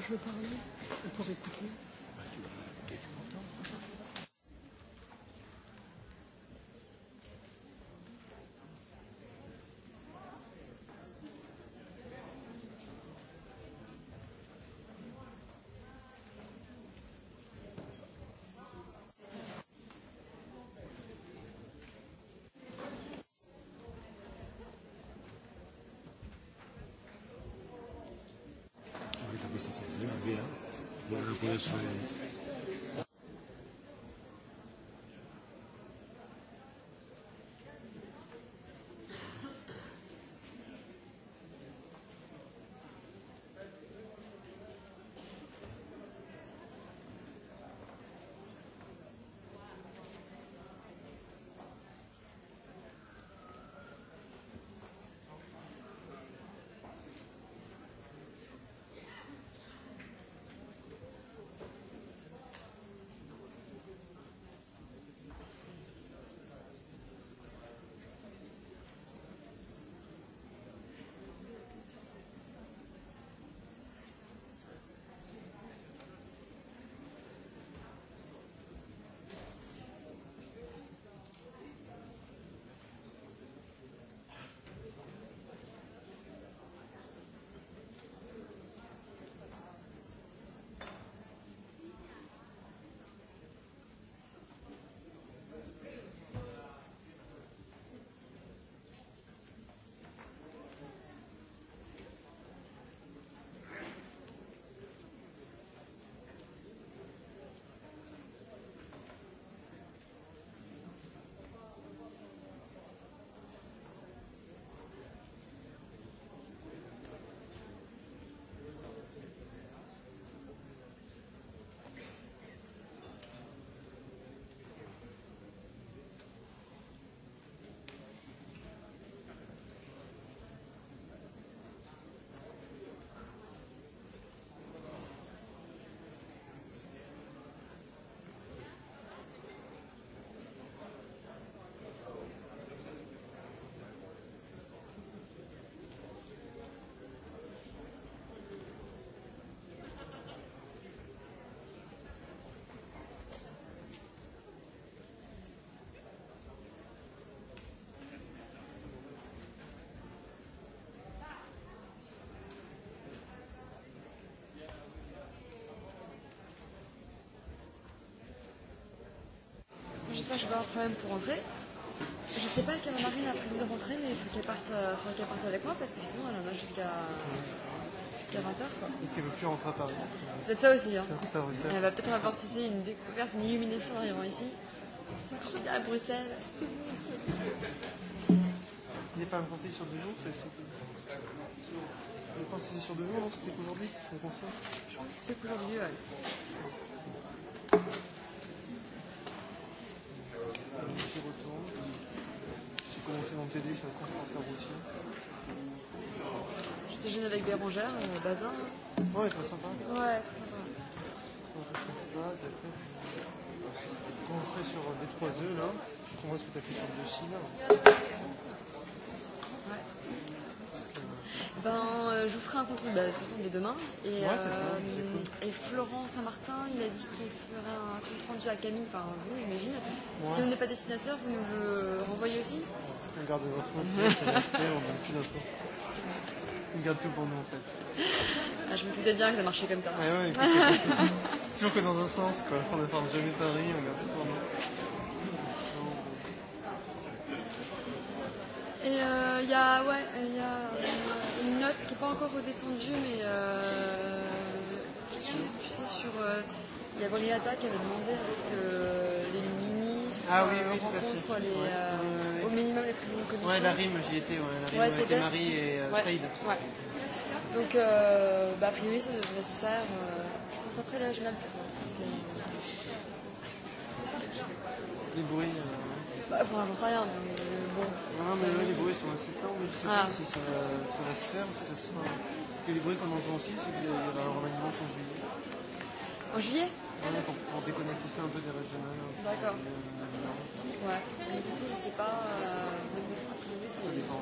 je veux parler ou pour écouter Mulțumesc. pas, je vais avoir un problème pour rentrer. Je sais pas quelle Marine a prévu de rentrer, mais il faut qu'elle parte, euh, qu parte avec moi parce que sinon elle en a jusqu'à jusqu 20h. Est-ce qu'elle veut plus rentrer à Paris C'est ça aussi. Hein. Ça, ça, ça, elle va peut-être avoir tu sais, une découverte, une illumination en arrivant ici. à Bruxelles. Il n'est pas un conseil sur deux jours, c'est Le conseil sur deux jours, c'était qu'aujourd'hui, le conseil C'est qu'aujourd'hui, ouais. t'aider sur le transporteur routier. Je déjeune avec Bérangère, euh, Bazin. Ouais, très sympa. Ouais, très sympa. Donc, je fais ça, et après. On serait sur des 3 œufs là. Je comprends ce que as fait sur le Chine. Ouais. Ben, euh, je vous ferai un compte bah, de toute façon dès demain. Et, ouais, euh, ça, cool. et Florent Saint-Martin, il a dit qu'il ferait un compte rendu à Camille, enfin vous, j'imagine. Ouais. Si on n'est pas dessinateur, vous nous le renvoyez aussi on garde les infos, c'est l'acheter, on n'a plus d'infos. Ils gardent tout pour nous en fait. Ah, je me doutais bien que ça marchait comme ça. Ah, ouais, écoute, c'est toujours que dans un păi, sens quoi. On ne ferme jamais Paris, on garde tout pour nous. Et il euh, y a, ouais, y a une, euh, une note qui n'est pas encore redescendue, mais euh, tu, tu sais, sur. Il euh, y a Briata qui avait demandé à ce que les ah, oui, oui, tout à rencontre les, euh, au minimum les plus prisonniers conditions. Ouais, la rime, j'y étais, ouais, la rime ouais, était Marie et euh, ouais. Saïd. Ouais. Donc, euh, bah, a priori, ça devrait se faire, euh, je pense, après la journal plutôt. Les bruits. Euh... Bah, enfin, j'en sais rien, mais euh, bon. Non, ah, mais là, les bruits sont assez forts, mais je sais ah. pas si ça va, ça va se faire, si ça se fera. Parce que les bruits qu'on entend aussi, c'est qu'il y aura un remaniement en juillet. En juillet Ouais, pour, pour déconnecter un peu des régionales. D'accord. ouais. Mais du coup, je sais pas. Euh, ça dépend.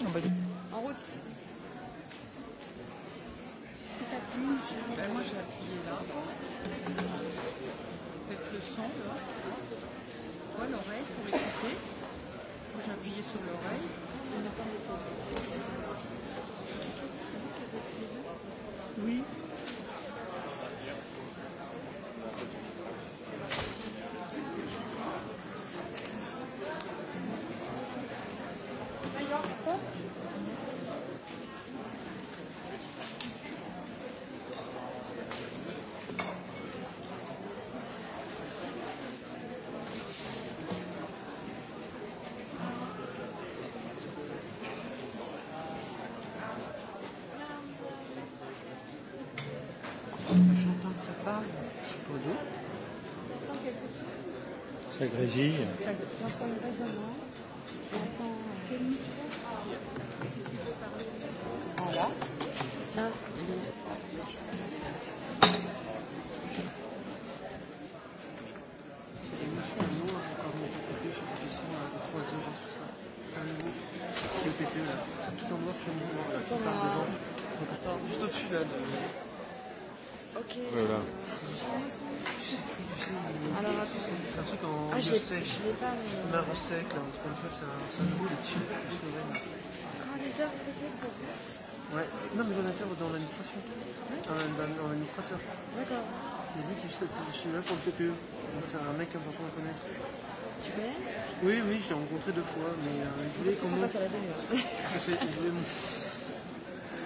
On va En route. Ben, moi j'ai appuyé là. peut le son là. Moi l'oreille pour l'écouter. j'ai appuyé sur l'oreille. Oui. Brésil. Marseille. Marseille, là, comme ça, ça, ça nous roule dessus. Ah, les heures de Ouais, non, mais donateur dans l'administration. Dans l'administrateur. D'accord. C'est lui qui fait cette suis là pour le TPE. Donc c'est un mec important à connaître. Tu connais Oui, oui, je l'ai rencontré deux fois, mais euh, je voulais Je sais, Je voulais mon...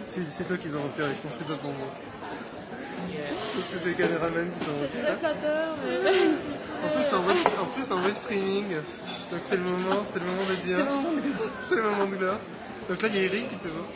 C'est toi qui les as repérés, je pensais pas pour moi. Parce c'est le caméraman qui t'a repéré. C'est le flatteur, mais... En plus, en, en plus, en streaming. Donc c'est le moment, c'est le moment de dire. C'est le moment de gloire. Donc là, il y a Eric qui te voit.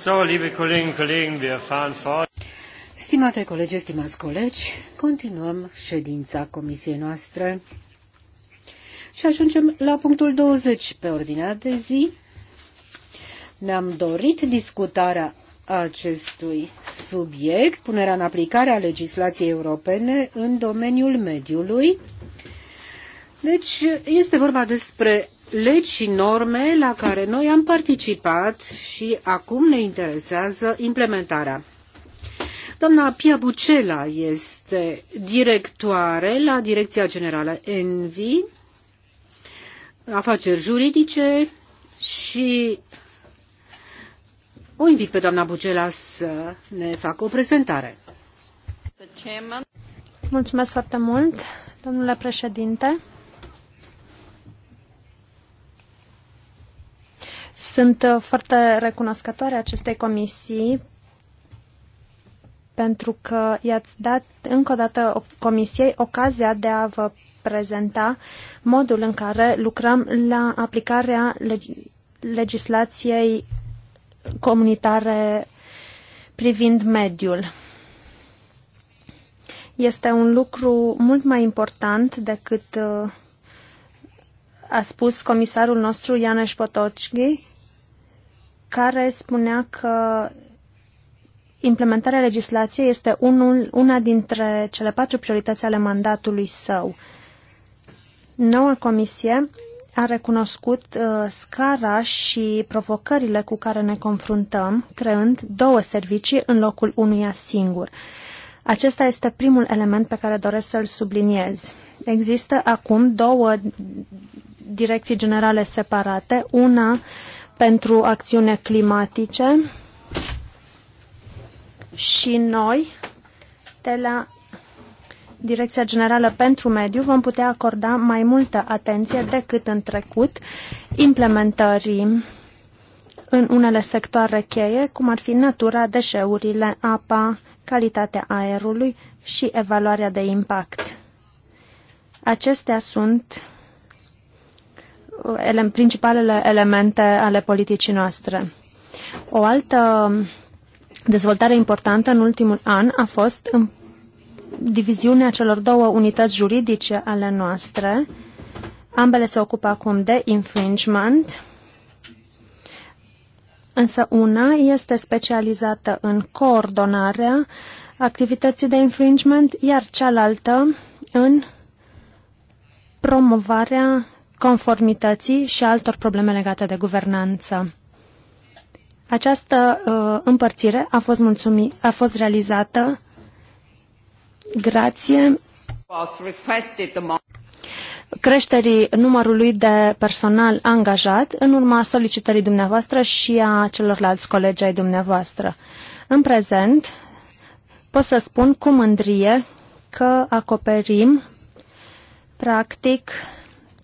So, liebe Kolleginnen und Kollegen, wir fahren fort. Stimate colegi, stimați colegi, continuăm ședința comisiei noastre și ajungem la punctul 20 pe ordinea de zi. Ne-am dorit discutarea acestui subiect, punerea în aplicare a legislației europene în domeniul mediului. Deci este vorba despre legi și norme la care noi am participat și acum ne interesează implementarea. Doamna Pia Bucela este directoare la Direcția Generală ENVI, afaceri juridice și o invit pe doamna Bucela să ne facă o prezentare. Mulțumesc foarte mult, domnule președinte. Sunt uh, foarte recunoscătoare acestei comisii pentru că i-ați dat încă o dată comisiei ocazia de a vă prezenta modul în care lucrăm la aplicarea leg legislației comunitare privind mediul. Este un lucru mult mai important decât uh, a spus comisarul nostru Ianeș Potocchi, care spunea că implementarea legislației este unul, una dintre cele patru priorități ale mandatului său. Noua comisie a recunoscut uh, scara și provocările cu care ne confruntăm, creând două servicii în locul unuia singur. Acesta este primul element pe care doresc să-l subliniez. Există acum două direcții generale separate, una uh, pentru acțiune climatice și noi de la Direcția Generală pentru Mediu vom putea acorda mai multă atenție decât în trecut implementării în unele sectoare cheie, cum ar fi natura, deșeurile, apa, calitatea aerului și evaluarea de impact. Acestea sunt ele, principalele elemente ale politicii noastre. O altă dezvoltare importantă în ultimul an a fost în diviziunea celor două unități juridice ale noastre. Ambele se ocupă acum de infringement, însă una este specializată în coordonarea activității de infringement, iar cealaltă în promovarea conformității și altor probleme legate de guvernanță. Această uh, împărțire a fost, mulțumi, a fost realizată grație creșterii numărului de personal angajat în urma solicitării dumneavoastră și a celorlalți colegi ai dumneavoastră. În prezent, pot să spun cu mândrie că acoperim practic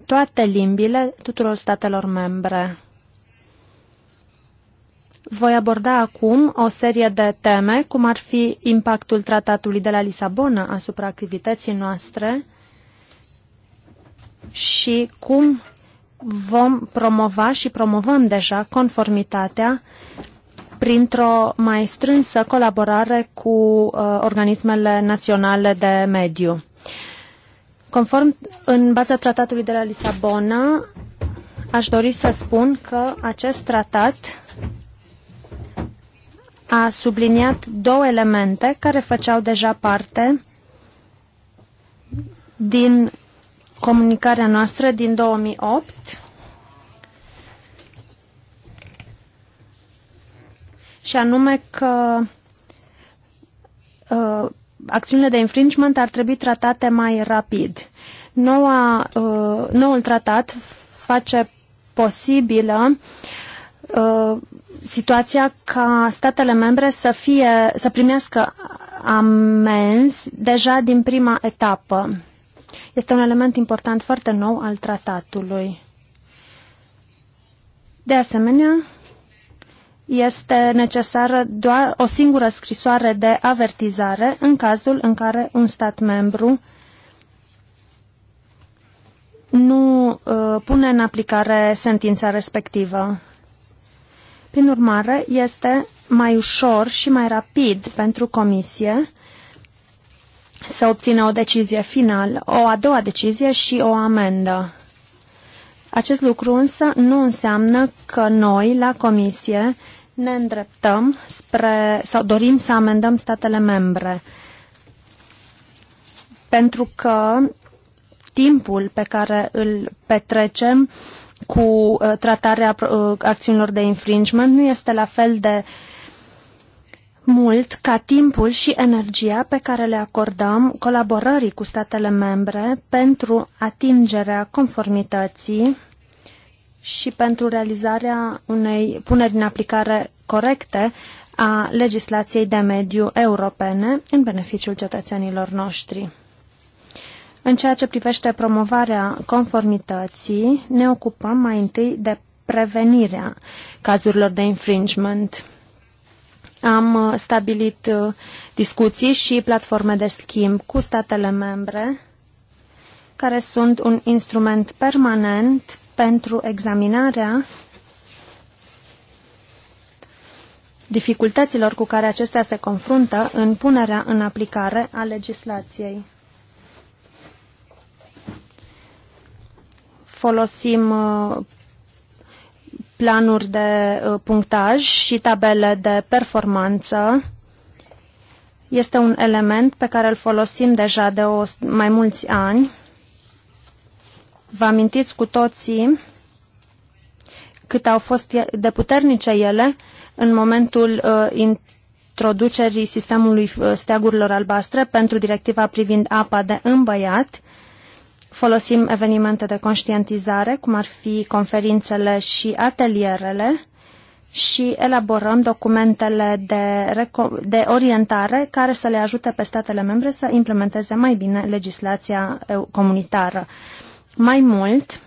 toate limbile tuturor statelor membre. Voi aborda acum o serie de teme, cum ar fi impactul tratatului de la Lisabona asupra activității noastre și cum vom promova și promovăm deja conformitatea printr-o mai strânsă colaborare cu uh, organismele naționale de mediu. Uh, Conform în baza tratatului de la Lisabona, aș dori să spun că acest tratat a subliniat două elemente care făceau deja parte din comunicarea noastră din 2008 și anume că uh, acțiunile de infringement ar trebui tratate mai rapid. Noua, uh, noul tratat face posibilă uh, situația ca statele membre să, fie, să primească amenzi deja din prima etapă. Este un element important foarte nou al tratatului. De asemenea, este necesară doar o singură scrisoare de avertizare în cazul în care un stat membru nu uh, pune în aplicare sentința respectivă. Prin urmare, este mai ușor și mai rapid pentru Comisie să obțină o decizie finală, o a doua decizie și o amendă. Acest lucru însă nu înseamnă că noi, la Comisie, ne îndreptăm spre sau dorim să amendăm statele membre. Pentru că timpul pe care îl petrecem cu uh, tratarea uh, acțiunilor de infringement nu este la fel de mult ca timpul și energia pe care le acordăm colaborării cu statele membre pentru atingerea conformității și pentru realizarea unei puneri în aplicare corecte a legislației de mediu europene în beneficiul cetățenilor noștri. În ceea ce privește promovarea conformității, ne ocupăm mai întâi de prevenirea cazurilor de infringement. Am uh, stabilit uh, discuții și platforme de schimb cu statele membre, care sunt un instrument permanent pentru examinarea dificultăților cu care acestea se confruntă în punerea în aplicare a legislației. Folosim uh, planuri de uh, punctaj și tabele de performanță. Este un element pe care îl folosim deja de o, mai mulți ani Vă amintiți cu toții cât au fost de puternice ele în momentul uh, introducerii sistemului uh, steagurilor albastre pentru directiva privind apa de îmbăiat. Folosim evenimente de conștientizare, cum ar fi conferințele și atelierele, și elaborăm documentele de, de orientare care să le ajute pe statele membre să implementeze mai bine legislația comunitară. Uh, mai mult,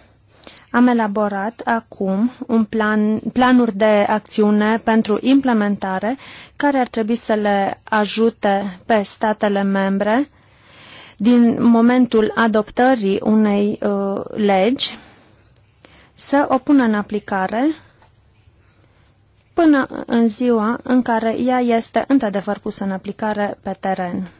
am elaborat acum un plan, planuri de acțiune pentru implementare care ar trebui să le ajute pe statele membre din momentul adoptării unei uh, legi să o pună în aplicare până în ziua în care ea este într-adevăr pusă în aplicare pe teren.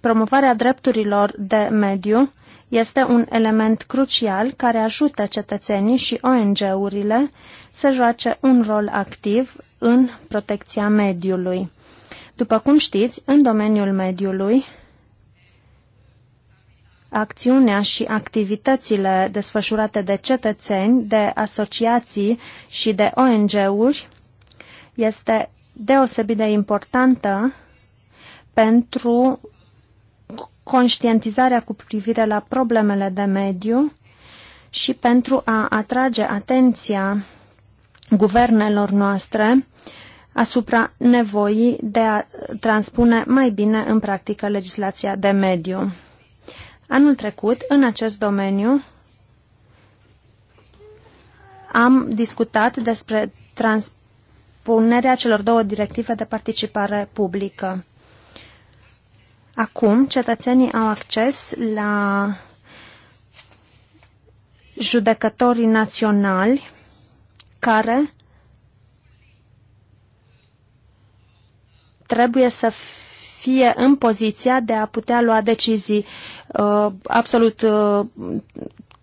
Promovarea drepturilor de mediu este un element crucial care ajută cetățenii și ONG-urile să joace un rol activ în protecția mediului. După cum știți, în domeniul mediului, acțiunea și activitățile desfășurate de cetățeni, de asociații și de ONG-uri este deosebit de importantă pentru conștientizarea cu privire la problemele de mediu și pentru a atrage atenția guvernelor noastre asupra nevoii de a transpune mai bine în practică legislația de mediu. Anul trecut, în acest domeniu, am discutat despre transpunerea celor două directive de participare publică. Acum, cetățenii au acces la judecătorii naționali care trebuie să fie în poziția de a putea lua decizii uh, absolut uh,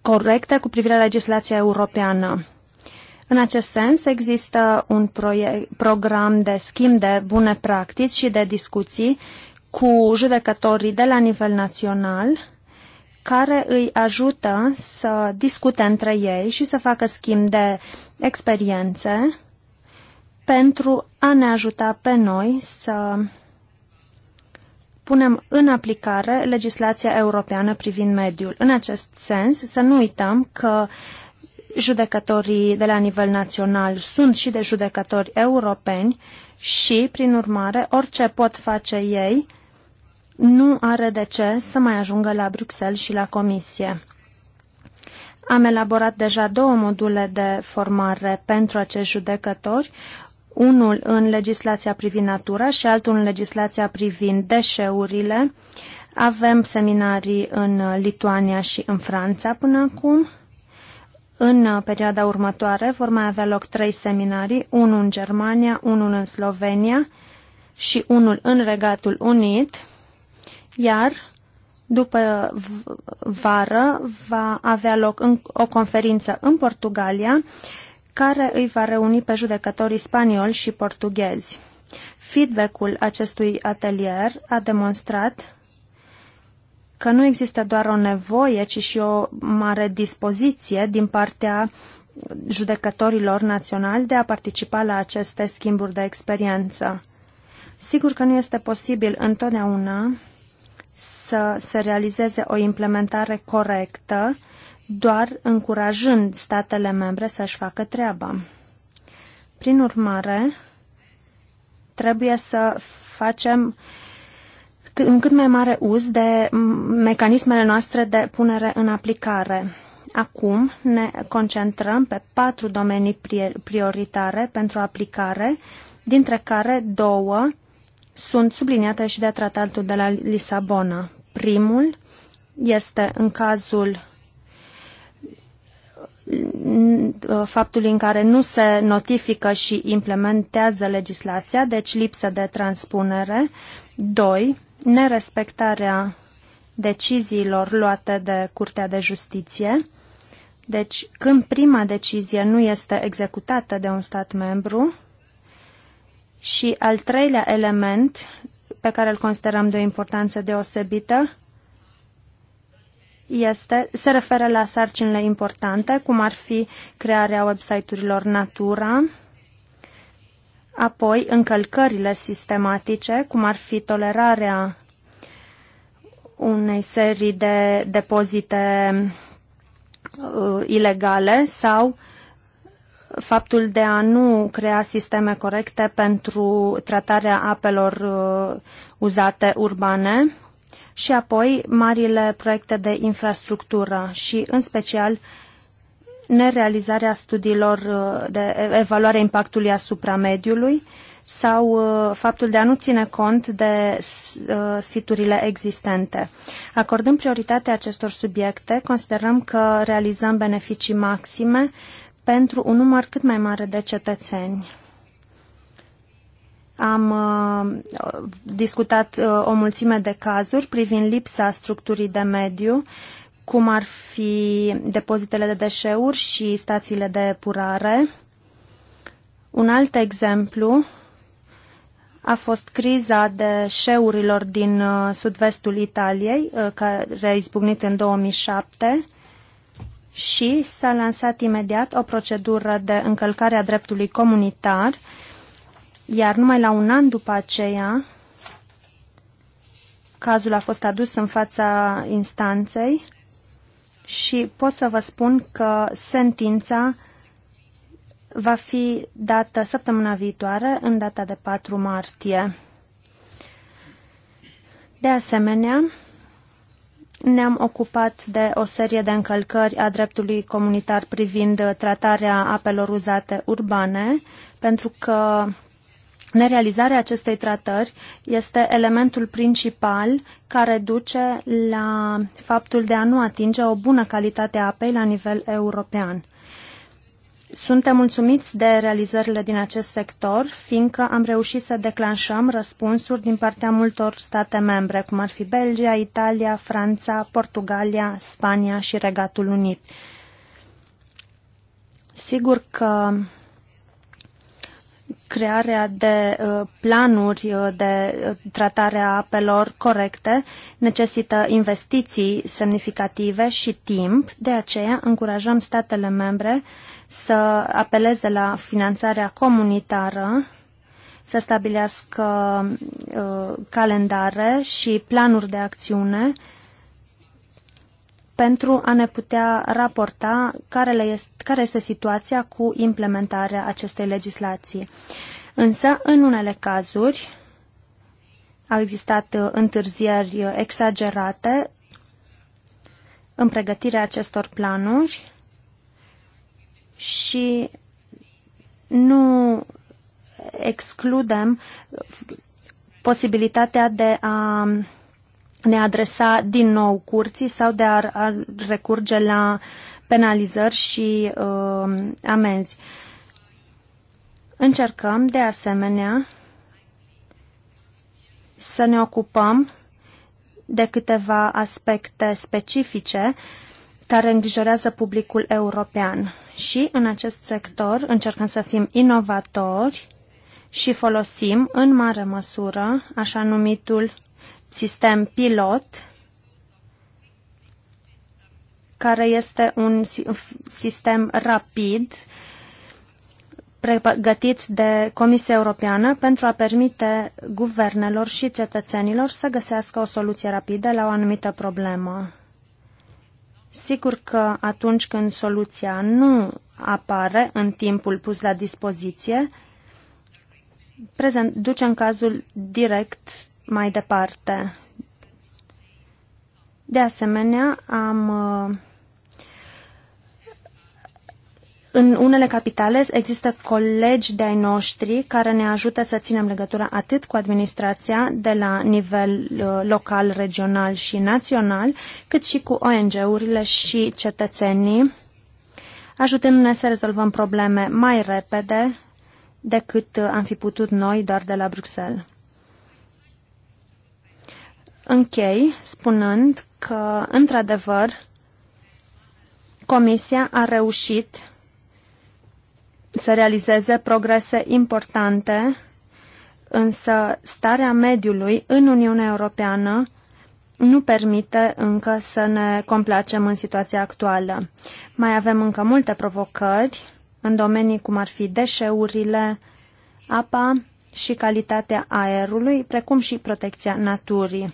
corecte cu privire la legislația europeană. În acest sens, există un proiect, program de schimb de bune practici și de discuții cu judecătorii de la nivel național care îi ajută să discute între ei și să facă schimb de experiențe pentru a ne ajuta pe noi să punem în aplicare legislația europeană privind mediul. În acest sens, să nu uităm că judecătorii de la nivel național sunt și de judecători europeni și, prin urmare, orice pot face ei nu are de ce să mai ajungă la Bruxelles și la Comisie. Am elaborat deja două module de formare pentru acești judecători, unul în legislația privind natura și altul în legislația privind deșeurile. Avem seminarii în Lituania și în Franța până acum. În perioada următoare vor mai avea loc trei seminarii, unul în Germania, unul în Slovenia și unul în Regatul Unit iar după vară va avea loc în, o conferință în Portugalia care îi va reuni pe judecătorii spanioli și portughezi. Feedback-ul acestui atelier a demonstrat că nu există doar o nevoie, ci și o mare dispoziție din partea judecătorilor naționali de a participa la aceste schimburi de experiență. Sigur că nu este posibil întotdeauna să se realizeze o implementare corectă, doar încurajând statele membre să-și facă treaba. Prin urmare, trebuie să facem în cât mai mare uz de mecanismele noastre de punere în aplicare. Acum ne concentrăm pe patru domenii prioritare pentru aplicare, dintre care două sunt subliniate și de tratatul de la Lisabona. Primul este în cazul uh, faptului în care nu se notifică și implementează legislația, deci lipsă de transpunere. Doi, Nerespectarea deciziilor luate de Curtea de Justiție. Deci, când prima decizie nu este executată de un stat membru, și al treilea element pe care îl considerăm de o importanță deosebită este, se referă la sarcinile importante, cum ar fi crearea website-urilor Natura, apoi încălcările sistematice, cum ar fi tolerarea unei serii de depozite uh, ilegale sau faptul de a nu crea sisteme corecte pentru tratarea apelor uh, uzate urbane și apoi marile proiecte de infrastructură și, în special, nerealizarea studiilor uh, de evaluare impactului asupra mediului sau uh, faptul de a nu ține cont de siturile existente. Acordând prioritate acestor subiecte, considerăm că realizăm beneficii maxime pentru un număr cât mai mare de cetățeni. Am uh, discutat uh, o mulțime de cazuri privind lipsa structurii de mediu, cum ar fi depozitele de deșeuri și stațiile de epurare. Un alt exemplu a fost criza deșeurilor din uh, sud-vestul Italiei, uh, care a izbucnit în 2007 și s-a lansat imediat o procedură de încălcare a dreptului comunitar, iar numai la un an după aceea cazul a fost adus în fața instanței și pot să vă spun că sentința va fi dată săptămâna viitoare, în data de 4 martie. De asemenea, ne-am ocupat de o serie de încălcări a dreptului comunitar privind uh, tratarea apelor uzate urbane, pentru că nerealizarea acestei tratări este elementul principal care duce la faptul de a nu atinge o bună calitate a apei la nivel european. Suntem mulțumiți de realizările din acest sector, fiindcă am reușit să declanșăm răspunsuri din partea multor state membre, cum ar fi Belgia, Italia, Franța, Portugalia, Spania și Regatul Unit. Sigur că crearea de uh, planuri uh, de uh, tratare a apelor corecte necesită investiții semnificative și timp, de aceea încurajăm statele membre să apeleze la finanțarea comunitară, să stabilească uh, calendare și planuri de acțiune pentru a ne putea raporta care, le este, care este situația cu implementarea acestei legislații. Însă, în unele cazuri, au existat uh, întârzieri uh, exagerate în pregătirea acestor planuri și nu excludem posibilitatea de a ne adresa din nou curții sau de a, recurge la penalizări și uh, amenzi. Încercăm, de asemenea, să ne ocupăm de câteva aspecte specifice uh, care îngrijorează publicul european. Și în acest sector încercăm să fim inovatori și folosim în mare măsură așa numitul sistem pilot, care este un sistem rapid pregătit de Comisia Europeană pentru a permite guvernelor și cetățenilor să găsească o soluție rapidă la o anumită problemă. Sigur că atunci când soluția nu apare în timpul pus la dispoziție, prezent, ducem cazul direct mai departe. De asemenea, am uh, în unele capitale există colegi de-ai noștri care ne ajută să ținem legătura atât cu administrația de la nivel uh, local, regional și național, cât și cu ONG-urile și cetățenii, ajutându-ne să rezolvăm probleme mai repede decât uh, am fi putut noi doar de la Bruxelles. Închei spunând că, într-adevăr, Comisia a reușit să realizeze progrese importante, însă starea mediului în Uniunea Europeană nu permite încă să ne complacem în situația actuală. Mai avem încă multe provocări în domenii cum ar fi deșeurile, apa și calitatea aerului, precum și protecția naturii.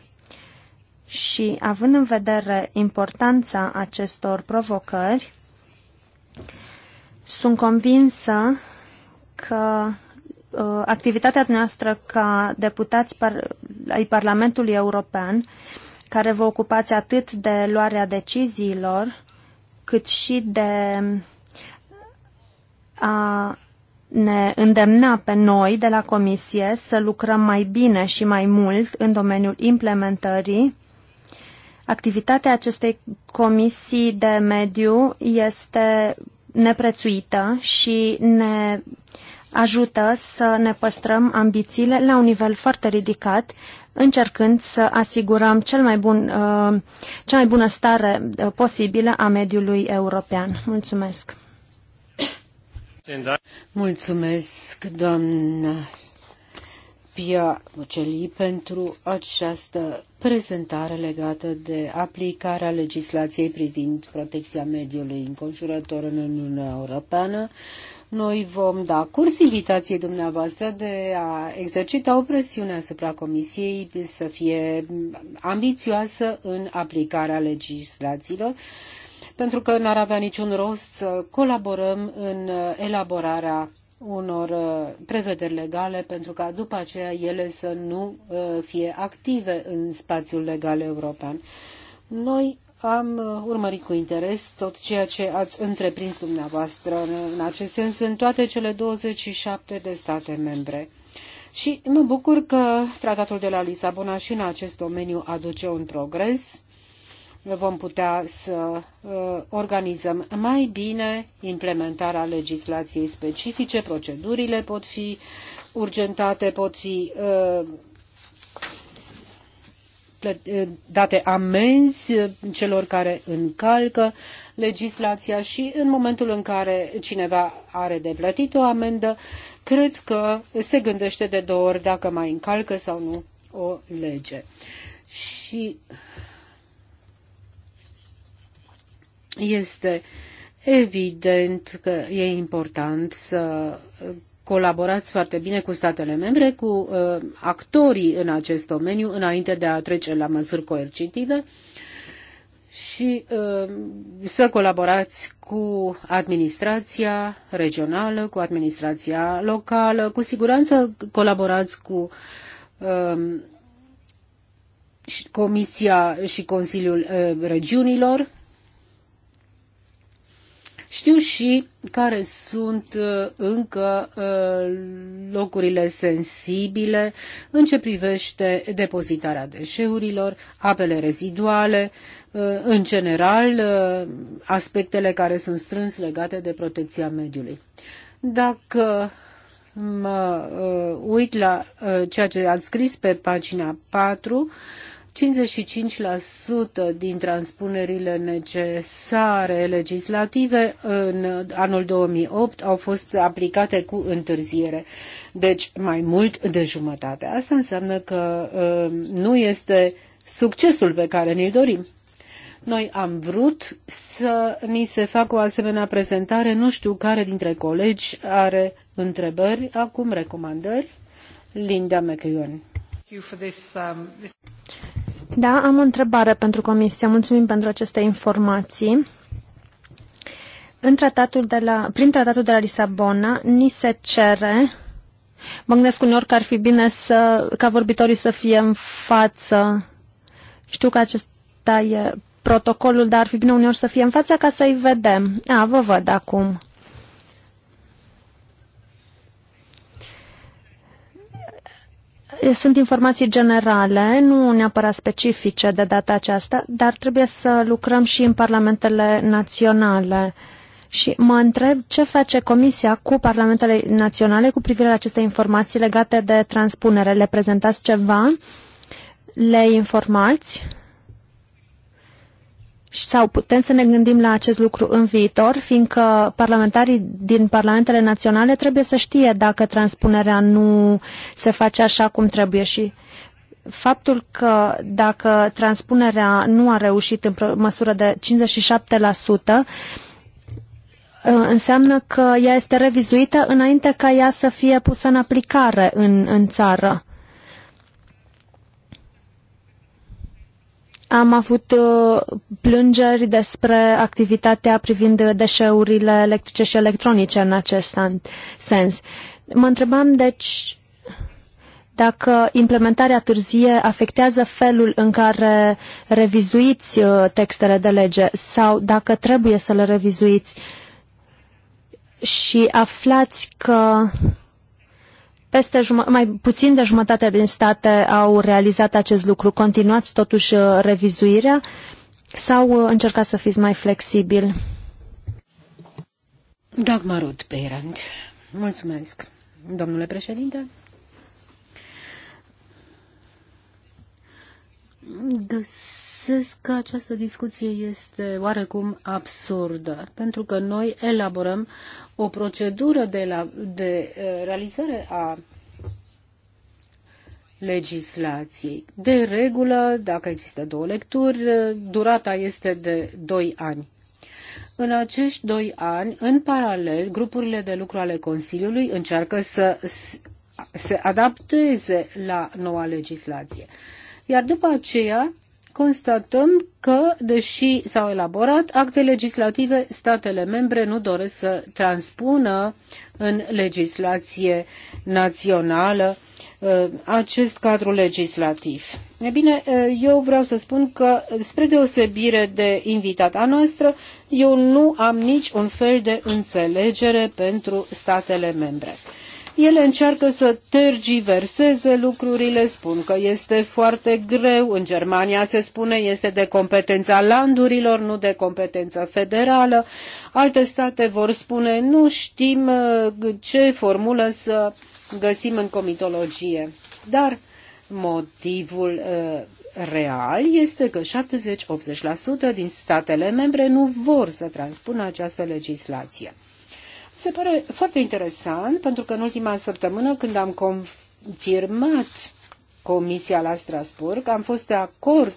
Și având în vedere importanța acestor provocări, sunt convinsă că uh, activitatea noastră ca deputați par- ai Parlamentului European, care vă ocupați atât de luarea deciziilor, cât și de a ne îndemna pe noi de la Comisie să lucrăm mai bine și mai mult în domeniul implementării. Activitatea acestei comisii de mediu este neprețuită și ne ajută să ne păstrăm ambițiile la un nivel foarte ridicat, încercând să asigurăm cel mai bun, uh, cea mai bună stare uh, posibilă a mediului european. Mulțumesc! Mulțumesc, doamna Pia Buceli pentru această prezentare legată de aplicarea legislației privind protecția mediului înconjurător în Uniunea Europeană. Noi vom da curs invitației dumneavoastră de a exercita o presiune asupra Comisiei să fie ambițioasă în aplicarea legislațiilor pentru că n-ar avea niciun rost să colaborăm în elaborarea unor uh, prevederi legale pentru ca după aceea ele să nu uh, fie active în spațiul legal european. Noi am uh, urmărit cu interes tot ceea ce ați întreprins dumneavoastră în acest sens în toate cele 27 de state membre. Și mă bucur că tratatul de la Lisabona și în acest domeniu aduce un progres vom putea să uh, organizăm mai bine implementarea legislației specifice, procedurile pot fi urgentate, pot fi uh, uh, date amenzi celor care încalcă legislația și în momentul în care cineva are de plătit o amendă, cred că se gândește de două ori dacă mai încalcă sau nu o lege. Și Este evident că e important să colaborați foarte bine cu statele membre, cu uh, actorii în acest domeniu, înainte de a trece la măsuri coercitive și uh, să colaborați cu administrația regională, cu administrația locală, cu siguranță colaborați cu uh, Comisia și Consiliul uh, Regiunilor știu și care sunt uh, încă uh, locurile sensibile în ce privește depozitarea deșeurilor, apele reziduale, uh, în general aspectele care sunt strâns legate de protecția mediului. Dacă mă uit la ceea ce ați scris pe pagina 4, 55% din transpunerile necesare legislative în anul 2008 au fost aplicate cu întârziere, deci mai mult de jumătate. Asta înseamnă că uh, nu este succesul pe care ne-l dorim. Noi am vrut să ni se facă o asemenea prezentare. Nu știu care dintre colegi are întrebări, acum recomandări. Linda McEwan. Da, am o întrebare pentru Comisie. Mulțumim pentru aceste informații. În tratatul de la, prin tratatul de la Lisabona, ni se cere Mă gândesc uneori că ar fi bine să, ca vorbitorii să fie în față. Știu că acesta e protocolul, dar ar fi bine uneori să fie în față ca să-i vedem. A, vă văd acum. sunt informații generale, nu neapărat specifice de data aceasta, dar trebuie să lucrăm și în parlamentele naționale. Și mă întreb ce face Comisia cu parlamentele naționale cu privire la aceste informații legate de transpunere. Le prezentați ceva? Le informați? sau putem să ne gândim la acest lucru în viitor, fiindcă parlamentarii din parlamentele naționale trebuie să știe dacă transpunerea nu se face așa cum trebuie și faptul că dacă transpunerea nu a reușit în măsură de 57%, înseamnă că ea este revizuită înainte ca ea să fie pusă în aplicare în, în țară. Am avut uh, plângeri despre activitatea privind deșeurile electrice și electronice în acest sens. Mă întrebam, deci, dacă implementarea târzie afectează felul în care revizuiți uh, textele de lege sau dacă trebuie să le revizuiți și aflați că peste mai puțin de jumătate din state au realizat acest lucru. Continuați totuși uh, revizuirea sau uh, încercați să fiți mai flexibil? Dagmarut Peirand, Mulțumesc, domnule președinte. Găsesc că această discuție este oarecum absurdă, pentru că noi elaborăm o procedură de, la, de eh, realizare a legislației. De regulă, dacă există două lecturi, eh, durata este de 2 ani. În acești doi ani, în paralel, grupurile de lucru ale Consiliului încearcă să se adapteze la noua legislație. Iar după aceea, constatăm că, deși s-au elaborat acte legislative, statele membre nu doresc să transpună în legislație națională uh, acest cadru legislativ. E bine, uh, eu vreau să spun că, spre deosebire de invitata noastră, eu nu am nici un fel de înțelegere pentru statele membre. Ele încearcă să tergiverseze lucrurile, spun că este foarte greu. În Germania se spune este de competența landurilor, nu de competența federală. Alte state vor spune nu știm uh, ce formulă să găsim în comitologie. Dar motivul uh, real este că 70-80% din statele membre nu vor să transpună această legislație. Se pare foarte interesant pentru că în ultima săptămână când am confirmat Comisia la Strasburg, am fost de acord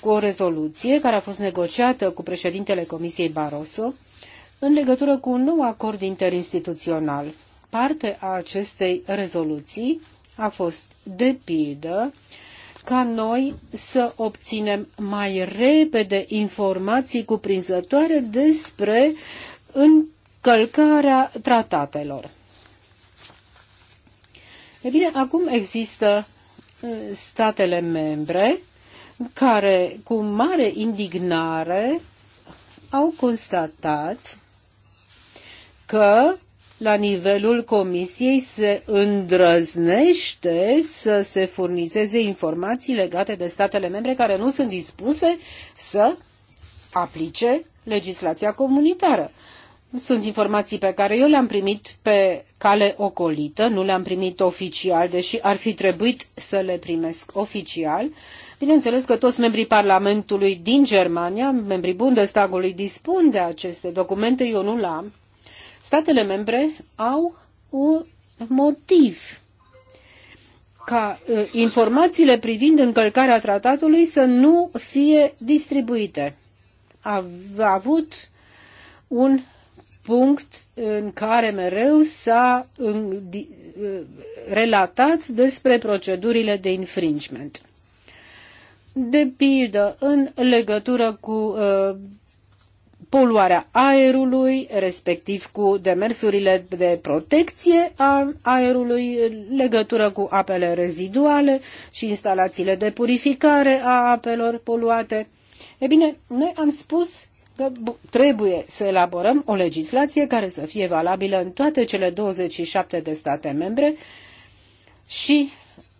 cu o rezoluție care a fost negociată cu președintele Comisiei Barroso în legătură cu un nou acord interinstituțional. Parte a acestei rezoluții a fost de pildă ca noi să obținem mai repede informații cuprinzătoare despre în călcarea tratatelor. E bine, acum există statele membre care cu mare indignare au constatat că la nivelul comisiei se îndrăznește să se furnizeze informații legate de statele membre care nu sunt dispuse să aplice legislația comunitară. Sunt informații pe care eu le-am primit pe cale ocolită, nu le-am primit oficial, deși ar fi trebuit să le primesc oficial. Bineînțeles că toți membrii Parlamentului din Germania, membrii Bundestagului, dispun de aceste documente, eu nu le-am. Statele membre au un motiv ca ă, informațiile privind încălcarea tratatului să nu fie distribuite. A avut un punct în care mereu s-a relatat despre procedurile de infringement. De pildă, în legătură cu uh, poluarea aerului, respectiv cu demersurile de protecție a aerului, legătură cu apele reziduale și instalațiile de purificare a apelor poluate. E bine, noi am spus că trebuie să elaborăm o legislație care să fie valabilă în toate cele 27 de state membre și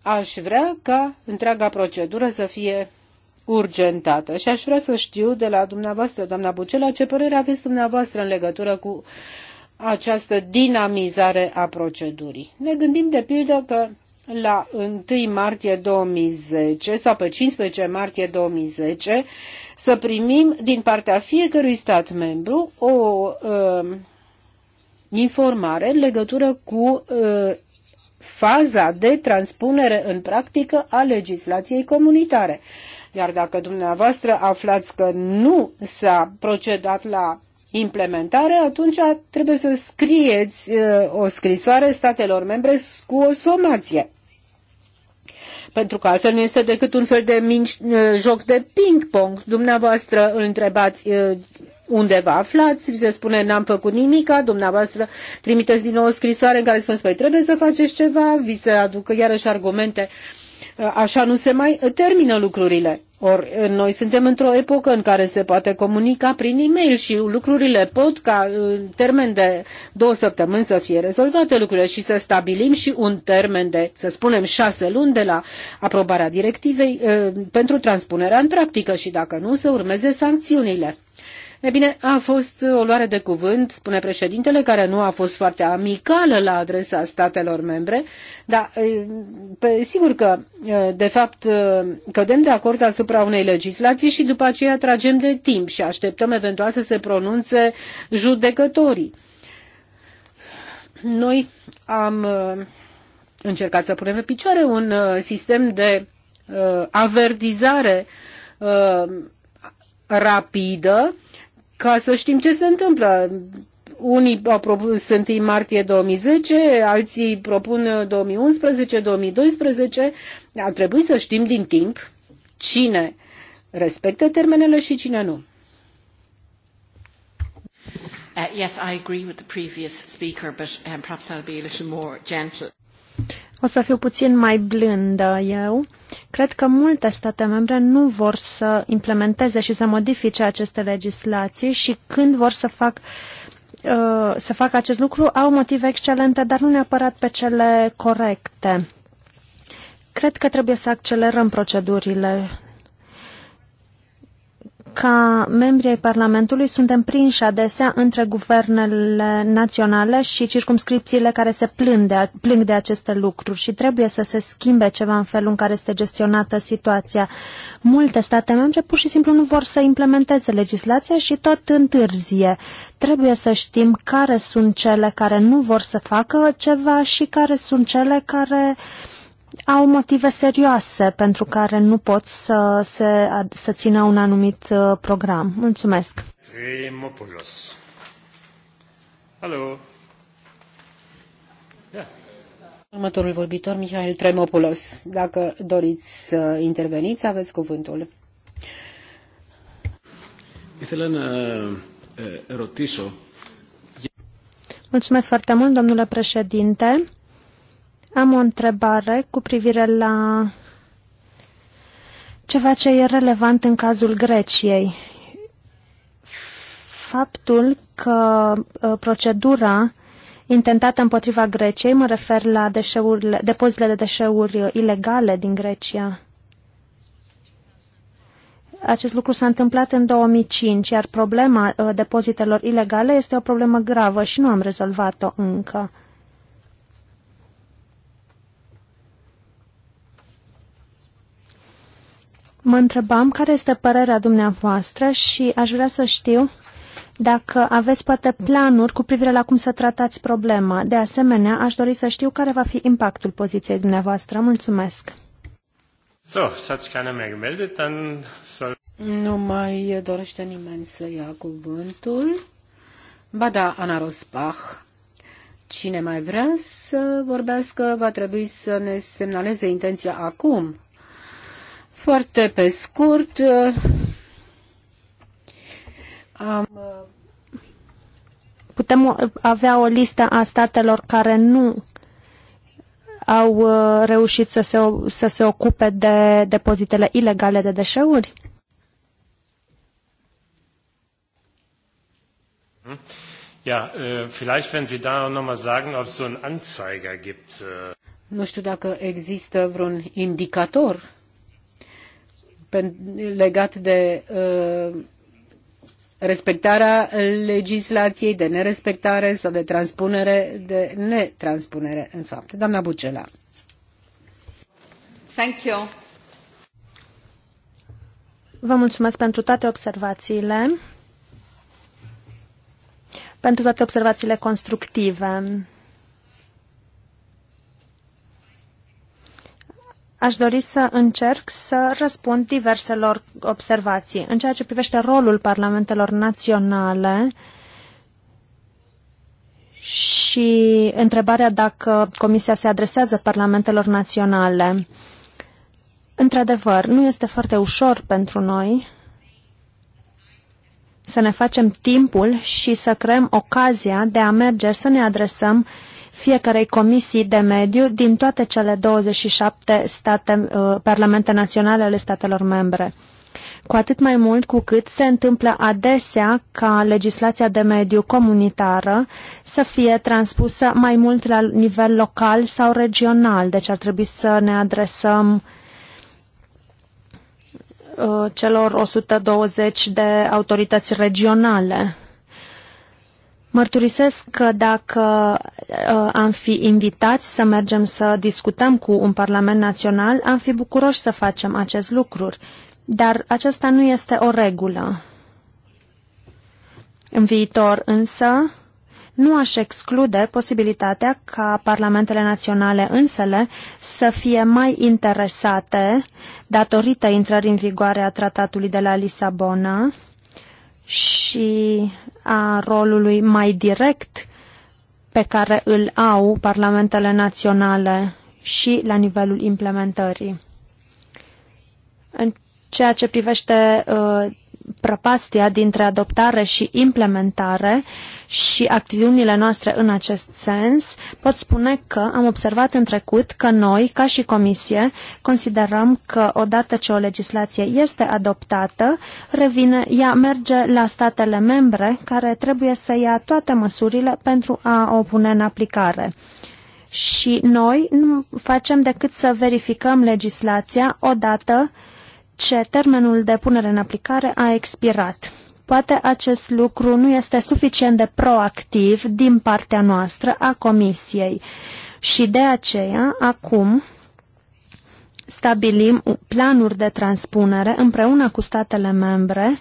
aș vrea ca întreaga procedură să fie urgentată și aș vrea să știu de la dumneavoastră, doamna Bucela, ce părere aveți dumneavoastră în legătură cu această dinamizare a procedurii. Ne gândim de pildă că la 1 martie 2010 sau pe 15 martie 2010 să primim din partea fiecărui stat membru o uh, informare în legătură cu uh, faza de transpunere în practică a legislației comunitare. Iar dacă dumneavoastră aflați că nu s-a procedat la implementare, atunci trebuie să scrieți uh, o scrisoare statelor membre cu o somație pentru că altfel nu este decât un fel de minci, uh, joc de ping-pong. Dumneavoastră îl întrebați uh, unde vă aflați, vi se spune n-am făcut nimica, dumneavoastră trimiteți din nou o scrisoare în care spuneți, păi trebuie să faceți ceva, vi se aducă iarăși argumente. Uh, așa nu se mai termină lucrurile. Or, noi suntem într-o epocă în care se poate comunica prin e-mail și lucrurile pot ca în uh, termen de două săptămâni să fie rezolvate lucrurile și să stabilim și un termen de, să spunem, șase luni de la aprobarea directivei uh, pentru transpunerea în practică și dacă nu, să urmeze sancțiunile. E bine, a fost o luare de cuvânt, spune președintele, care nu a fost foarte amicală la adresa statelor membre, dar pe, sigur că, de fapt, cădem de acord asupra unei legislații și după aceea tragem de timp și așteptăm eventual să se pronunțe judecătorii. Noi am încercat să punem pe picioare un sistem de avertizare rapidă ca să știm ce se întâmplă. Unii au propus 1 martie 2010, alții propun 2011, 2012. Ar trebui să știm din timp cine respectă termenele și cine nu. Uh, yes, I agree with the previous speaker, but um, perhaps I'll be a little more gentle. O să fiu puțin mai blândă eu. Cred că multe state membre nu vor să implementeze și să modifice aceste legislații și când vor să fac uh, să facă acest lucru au motive excelente, dar nu neapărat pe cele corecte. Cred că trebuie să accelerăm procedurile ca membri ai Parlamentului, suntem prinși adesea între guvernele naționale și circumscripțiile care se plâng de, plâng de aceste lucruri și trebuie să se schimbe ceva în felul în care este gestionată situația. Multe state membre pur și simplu nu vor să implementeze legislația și tot întârzie. Trebuie să știm care sunt cele care nu vor să facă ceva și care sunt cele care uh, au motive serioase pentru care nu pot să, se, să țină un anumit uh, program. Mulțumesc. Tremopoulos. Alo. Yeah. Următorul vorbitor, Mihail Tremopoulos. Dacă doriți să interveniți, aveți cuvântul. Uh, Mulțumesc foarte mult, domnule președinte. Am o întrebare cu privire la ceva ce e relevant în cazul Greciei. Faptul că uh, procedura intentată împotriva Greciei, mă refer la deșeurile, depozitele de deșeuri ilegale din Grecia, acest lucru s-a întâmplat în 2005, iar problema uh, depozitelor ilegale este o problemă gravă și nu am rezolvat-o încă. Mă întrebam care este părerea dumneavoastră și aș vrea să știu dacă aveți poate planuri cu privire la cum să tratați problema. De asemenea, aș dori să știu care va fi impactul poziției dumneavoastră. Mulțumesc! So, Nu mai dorește nimeni să ia cuvântul. Ba da, Ana Rosbach. Cine mai vrea să vorbească, va trebui să ne semnaleze intenția acum. Foarte pe scurt, uh, am uh, putem avea o listă a statelor care nu au uh, reușit să se, să se ocupe de depozitele ilegale de deșeuri? Hm? Ja, äh, vielleicht wenn Sie da noch mal sagen, ob es so einen Anzeiger gibt. Äh. Nu știu dacă există vreun indicator legat de uh, respectarea legislației, de nerespectare sau de transpunere, de netranspunere, în fapt. Doamna Bucela. Thank you. Vă mulțumesc pentru toate observațiile, pentru toate observațiile constructive. aș dori să încerc să răspund diverselor observații. În ceea ce privește rolul parlamentelor naționale și întrebarea dacă Comisia se adresează parlamentelor naționale, într-adevăr, nu este foarte ușor pentru noi să ne facem timpul și să creăm ocazia de a merge să ne adresăm uh, fiecarei comisii de mediu din toate cele 27 state, uh, parlamente naționale ale statelor membre. Cu atât mai mult cu cât se întâmplă adesea ca legislația de mediu comunitară să fie transpusă mai mult la nivel local sau regional, deci ar trebui să ne adresăm uh, celor 120 de autorități regionale. Mărturisesc că dacă uh, am fi invitați să mergem să discutăm cu un Parlament Național, am fi bucuroși să facem acest lucru, dar aceasta nu este o regulă. În viitor însă, nu aș exclude posibilitatea ca parlamentele naționale însele să fie mai interesate, datorită intrării în vigoare a tratatului de la Lisabona, și a rolului mai direct pe care îl au parlamentele naționale și la nivelul implementării. În ceea ce privește uh, prăpastia dintre adoptare și implementare și acțiunile noastre în acest sens, pot spune că am observat în trecut că noi, ca și Comisie, considerăm că odată ce o legislație este adoptată, revine, ea merge la statele membre care trebuie să ia toate măsurile pentru a o pune în aplicare și noi nu facem decât să verificăm legislația odată ce termenul de punere în aplicare a expirat. Poate acest lucru nu este suficient de proactiv din partea noastră a Comisiei și de aceea acum stabilim planuri de transpunere împreună cu statele membre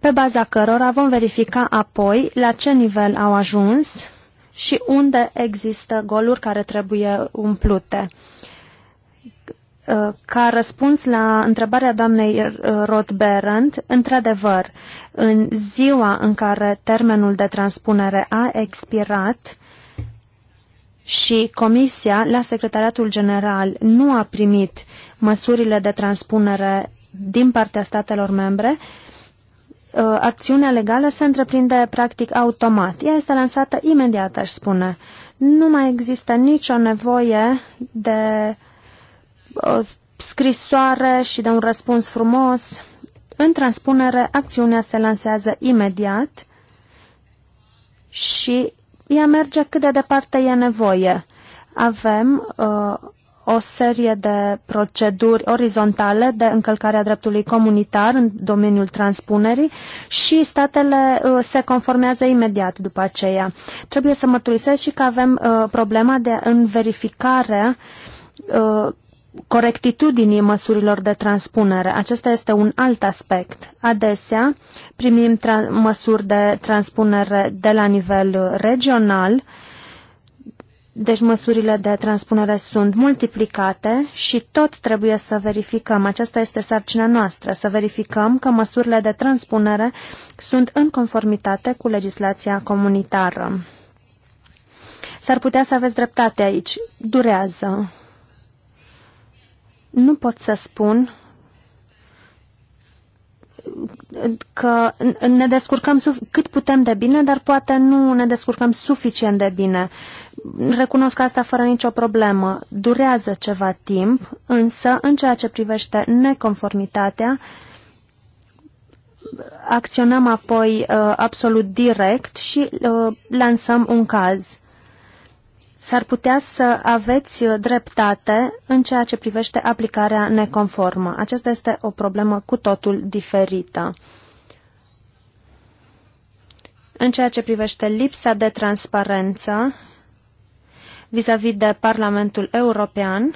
pe baza cărora vom verifica apoi la ce nivel au ajuns și unde există goluri care trebuie umplute. Uh, ca răspuns la întrebarea doamnei uh, Roth-Berend, într-adevăr, în ziua în care termenul de transpunere a expirat și Comisia la Secretariatul General nu a primit măsurile de transpunere din partea statelor membre, uh, acțiunea legală se întreprinde practic automat. Ea este lansată imediat, aș spune. Nu mai există nicio nevoie de scrisoare și de un răspuns frumos. În transpunere, acțiunea se lansează imediat și ea merge cât de departe e nevoie. Avem uh, o serie de proceduri orizontale de încălcare a dreptului comunitar în domeniul transpunerii și statele uh, se conformează imediat după aceea. Trebuie să mărturisesc și că avem uh, problema de în verificare uh, corectitudinii măsurilor de transpunere. Acesta este un alt aspect. Adesea primim măsuri de transpunere de la nivel regional, deci măsurile de transpunere sunt multiplicate și tot trebuie să verificăm, aceasta este sarcina noastră, să verificăm că măsurile de transpunere sunt în conformitate cu legislația comunitară. S-ar putea să aveți dreptate aici. Durează nu pot să spun că ne descurcăm cât putem de bine, dar poate nu ne descurcăm suficient de bine. Recunosc asta fără nicio problemă. Durează ceva timp, însă în ceea ce privește neconformitatea, acționăm apoi uh, absolut direct și uh, lansăm un caz s-ar putea să aveți uh, dreptate în ceea ce privește aplicarea neconformă. Aceasta este o problemă cu totul diferită. În ceea ce privește lipsa de transparență vis-a-vis -vis de Parlamentul European,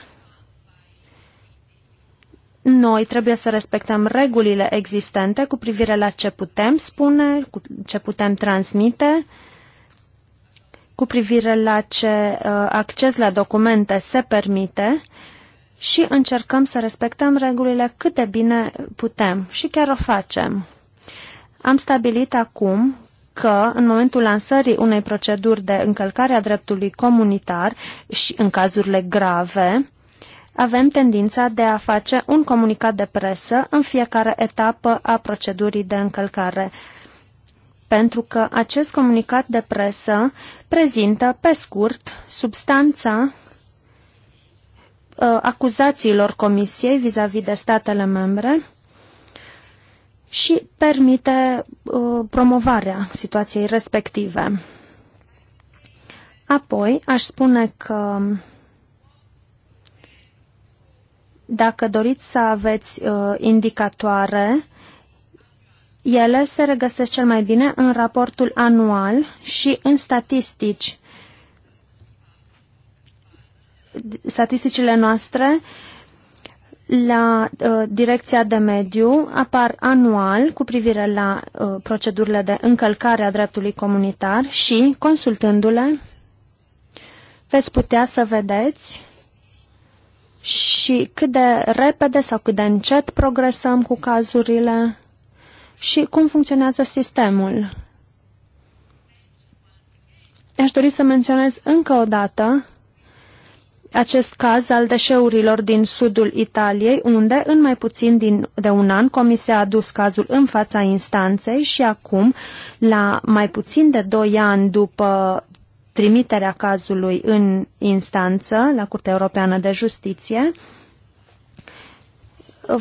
noi trebuie să respectăm regulile existente cu privire la ce putem spune, ce putem transmite, cu privire la ce uh, acces la documente se permite și încercăm să respectăm regulile cât de bine putem și chiar o facem. Am stabilit acum că în momentul lansării unei proceduri de încălcare a dreptului comunitar și în cazurile grave, avem tendința de a face un comunicat de presă în fiecare etapă a procedurii de încălcare pentru că acest comunicat de presă prezintă, pe scurt, substanța uh, acuzațiilor Comisiei vis-a-vis -vis de statele membre și permite uh, promovarea situației respective. Apoi, aș spune că dacă doriți să aveți uh, indicatoare ele se regăsesc cel mai bine în raportul anual și în statistici. Statisticile noastre la uh, Direcția de Mediu apar anual cu privire la uh, procedurile de încălcare a dreptului comunitar și, consultându-le, veți putea să vedeți și cât de repede sau cât de încet progresăm cu cazurile și cum funcționează sistemul. Aș dori să menționez încă o dată acest caz al deșeurilor din sudul Italiei, unde, în mai puțin din, de un an, Comisia a adus cazul în fața instanței și acum, la mai puțin de doi ani după trimiterea cazului în instanță, la Curtea Europeană de Justiție,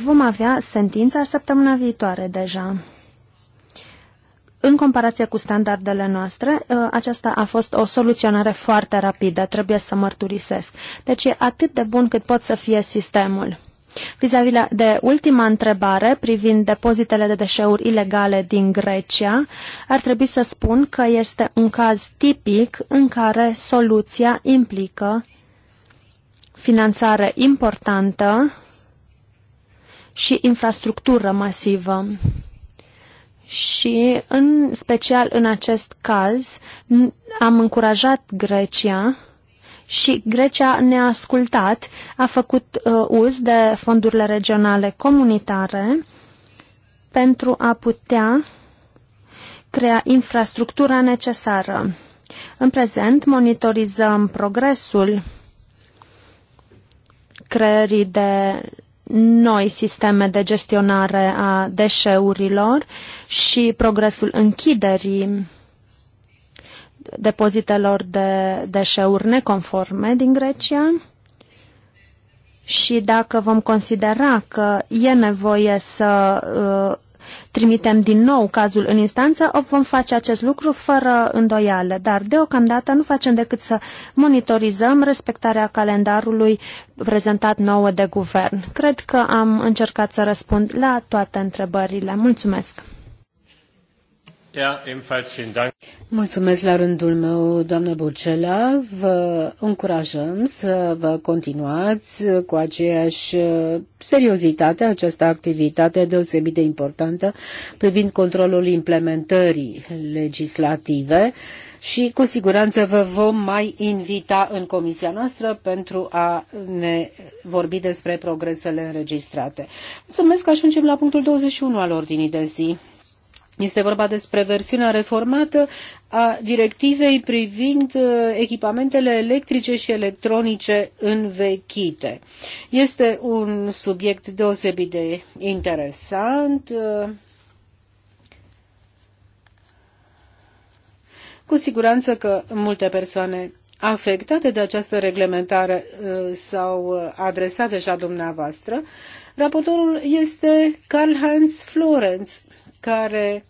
vom avea sentința săptămâna viitoare deja în comparație cu standardele noastre, ă, aceasta a fost o soluționare foarte rapidă, trebuie să mărturisesc. Deci e atât de bun cât pot să fie sistemul. Vis-a-vis de ultima întrebare privind depozitele de deșeuri ilegale din Grecia, ar trebui să spun că este un caz tipic în care soluția implică finanțare importantă și infrastructură masivă și, în special în acest caz, am încurajat Grecia și Grecia ne-a ascultat, a făcut uh, uz de fondurile regionale comunitare pentru a putea crea infrastructura necesară. În prezent monitorizăm progresul creării de noi sisteme de gestionare a deșeurilor și progresul închiderii depozitelor de deșeuri neconforme din Grecia și dacă vom considera că e nevoie să uh, trimitem din nou cazul în instanță, o vom face acest lucru fără îndoială, dar deocamdată nu facem decât să monitorizăm respectarea calendarului prezentat nouă de guvern. Cred că am încercat să răspund la toate întrebările. Mulțumesc! Mulțumesc la rândul meu, doamnă Burcela. Vă încurajăm să vă continuați cu aceeași uh, seriozitate această activitate deosebit de importantă privind controlul implementării legislative și cu siguranță vă vom mai invita în comisia noastră pentru a ne vorbi despre progresele înregistrate. Mulțumesc ajungem la punctul 21 al ordinii de zi. Este vorba despre versiunea reformată a directivei privind uh, echipamentele electrice și electronice învechite. Este un subiect deosebit de interesant. Uh, cu siguranță că multe persoane afectate de această reglementare uh, s-au adresat deja dumneavoastră. Raportorul este Karl-Heinz Florenz, care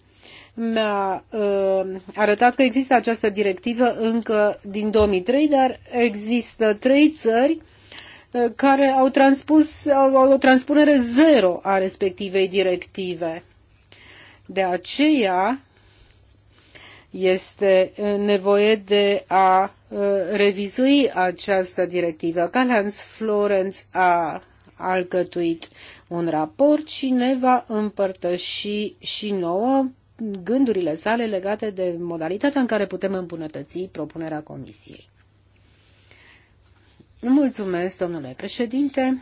mi-a uh, arătat că există această directivă încă din 2003, dar există trei țări uh, care au transpus, au, au o transpunere zero a respectivei directive. De aceea este uh, nevoie de a uh, revizui această directivă. Calhans Florence a alcătuit un raport și ne va împărtăși și nouă gândurile sale legate de modalitatea în care putem îmbunătăți propunerea Comisiei. Mulțumesc, domnule președinte.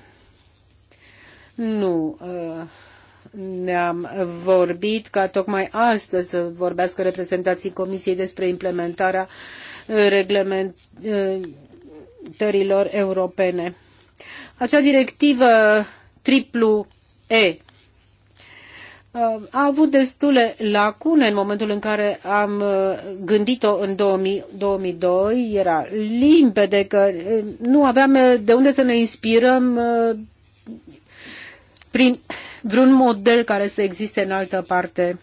Nu uh, ne-am vorbit ca tocmai astăzi să vorbească reprezentații Comisiei despre implementarea uh, reglementărilor uh, europene. Acea directivă triplu E a avut destule lacune în momentul în care am uh, gândit-o în 2000, 2002. Era limpede că uh, nu aveam uh, de unde să ne inspirăm prin vreun model care să existe în altă parte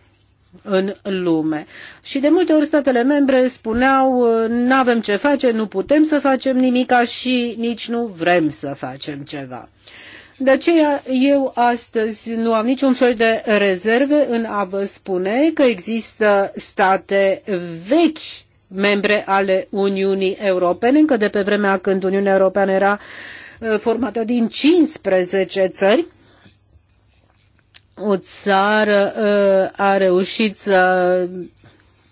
în lume. Și de multe ori statele membre spuneau nu avem ce face, nu putem să facem nimica și nici nu vrem să facem ceva. Uh, de aceea eu astăzi nu am niciun fel de rezerve în a vă spune că există state vechi membre ale Uniunii Europene, încă de pe vremea când Uniunea Europeană era ă, formată din 15 țări, o țară ă, a reușit să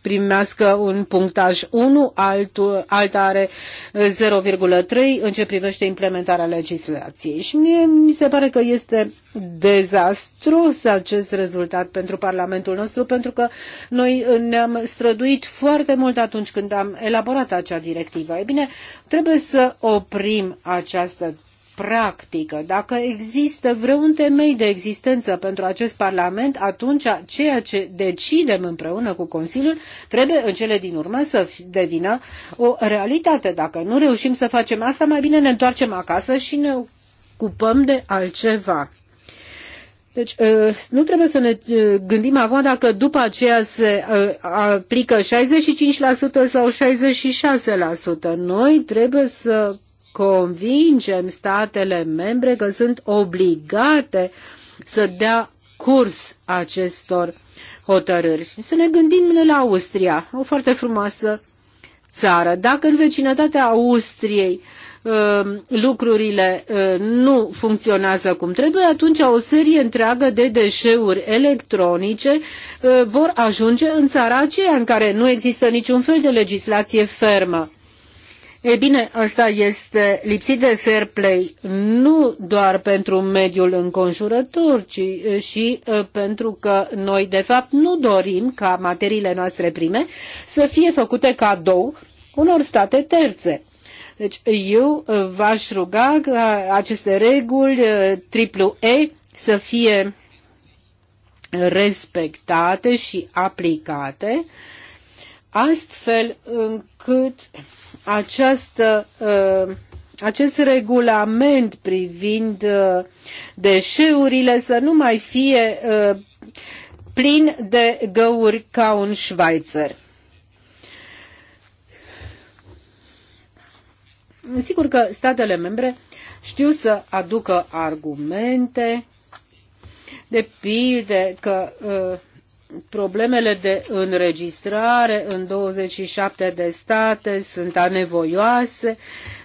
primească un punctaj 1, altul, alta are 0,3 uh, în ce privește implementarea legislației. Și mie mi se pare că este dezastros acest rezultat pentru Parlamentul nostru, pentru că noi ne-am străduit foarte mult atunci când am elaborat acea directivă. E bine, trebuie să oprim această practică. Dacă există vreun temei de existență pentru acest Parlament, atunci ceea ce decidem împreună cu Consiliul trebuie în cele din urmă să devină o realitate. Dacă nu reușim să facem asta, mai bine ne întoarcem acasă și ne ocupăm de altceva. Deci ă, nu trebuie să ne ă, gândim acum dacă după aceea se ă, aplică 65% sau 66%. Noi trebuie să convingem statele membre că sunt obligate să dea curs acestor hotărâri. Să ne gândim la Austria, o foarte frumoasă țară. Dacă în vecinătatea Austriei um, lucrurile uh, nu funcționează cum trebuie, atunci o serie întreagă de deșeuri electronice uh, vor ajunge în țara aceea în care nu există niciun fel de legislație fermă. Ei bine, asta este lipsit de fair play nu doar pentru mediul înconjurător, ci eh, și eh, pentru că noi, de fapt, nu dorim ca materiile noastre prime să fie făcute cadou unor state terțe. Deci eu eh, v-aș ruga ca aceste reguli triplu E să fie respectate și aplicate astfel încât această, uh, acest regulament privind uh, deșeurile să nu mai fie uh, plin de găuri ca un șvaițăr. Sigur că statele membre știu să aducă argumente, de pilde că uh, problemele de înregistrare în 27 de state sunt anevoioase,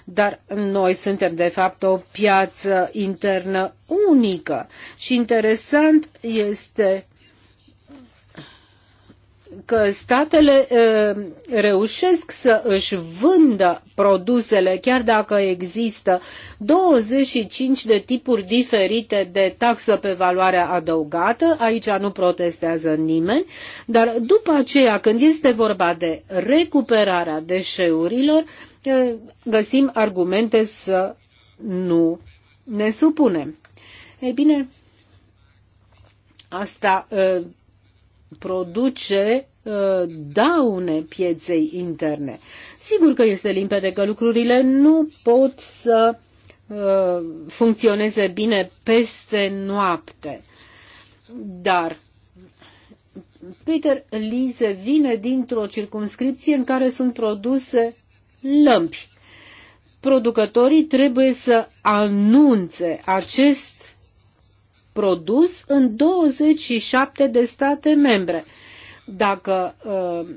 dar noi suntem de fapt o piață internă unică și interesant este că statele reușesc să își vândă produsele, chiar dacă există 25 de tipuri diferite de taxă pe valoarea adăugată, aici nu protestează nimeni, dar după aceea, când este vorba de recuperarea deșeurilor, găsim argumente să nu ne supunem. Ei bine, asta produce uh, daune pieței interne. Sigur că este limpede că lucrurile nu pot să uh, funcționeze bine peste noapte. Dar Peter Lise vine dintr-o circumscripție în care sunt produse lămpi. Producătorii trebuie să anunțe acest produs în 27 de state membre. Dacă uh,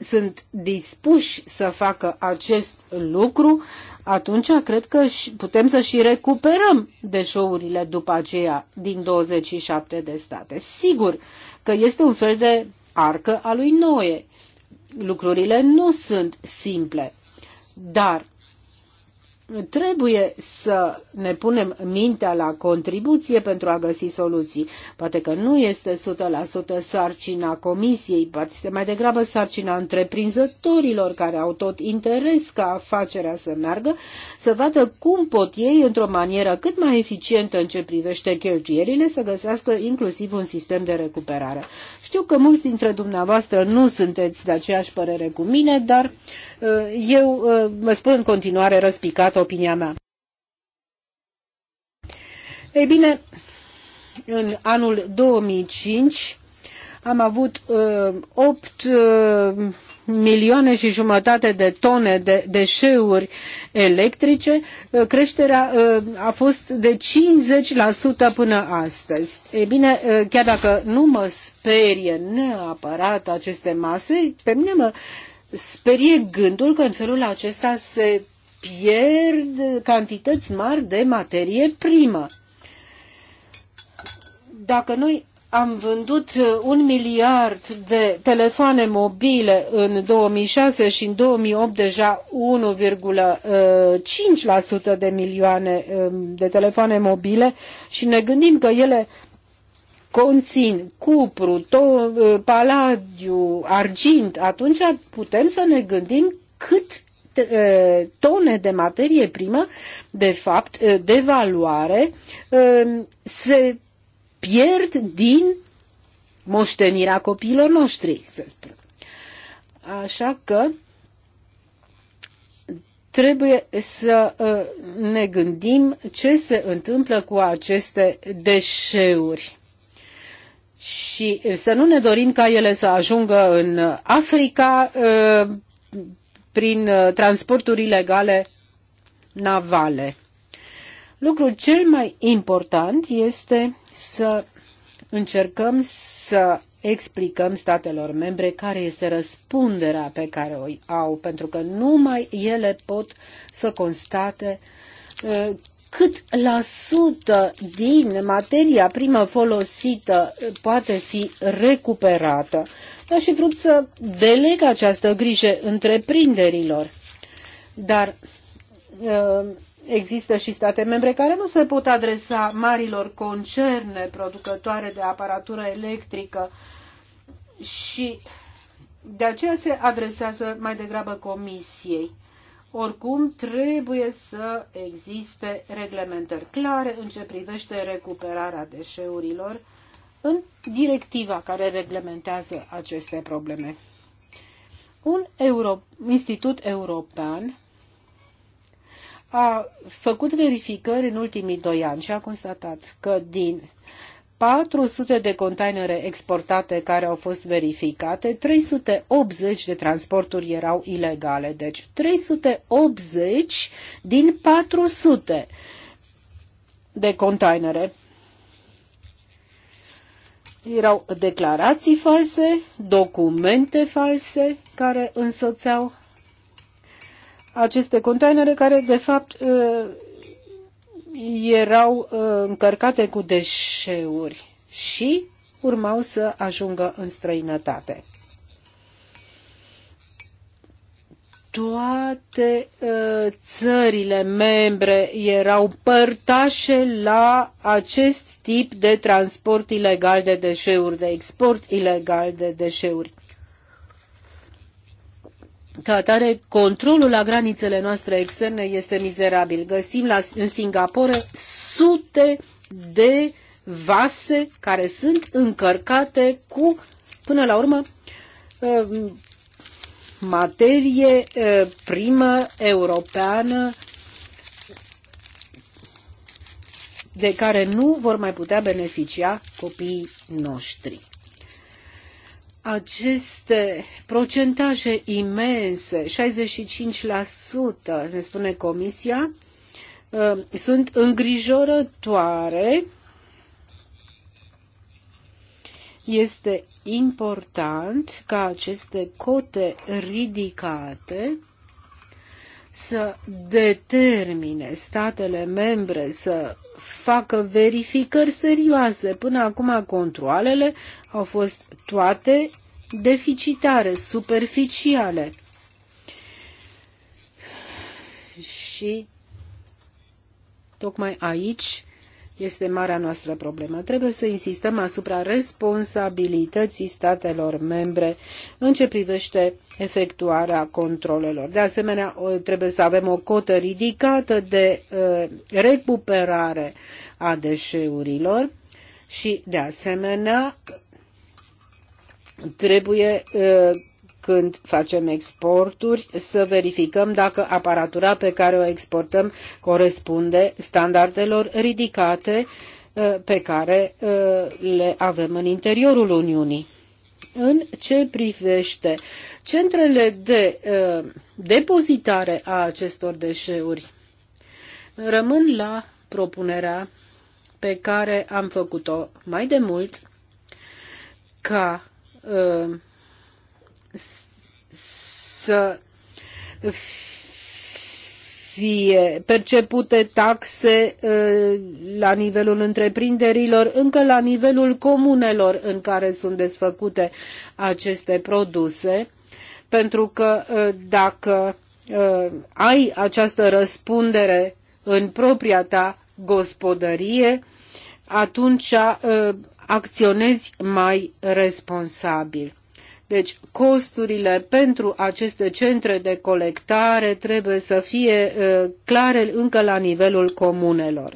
sunt dispuși să facă acest lucru, atunci cred că putem să și recuperăm deșeurile după aceea din 27 de state. Sigur că este un fel de arcă a lui Noe. Lucrurile nu sunt simple, dar trebuie să ne punem mintea la contribuție pentru a găsi soluții. Poate că nu este 100% sarcina comisiei, poate este mai degrabă sarcina întreprinzătorilor care au tot interes ca afacerea să meargă, să vadă cum pot ei, într-o manieră cât mai eficientă în ce privește cheltuielile, să găsească inclusiv un sistem de recuperare. Știu că mulți dintre dumneavoastră nu sunteți de aceeași părere cu mine, dar Eh, eu eh, mă spun în continuare răspicat opinia mea. Ei bine, în anul 2005 am avut uh, 8 uh, milioane și jumătate de tone de deșeuri electrice. Uh, creșterea uh, a fost de 50% până astăzi. E bine, uh, chiar dacă nu mă sperie neapărat aceste mase, pe mine mă uh, sperie gândul că în felul acesta se pierd cantități mari de materie primă. Dacă noi am vândut un miliard de telefoane mobile în 2006 și în 2008 deja 1,5% uh, de milioane um, de telefoane mobile și ne gândim că ele conțin cupru, to, eh, paladiu, argint, atunci putem să ne gândim cât eh, tone de materie primă, de fapt, eh, de valoare, se pierd din moștenirea copiilor noștri, să spun. Așa că trebuie să ne gândim ce se întâmplă cu aceste deșeuri și să nu ne dorim ca ele să ajungă în Africa prin transporturi ilegale navale. Lucrul cel mai important este să încercăm să explicăm statelor membre care este răspunderea pe care o au, pentru că numai ele pot să constate cât la sută din materia primă folosită poate fi recuperată. Aș fi vrut să deleg această grijă întreprinderilor, dar uh, există și state membre care nu se pot adresa marilor concerne producătoare de aparatură electrică și de aceea se adresează mai degrabă comisiei. Oricum, trebuie să existe reglementări clare în ce privește recuperarea deșeurilor în directiva care reglementează aceste probleme. Un Euro institut european a făcut verificări în ultimii doi ani și a constatat că din 400 de containere exportate care au fost verificate, 380 de transporturi erau ilegale. Deci 380 din 400 de containere erau declarații false, documente false care însoțeau aceste containere care de fapt erau uh, încărcate cu deșeuri și urmau să ajungă în străinătate. toate uh, țările membre erau părtașe la acest tip de transport ilegal de deșeuri, de export ilegal de deșeuri. Ca atare, controlul la granițele noastre externe este mizerabil. Găsim la, în Singapore sute de vase care sunt încărcate cu, până la urmă, uh, materie uh, primă europeană de care nu vor mai putea beneficia copiii noștri aceste procentaje imense, 65%, ne spune Comisia, uh, sunt îngrijorătoare. Este important ca aceste cote ridicate să determine statele membre să facă verificări serioase. Până acum controlele au fost toate deficitare, superficiale. Și tocmai aici este marea noastră problemă. Trebuie să insistăm asupra responsabilității statelor membre în ce privește efectuarea controlelor. De asemenea, trebuie să avem o cotă ridicată de uh, recuperare a deșeurilor și, de asemenea, trebuie uh, când facem exporturi să verificăm dacă aparatura pe care o exportăm corespunde standardelor ridicate uh, pe care uh, le avem în interiorul Uniunii. În ce privește centrele de uh, depozitare a acestor deșeuri, rămân la propunerea pe care am făcut-o mai de mult ca uh, să fie percepute taxe uh, la nivelul întreprinderilor, încă la nivelul comunelor în care sunt desfăcute aceste produse, pentru că uh, dacă uh, ai această răspundere în propria ta gospodărie, atunci acționezi mai responsabil. Deci costurile pentru aceste centre de colectare trebuie să fie uh, clare încă la nivelul comunelor.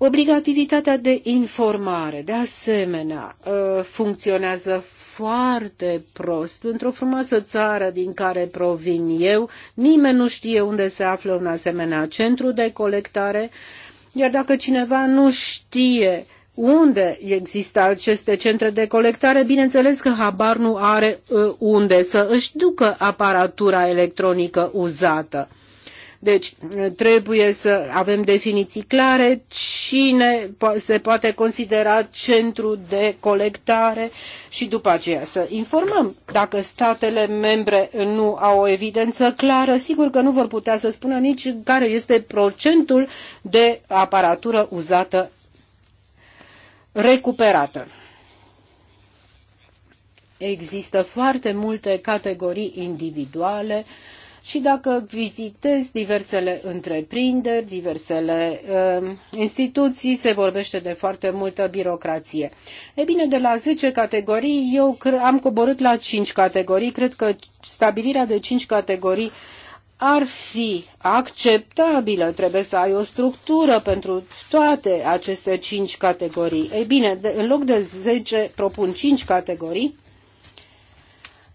Obligativitatea de informare, de asemenea, uh, funcționează foarte prost. Într-o frumoasă țară din care provin eu, nimeni nu știe unde se află un asemenea centru de colectare, iar dacă cineva nu știe unde există aceste centre de colectare, bineînțeles că habar nu are uh, unde să își ducă aparatura electronică uzată. Deci uh, trebuie să avem definiții clare cine se poate considera centru de colectare și după aceea să informăm. Dacă statele membre nu au o evidență clară, sigur că nu vor putea să spună nici care este procentul de aparatură uzată recuperată. Există foarte multe categorii individuale și dacă vizitezi diversele întreprinderi, diversele uh, instituții, se vorbește de foarte multă birocrație. E bine, de la 10 categorii, eu am coborât la 5 categorii. Cred că stabilirea de 5 categorii uh, ar fi acceptabilă, trebuie să ai o structură pentru toate aceste cinci categorii. Ei bine, de, în loc de 10 propun cinci categorii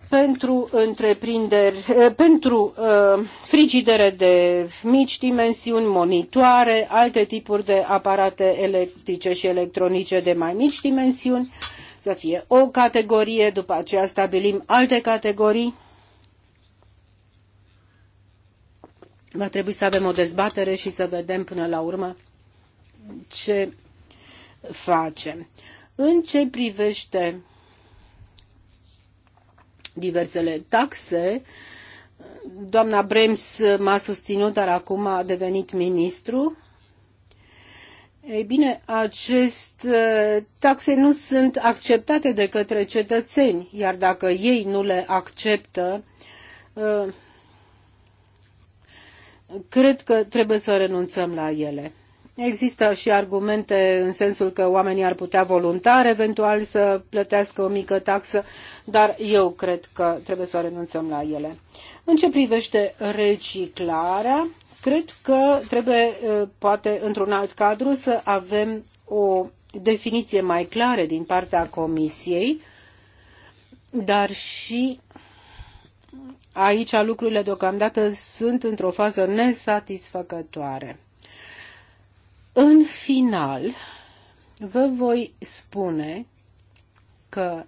pentru întreprinderi, eh, pentru uh, frigidere de mici dimensiuni, monitoare, alte tipuri de aparate electrice și electronice de mai mici dimensiuni, să fie o categorie, după aceea stabilim alte categorii va trebui să avem o dezbatere și să vedem până la urmă ce facem. În ce privește diversele taxe, doamna Brems m-a susținut, dar acum a devenit ministru. Ei bine, aceste uh, taxe nu sunt acceptate de către cetățeni, iar dacă ei nu le acceptă, uh, cred că trebuie să renunțăm la ele. Există și argumente în sensul că oamenii ar putea voluntar eventual să plătească o mică taxă, dar eu cred că trebuie să renunțăm la ele. În ce privește reciclarea, cred că trebuie, eh, poate, într-un alt cadru să avem o definiție mai clară din partea Comisiei, dar și Aici lucrurile deocamdată sunt într-o fază nesatisfăcătoare. În final, vă voi spune că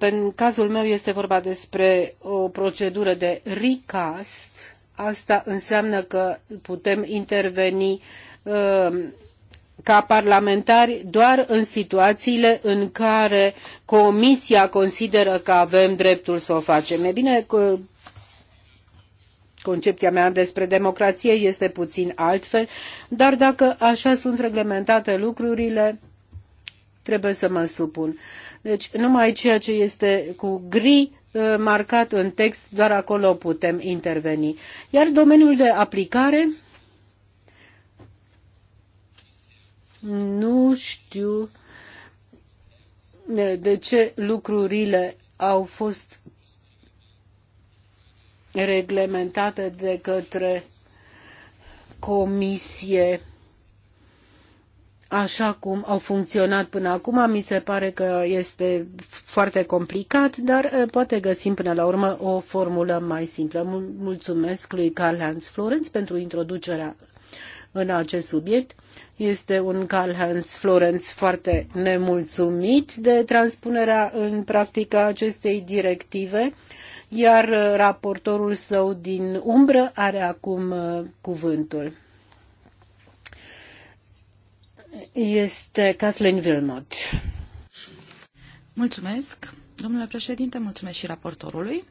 în cazul meu este vorba despre o procedură de recast. Asta înseamnă că putem interveni uh, ca parlamentari doar în situațiile în care Comisia consideră că avem dreptul să o facem. E bine, concepția mea despre democrație este puțin altfel, dar dacă așa sunt reglementate lucrurile, trebuie să mă supun. Deci numai ceea ce este cu gri ă, marcat în text, doar acolo putem interveni. Iar domeniul de aplicare Nu știu eh, de ce lucrurile au fost reglementate de către comisie așa cum au funcționat până acum. Mi se pare că este foarte complicat, dar eh, poate găsim până la urmă o formulă mai simplă. Mulțumesc lui Karl Hans Florenz pentru introducerea în acest subiect este un Karl-Heinz Florenz foarte nemulțumit de transpunerea în practică acestei directive, iar raportorul său din umbră are acum uh, cuvântul. Este Kathleen Wilmot. Mulțumesc, domnule președinte, mulțumesc și raportorului.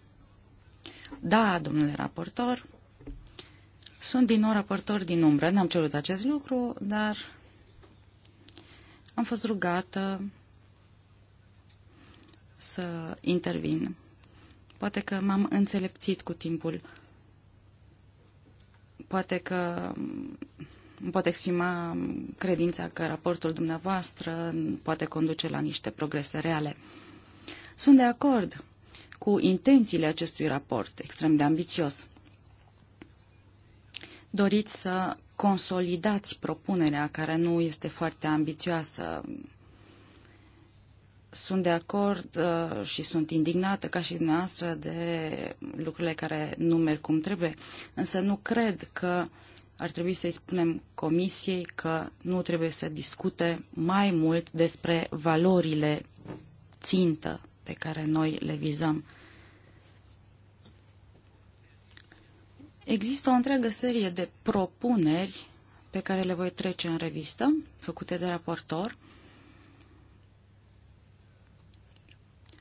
Da, domnule raportor, sunt din nou raportor din umbră, n-am cerut acest lucru, dar am fost rugată să intervin. Poate că m-am înțelepțit cu timpul. Poate că îmi pot exprima credința că raportul dumneavoastră poate conduce la niște progrese reale. Sunt de acord cu intențiile acestui raport, extrem de ambițios doriți să consolidați propunerea care nu este foarte ambițioasă. Sunt de acord uh, și sunt indignată ca și dumneavoastră de lucrurile care nu merg cum trebuie, însă nu cred că ar trebui să-i spunem comisiei că nu trebuie să discute mai mult despre valorile țintă pe care noi le vizăm. Există o întreagă serie de propuneri pe care le voi trece în revistă, făcute de raportor,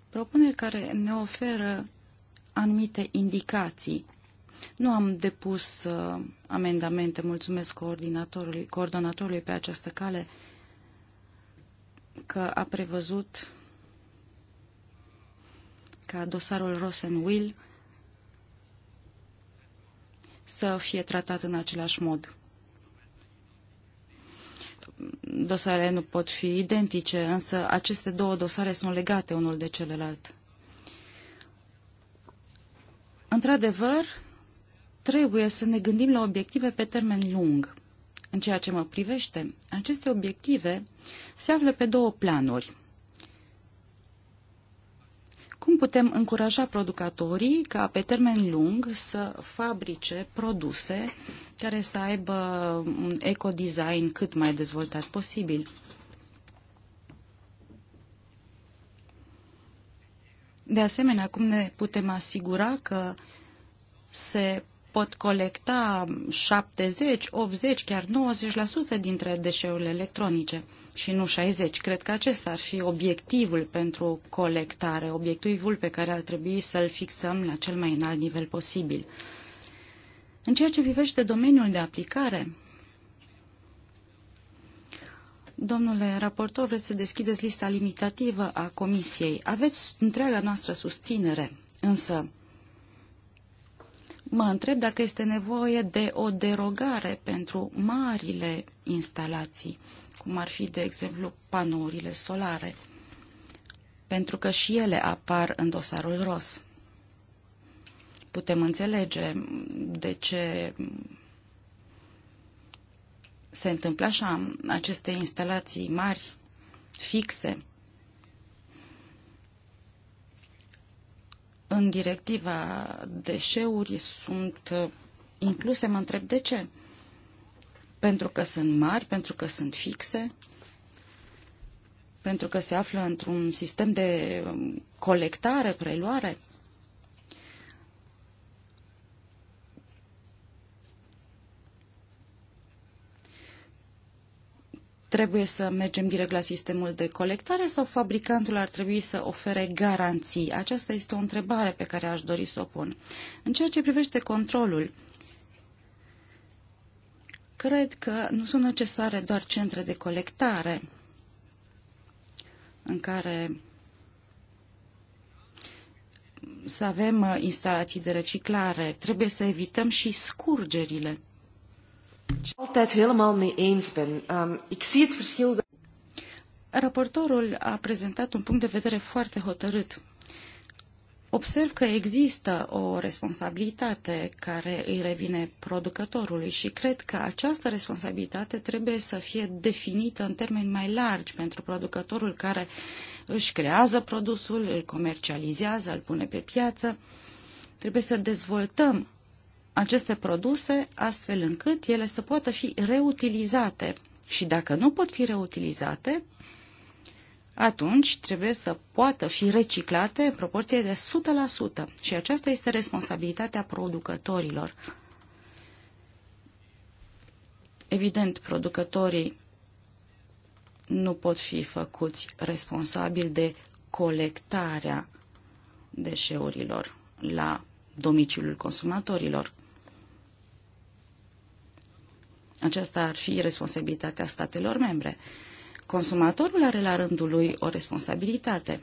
propuneri care ne oferă anumite indicații. Nu am depus uh, amendamente, mulțumesc coordinatorului, coordonatorului pe această cale că a prevăzut ca dosarul Rosenwill să fie tratat în același mod. Dosarele nu pot fi identice, însă aceste două dosare sunt legate unul de celălalt. Într-adevăr, trebuie să ne gândim la obiective pe termen lung. În ceea ce mă privește, aceste obiective se află pe două planuri – cum putem încuraja producătorii ca pe termen lung să fabrice produse care să aibă un ecodesign cât mai dezvoltat posibil? De asemenea, cum ne putem asigura că se pot colecta 70, 80, chiar 90% dintre deșeurile electronice? și nu 60. Cred că acesta ar fi obiectivul pentru colectare, obiectivul pe care ar trebui să-l fixăm la cel mai înalt nivel posibil. În ceea ce privește domeniul de aplicare, Domnule raportor, vreți să deschideți lista limitativă a comisiei. Aveți întreaga noastră susținere, însă mă întreb dacă este nevoie de o derogare pentru marile instalații cum ar fi, de exemplu, panourile solare, pentru că și ele apar în dosarul ROS. Putem înțelege de ce se întâmplă așa, aceste instalații mari, fixe, în directiva deșeuri sunt incluse, mă întreb de ce pentru că sunt mari, pentru că sunt fixe, pentru că se află într-un sistem de um, colectare, preluare. Trebuie să mergem direct la sistemul de colectare sau fabricantul ar trebui să ofere garanții? Aceasta este o întrebare pe care aș dori să o pun. În ceea ce privește controlul, Cred că nu sunt necesare doar centre de colectare în care să avem uh, instalații de reciclare. Trebuie să evităm și scurgerile. Altijd helemaal mee eens ben. Um, ik zie het verschil. Raportorul a prezentat un punct de vedere foarte hotărât observ că există o responsabilitate care îi revine producătorului și cred că această responsabilitate trebuie să fie definită în termeni mai largi pentru producătorul care își creează produsul, îl comercializează, îl pune pe piață. Trebuie să dezvoltăm aceste produse astfel încât ele să poată fi reutilizate și dacă nu pot fi reutilizate, atunci trebuie să poată fi reciclate în proporție de 100% și aceasta este responsabilitatea producătorilor. Evident, producătorii nu pot fi făcuți responsabili de colectarea deșeurilor la domiciliul consumatorilor. Aceasta ar fi responsabilitatea statelor membre. Consumatorul are la rândul lui o responsabilitate.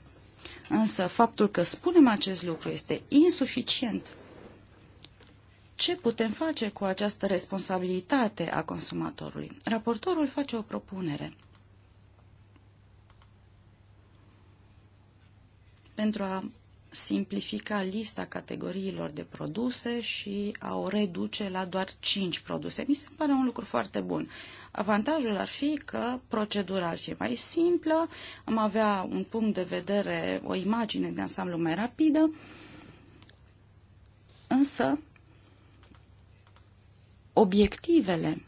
Însă faptul că spunem acest lucru este insuficient. Ce putem face cu această responsabilitate a consumatorului? Raportorul face o propunere. Pentru a simplifica lista categoriilor de produse și a o reduce la doar 5 produse. Mi se pare un lucru foarte bun. Avantajul ar fi că procedura ar fi mai simplă, am avea un punct de vedere, o imagine de ansamblu mai rapidă, însă obiectivele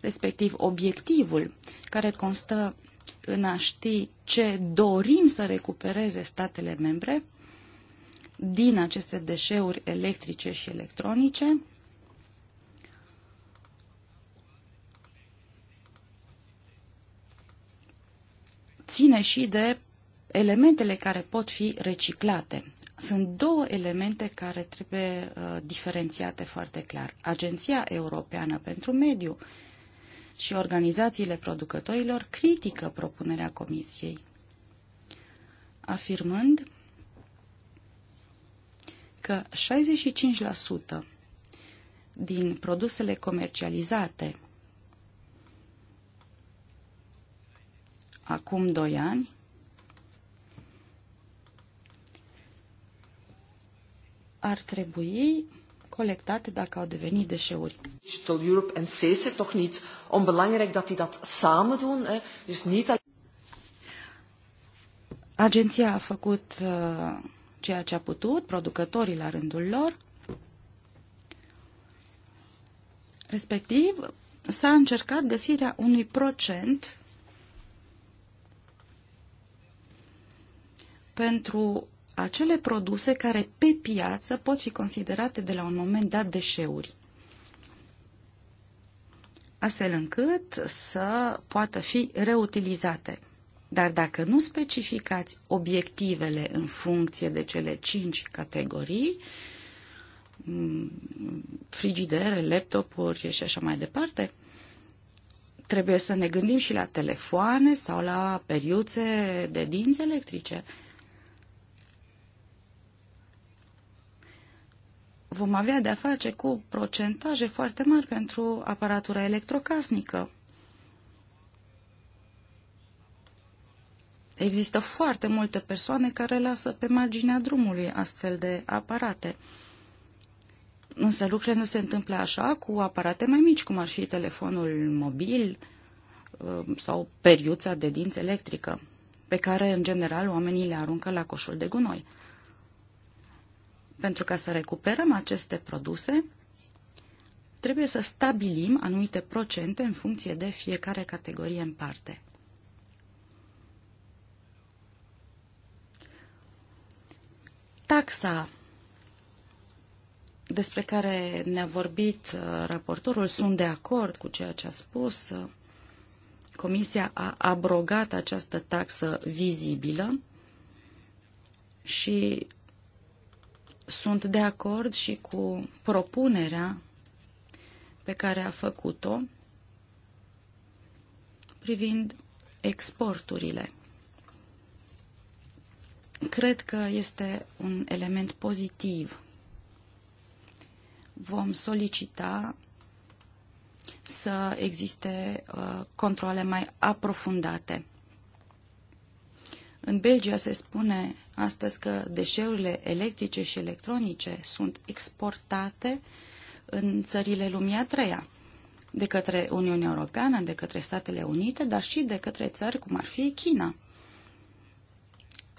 respectiv obiectivul, care constă în a ști ce dorim să recupereze statele membre din aceste deșeuri electrice și electronice, ține și de elementele care pot fi reciclate. Sunt două elemente care trebuie uh, diferențiate foarte clar. Agenția Europeană pentru Mediu uh, și organizațiile producătorilor critică propunerea Comisiei, afirmând că 65% din produsele comercializate acum 2 ani ar trebui colectate dacă au devenit deșeuri. Digital Europe en CC toch niet onbelangrijk dat die dat samen doen. Hè? Dus niet Agenția a făcut uh, ceea ce a putut, producătorii la rândul lor. Respectiv, s-a încercat găsirea unui procent pentru acele produse care pe piață pot fi considerate de la un moment dat deșeuri. Astfel încât să poată fi reutilizate. Dar dacă nu specificați obiectivele în funcție de cele cinci categorii, mm, frigidere, laptopuri și așa mai departe, trebuie să ne gândim și la telefoane sau la periuțe de dinți electrice. vom avea de-a face cu procentaje foarte mari pentru aparatura electrocasnică. Există foarte multe persoane care lasă pe marginea drumului astfel de aparate. Însă lucrurile nu se întâmplă așa cu aparate mai mici, cum ar fi telefonul mobil uh, sau periuța de dinți electrică, pe care, în general, oamenii le aruncă la coșul de gunoi. Pentru ca să recuperăm aceste produse, trebuie să stabilim anumite procente în funcție de fiecare categorie în parte. Taxa despre care ne-a vorbit uh, raportorul, sunt de acord cu ceea ce a spus. Uh, Comisia a abrogat această taxă vizibilă și sunt de acord și cu propunerea pe care a făcut-o privind exporturile. Cred că este un element pozitiv. Vom solicita să existe uh, controle mai aprofundate. În Belgia se spune astăzi că deșeurile electrice și electronice sunt exportate în țările lumii a treia, de către Uniunea Europeană, de către Statele Unite, dar și de către țări cum ar fi China.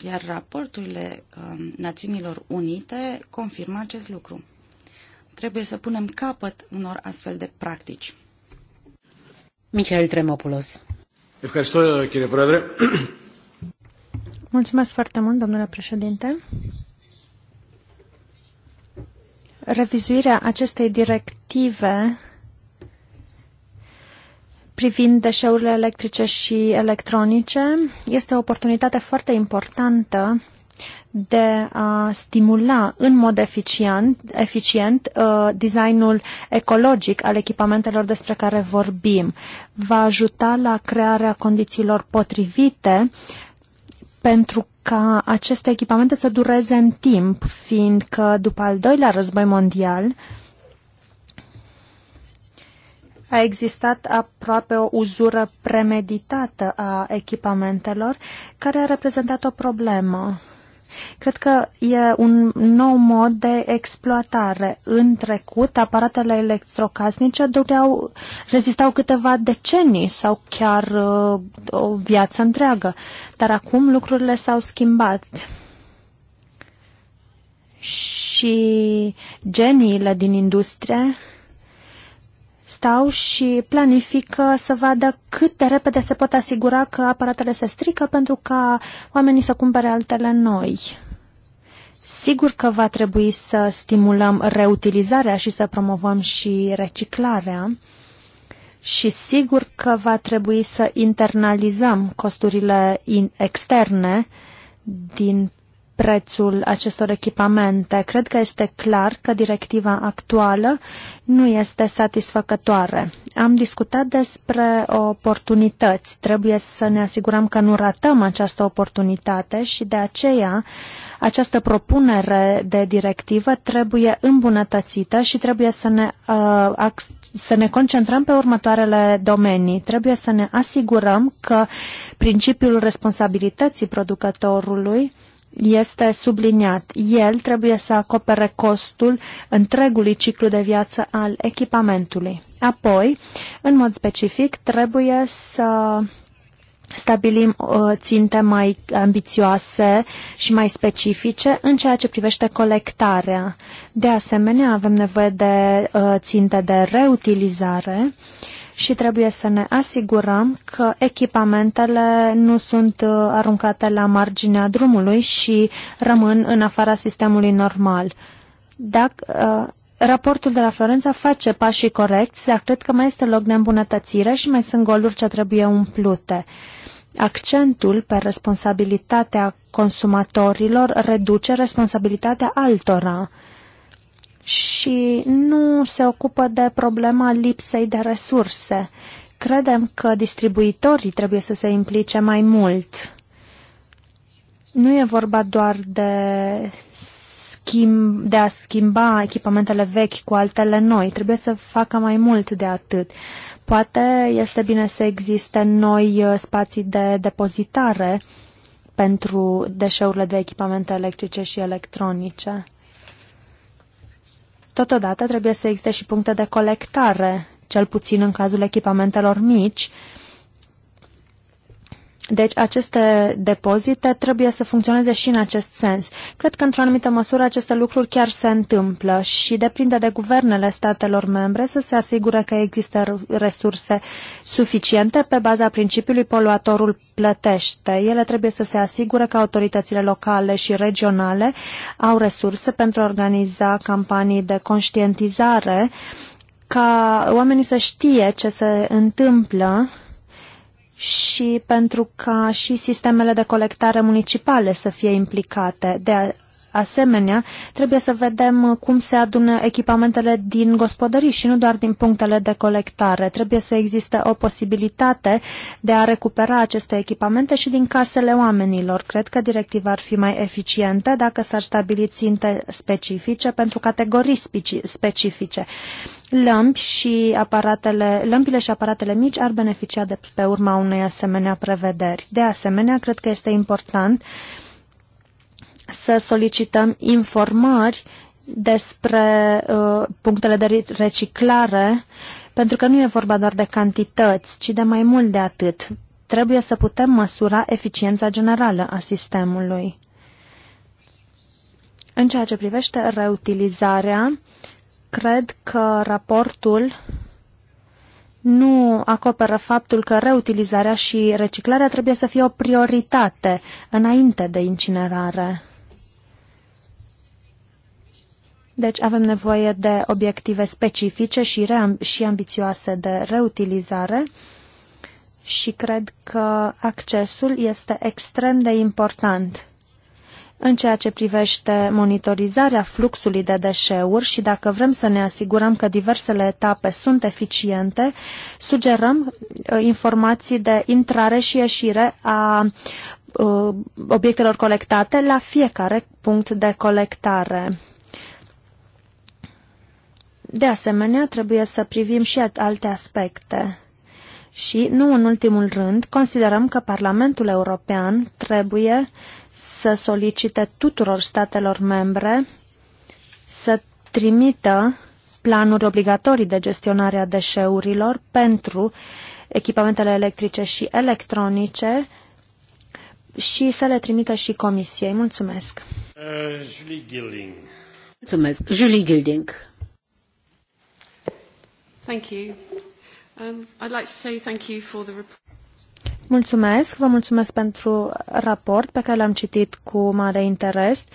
Iar raporturile um, Națiunilor Unite confirmă acest lucru. Trebuie să punem capăt unor astfel de practici. Michael Tremopoulos. Ευχαριστώ κύριε Πρόεδρε. Mulțumesc foarte mult, domnule președinte. Revizuirea acestei directive privind deșeurile electrice și electronice este o oportunitate foarte importantă de a stimula în mod eficient, eficient uh, designul ecologic al echipamentelor despre care vorbim. Va ajuta la crearea condițiilor potrivite uh, pentru ca aceste echipamente să dureze în timp, fiindcă după al doilea război mondial a existat aproape o uzură premeditată a echipamentelor, care a reprezentat o problemă Cred că e un nou mod de exploatare. În trecut, aparatele electrocasnice dureau, rezistau câteva decenii sau chiar uh, o viață întreagă. Dar acum lucrurile s-au schimbat și geniile din industrie stau și planifică să vadă cât de repede se pot asigura că aparatele se strică pentru ca oamenii să cumpere altele noi. Sigur că va trebui să stimulăm reutilizarea și să promovăm și reciclarea și sigur că va trebui să internalizăm costurile externe din prețul acestor echipamente. Cred că este clar că directiva actuală nu este satisfăcătoare. Am discutat despre oportunități. Trebuie să ne asigurăm că nu ratăm această oportunitate și de aceea această propunere de directivă trebuie îmbunătățită și trebuie să ne, uh, să ne concentrăm pe următoarele domenii. Trebuie să ne asigurăm că principiul responsabilității producătorului este subliniat. El trebuie să acopere costul întregului ciclu de viață al echipamentului. Apoi, în mod specific, trebuie să stabilim uh, ținte mai ambițioase și mai specifice în ceea ce privește colectarea. De asemenea, avem nevoie de uh, ținte de reutilizare și trebuie să ne asigurăm că echipamentele nu sunt uh, aruncate la marginea drumului și rămân în afara sistemului normal. Dacă, uh, Raportul de la Florența face pașii corecți, dar cred că mai este loc de îmbunătățire și mai sunt goluri ce trebuie umplute. Accentul pe responsabilitatea consumatorilor reduce responsabilitatea altora și nu se ocupă de problema lipsei de resurse. Credem că distribuitorii trebuie să se implice mai mult. Nu e vorba doar de, schimb, de a schimba echipamentele vechi cu altele noi. Trebuie să facă mai mult de atât. Poate este bine să existe noi uh, spații de depozitare pentru deșeurile de echipamente electrice și electronice. Totodată trebuie să existe și puncte de colectare, cel puțin în cazul echipamentelor mici, deci aceste depozite trebuie să funcționeze și în acest sens. Cred că într-o anumită măsură aceste lucruri chiar se întâmplă și depinde de guvernele statelor membre să se asigure că există resurse suficiente pe baza principiului poluatorul plătește. Ele trebuie să se asigure că autoritățile locale și regionale au resurse pentru a organiza campanii de conștientizare ca oamenii să știe ce se întâmplă și pentru ca și sistemele de colectare municipale să fie implicate. De asemenea, trebuie să vedem cum se adună echipamentele din gospodării și nu doar din punctele de colectare. Trebuie să existe o posibilitate de a recupera aceste echipamente și din casele oamenilor. Cred că directiva ar fi mai eficientă dacă s-ar stabili ținte specifice pentru categorii specifice. Lămpi și aparatele, lămpile și aparatele mici ar beneficia de pe urma unei asemenea prevederi. De asemenea, cred că este important uh, să solicităm informări despre uh, punctele de reciclare, pentru că nu e vorba doar de cantități, ci de mai mult de atât. Trebuie să putem măsura eficiența generală a sistemului. În ceea ce privește reutilizarea, cred că raportul nu acoperă faptul că reutilizarea și reciclarea trebuie să fie o prioritate înainte de incinerare. Deci avem nevoie de obiective specifice și, ream- și ambițioase de reutilizare și cred că accesul este extrem de important. În ceea ce privește monitorizarea fluxului de deșeuri și dacă vrem să ne asigurăm că diversele etape sunt eficiente, sugerăm uh, informații de intrare și ieșire a uh, obiectelor colectate la fiecare punct de colectare. De asemenea, trebuie să privim și alte aspecte. Și, nu în ultimul rând, considerăm că Parlamentul European trebuie să solicite tuturor statelor membre să trimită planuri obligatorii de gestionare a deșeurilor pentru echipamentele electrice și electronice și să le trimită și Comisiei. Mulțumesc! Uh, Julie Gilding. Mulțumesc! Julie Gilding. Thank you. Um, I'd like to say thank you for the report. Mulțumesc, vă mulțumesc pentru raport pe care l-am citit cu mare interes.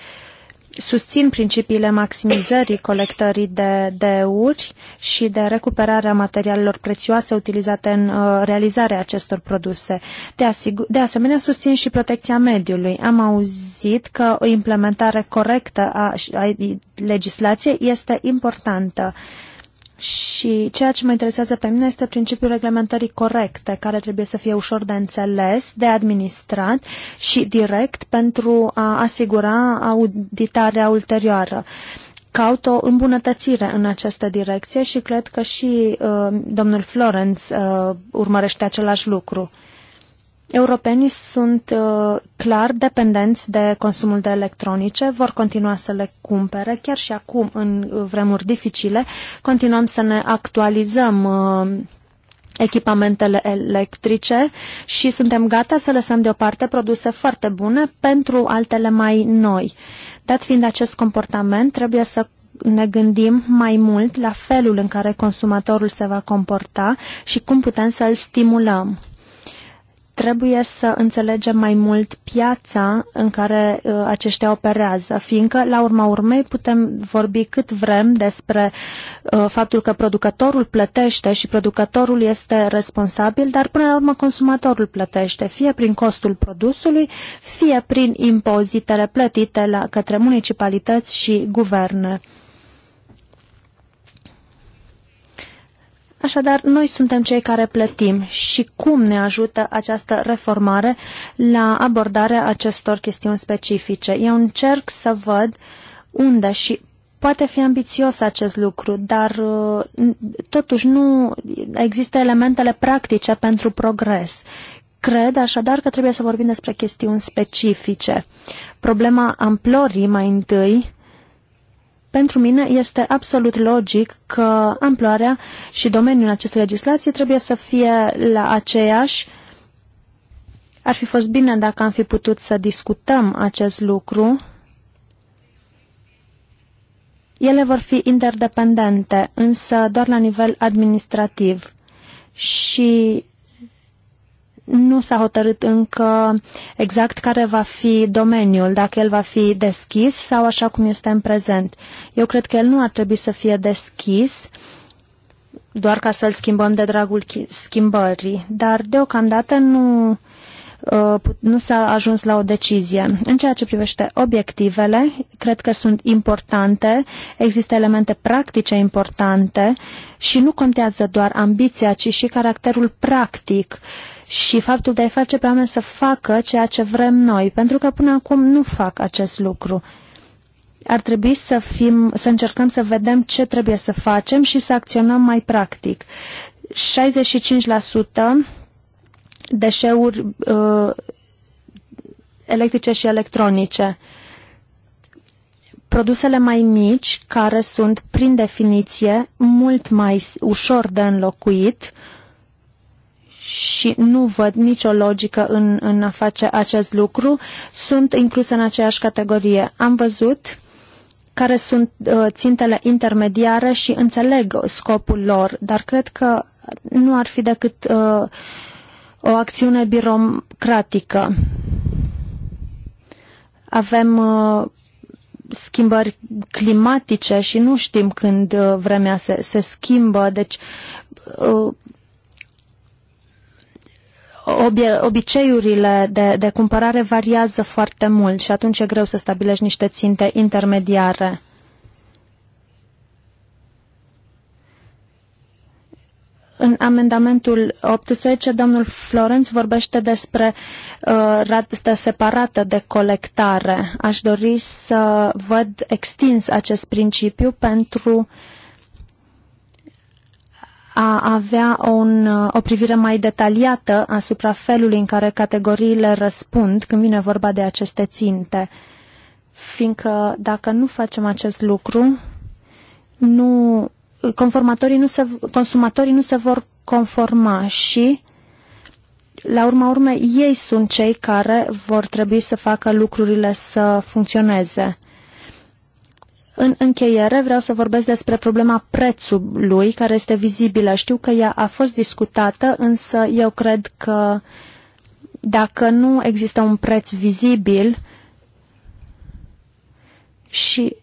Susțin principiile maximizării colectării de deuri și de recuperarea materialelor prețioase utilizate în uh, realizarea acestor produse. De, asigur, de asemenea, susțin și protecția mediului. Am auzit că o implementare corectă a, a legislației este importantă. Uh, și ceea ce mă interesează pe mine este principiul reglementării corecte, care trebuie să fie ușor de înțeles, de administrat și direct pentru a asigura auditarea ulterioară. Caut o îmbunătățire în această direcție și cred că și uh, domnul Florence uh, urmărește același lucru. Europenii sunt uh, clar dependenți de consumul de electronice, vor continua să le cumpere, chiar și acum, în vremuri dificile, continuăm să ne actualizăm uh, echipamentele electrice și suntem gata să lăsăm deoparte produse foarte bune pentru altele mai noi. Dat fiind acest comportament, trebuie să ne gândim mai mult la felul în care consumatorul se va comporta și cum putem să îl stimulăm. Trebuie să înțelegem mai mult piața în care uh, aceștia operează, fiindcă, la urma urmei, putem vorbi cât vrem despre uh, faptul că producătorul plătește și producătorul este responsabil, dar, până la urmă, consumatorul plătește, fie prin costul produsului, fie prin impozitele plătite la, către municipalități și guverne. Așadar, noi suntem cei care plătim și cum ne ajută această reformare la abordarea acestor chestiuni specifice. Eu încerc să văd unde și poate fi ambițios acest lucru, dar uh, totuși nu există elementele practice pentru progres. Cred așadar că trebuie să vorbim despre chestiuni specifice. Problema amplorii mai întâi pentru mine este absolut logic că amploarea și domeniul acestei legislații trebuie să fie la aceeași. Ar fi fost bine dacă am fi putut să discutăm acest lucru. Ele vor fi interdependente, însă doar la nivel administrativ și nu s-a hotărât încă exact care va fi domeniul, dacă el va fi deschis sau așa cum este în prezent. Eu cred că el nu ar trebui să fie deschis doar ca să-l schimbăm de dragul schimbării, dar deocamdată nu, uh, nu s-a ajuns la o decizie. În ceea ce privește obiectivele, cred că sunt importante, există elemente practice importante și nu contează doar ambiția, ci și caracterul practic uh, și faptul de a-i face pe oameni să facă ceea ce vrem noi, pentru că până acum nu fac acest lucru. Ar trebui să, fim, să încercăm să vedem ce trebuie să facem și să acționăm mai practic. 65% deșeuri uh, electrice și electronice. Produsele mai mici, care sunt, prin definiție, mult mai ușor de înlocuit, uh, și nu văd nicio logică în, în a face acest lucru, sunt incluse în aceeași categorie. Am văzut care sunt uh, țintele intermediare și înțeleg scopul lor, dar cred că nu ar fi decât uh, o acțiune birocratică. Avem uh, schimbări climatice și nu știm când uh, vremea se, se schimbă, deci uh, obiceiurile de, de cumpărare variază foarte mult și atunci e greu să stabilești niște ținte intermediare. În amendamentul 18, domnul Florenț vorbește despre uh, rată separată de colectare. Aș dori să văd extins acest principiu pentru uh, a avea un, o privire mai detaliată asupra felului în care categoriile răspund când vine vorba de aceste ținte. Fiindcă dacă nu facem acest lucru, nu, conformatorii nu se, consumatorii nu se vor conforma și la urma urmei, ei sunt cei care vor trebui să facă lucrurile să funcționeze. În încheiere vreau să vorbesc despre problema prețului care este vizibilă. Știu că ea a fost discutată, însă eu cred că dacă nu există un preț vizibil și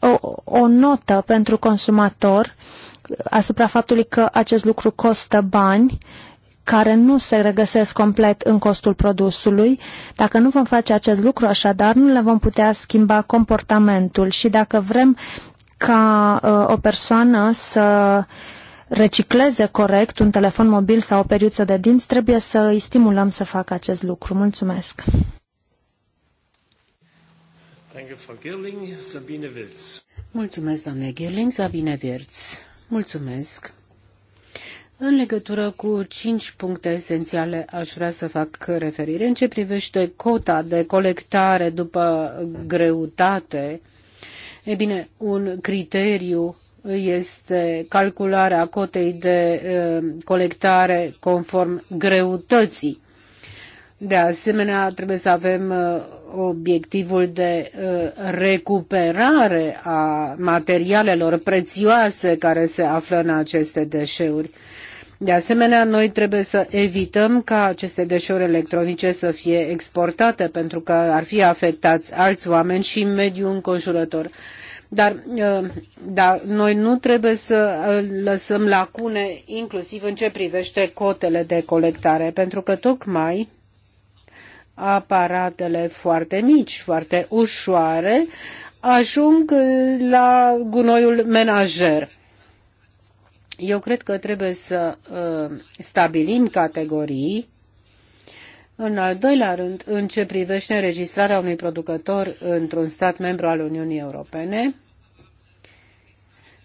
o, o notă pentru consumator asupra faptului că acest lucru costă bani, uh, care nu se regăsesc complet în costul produsului. Dacă nu vom face acest lucru, așadar, nu le vom putea schimba comportamentul și dacă vrem ca uh, o persoană să recicleze corect un telefon mobil sau o periuță de dinți, trebuie să îi stimulăm să facă acest lucru. Mulțumesc! Mulțumesc, doamne Girling, Sabine Wirz. Mulțumesc. În legătură cu cinci puncte esențiale aș vrea să fac referire. În ce privește cota de colectare după greutate, e bine, un criteriu este calcularea cotei de colectare conform greutății. De asemenea, trebuie să avem obiectivul de recuperare a materialelor prețioase care se află în aceste deșeuri. De asemenea, noi trebuie să evităm ca aceste deșeuri electronice să fie exportate, pentru că ar fi afectați alți oameni și mediul înconjurător. Dar ă, da, noi nu trebuie să ă, lăsăm lacune, inclusiv în ce privește cotele de colectare, pentru că tocmai aparatele foarte mici, foarte ușoare, ajung la gunoiul menajer. Eu cred că trebuie să uh, stabilim categorii. În al doilea rând, în ce privește înregistrarea unui producător într-un stat membru al Uniunii Europene,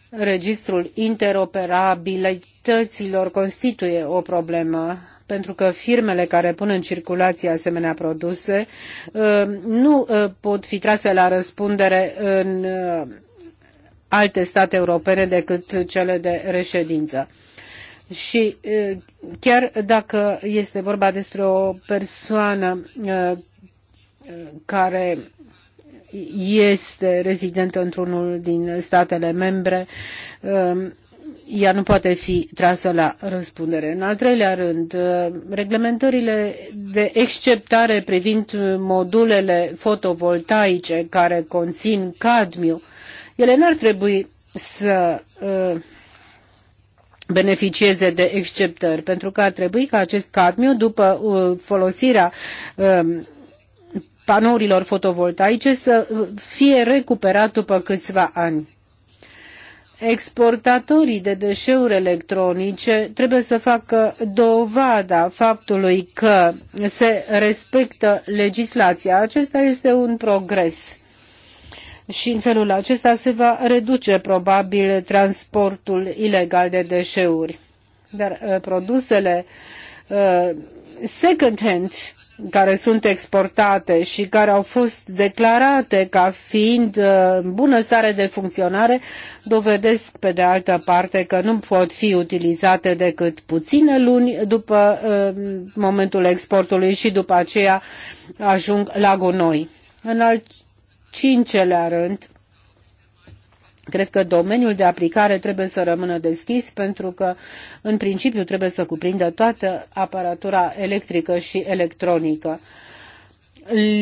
registrul interoperabilităților constituie o problemă pentru că firmele care pun în circulație asemenea produse uh, nu uh, pot fi trase la răspundere în alte state europene decât cele de reședință. Și chiar dacă este vorba despre o persoană care este rezidentă într-unul din statele membre, ea nu poate fi trasă la răspundere. În al treilea rând, reglementările de exceptare privind modulele fotovoltaice care conțin cadmiu ele n-ar trebui să uh, beneficieze de exceptări, pentru că ar trebui ca acest cadmiu, după uh, folosirea um, panourilor fotovoltaice, să uh, fie recuperat după câțiva ani. Exportatorii de deșeuri electronice trebuie să facă dovada faptului că se respectă legislația. Acesta este un progres și în felul acesta se va reduce probabil transportul ilegal de deșeuri. Dar uh, produsele uh, second hand care sunt exportate și care au fost declarate ca fiind uh, în bună stare de funcționare, dovedesc pe de altă parte că nu pot fi utilizate decât puține luni după momentul exportului și după aceea ajung la gunoi. În al cincilea rând, Cred că domeniul de aplicare trebuie să rămână deschis pentru că, în principiu, trebuie să cuprindă toată aparatura electrică și electronică.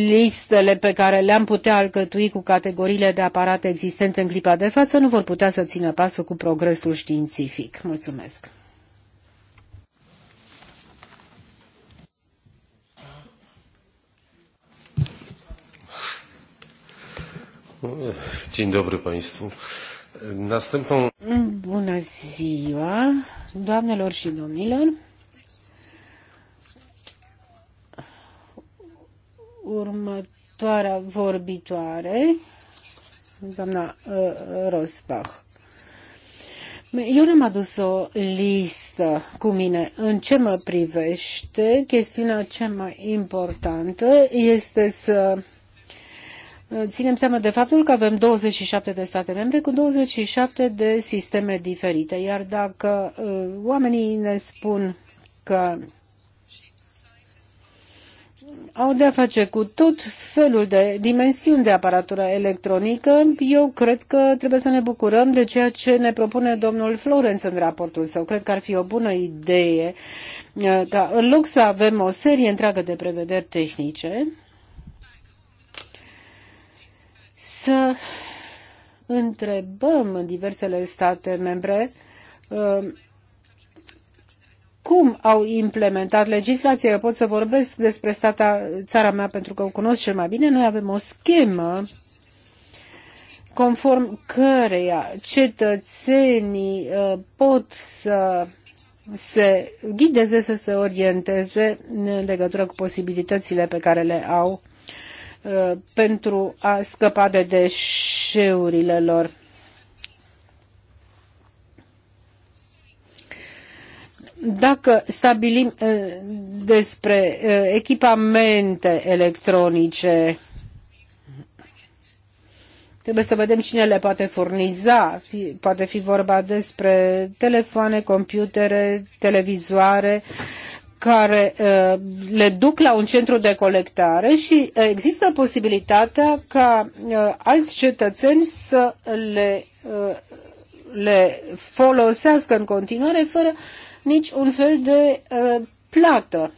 Listele pe care le-am putea alcătui cu categoriile de aparate existente în clipa de față nu vor putea să țină pasul cu progresul științific. Mulțumesc! Dzień dobry Państwu. Następną... Bună ziua, doamnelor și domnilor. Următoarea vorbitoare, doamna uh, Rosbach. Eu am adus o listă cu mine. În ce mă privește, chestiunea cea mai importantă este să Eh, ținem seama de faptul că avem 27 de state membre cu 27 de sisteme diferite. Iar dacă eh, oamenii ne spun că au de-a face cu tot felul de dimensiuni de aparatură electronică, eu cred că trebuie să ne bucurăm de ceea ce ne propune domnul Florence în raportul său. Cred că ar fi o bună idee eh, ca în loc să avem o serie întreagă de prevederi tehnice, să întrebăm în diversele state membre um, cum au implementat legislația. Eu pot să vorbesc despre stata, țara mea pentru că o cunosc cel mai bine. Noi avem o schemă conform căreia cetățenii uh, pot să se ghideze, să se orienteze în legătură cu posibilitățile pe care le au Uh, pentru a scăpa de deșeurile lor. Dacă stabilim uh, despre uh, echipamente electronice, Trebuie să vedem cine le poate furniza. Fi, poate fi vorba despre telefoane, computere, televizoare, care uh, le duc la un centru de colectare și uh, există posibilitatea ca uh, alți cetățeni să le, le folosească în continuare fără nici un fel de plată.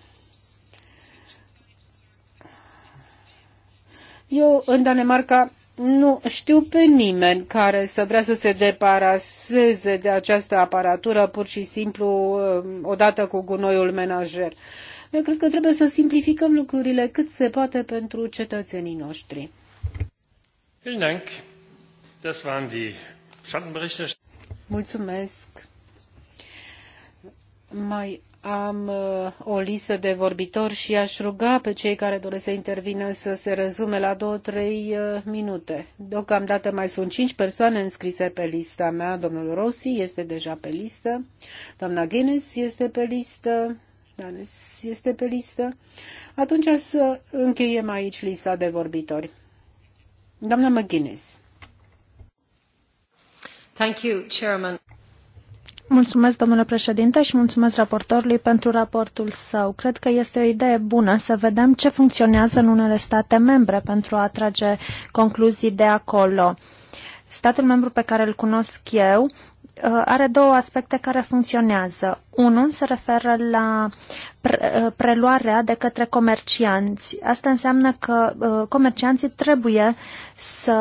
Eu, în Danemarca, nu știu pe nimeni care să vrea să se deparaseze de această aparatură pur și simplu um, odată cu gunoiul menajer. Eu cred că trebuie să simplificăm lucrurile cât se poate pentru cetățenii noștri. Mulțumesc. Mai am uh, o listă de vorbitori și aș ruga pe cei care doresc să intervină să se rezume la două trei uh, minute. Deocamdată mai sunt cinci persoane înscrise pe lista mea. Domnul Rossi este deja pe listă, doamna Guinness este pe listă, Danes este pe listă. Atunci să încheiem aici lista de vorbitori. Doamna McGuinness. Thank you, Chairman. Mulțumesc, domnule președinte, și mulțumesc raportorului pentru raportul său. Cred că este o idee bună să vedem ce funcționează în unele state membre pentru a trage concluzii de acolo. Statul membru pe care îl cunosc eu Uh, are două aspecte care funcționează. Unul se referă la uh, preluarea de către comercianți. Asta înseamnă că uh, comercianții trebuie să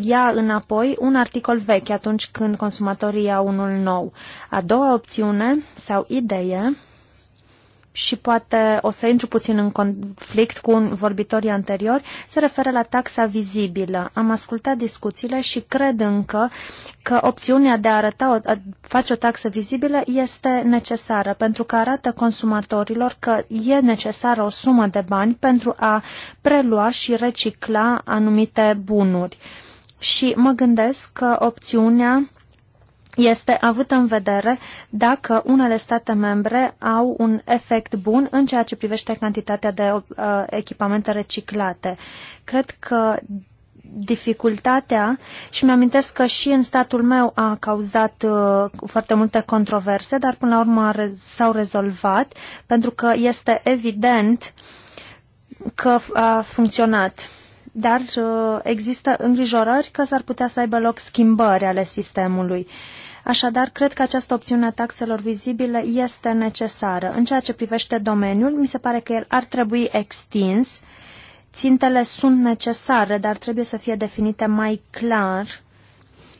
ia înapoi un articol vechi atunci când consumatorii iau unul nou. A doua opțiune sau idee și poate o să intru puțin în conflict cu un vorbitorii anterior, se referă la taxa vizibilă. Am ascultat discuțiile și cred încă că opțiunea de a arăta o, a face o taxă vizibilă este necesară, pentru că arată consumatorilor că e necesară o sumă de bani pentru a prelua și recicla anumite bunuri. Și mă gândesc că opțiunea este avut în vedere dacă unele state membre au un efect bun în ceea ce privește cantitatea de uh, echipamente reciclate. Cred că dificultatea și mi-amintesc că și în statul meu a cauzat uh, foarte multe controverse, dar până la urmă s-au rezolvat pentru că este evident că a funcționat dar uh, există îngrijorări că s-ar putea să aibă loc schimbări ale sistemului. Așadar, cred că această opțiune a taxelor vizibile este necesară. În ceea ce privește domeniul, mi se pare că el ar trebui extins. Țintele sunt necesare, dar trebuie să fie definite mai clar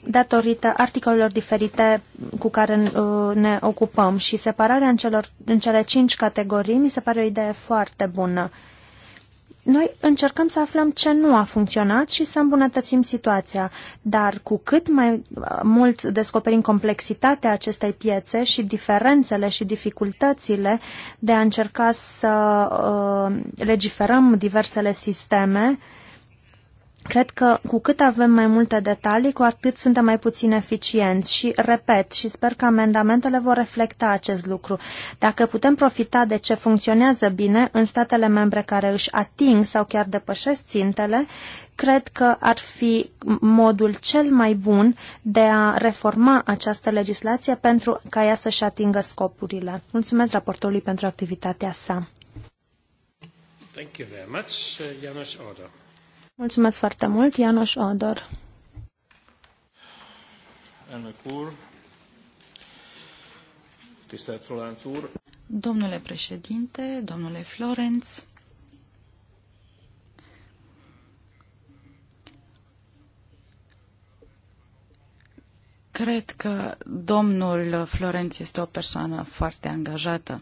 datorită articolelor diferite cu care uh, ne ocupăm și separarea în, celor, în cele cinci categorii mi se pare o idee foarte bună noi încercăm să aflăm ce nu a funcționat și să îmbunătățim situația, dar cu cât mai uh, mult descoperim complexitatea acestei piețe și diferențele și dificultățile de a încerca să uh, legiferăm diversele sisteme, Cred că cu cât avem mai multe detalii, cu atât suntem mai puțin eficienți și, repet, și sper că amendamentele vor reflecta acest lucru. Dacă putem profita de ce funcționează bine în statele membre care își ating sau chiar depășesc țintele, cred că ar fi modul cel mai bun de a reforma această legislație pentru ca ea să-și atingă scopurile. Mulțumesc raportorului pentru activitatea sa. Thank you very much, uh, Mulțumesc foarte mult, Ianoș Odor. Domnule președinte, domnule Florenț, cred că domnul Florenț este o persoană foarte angajată.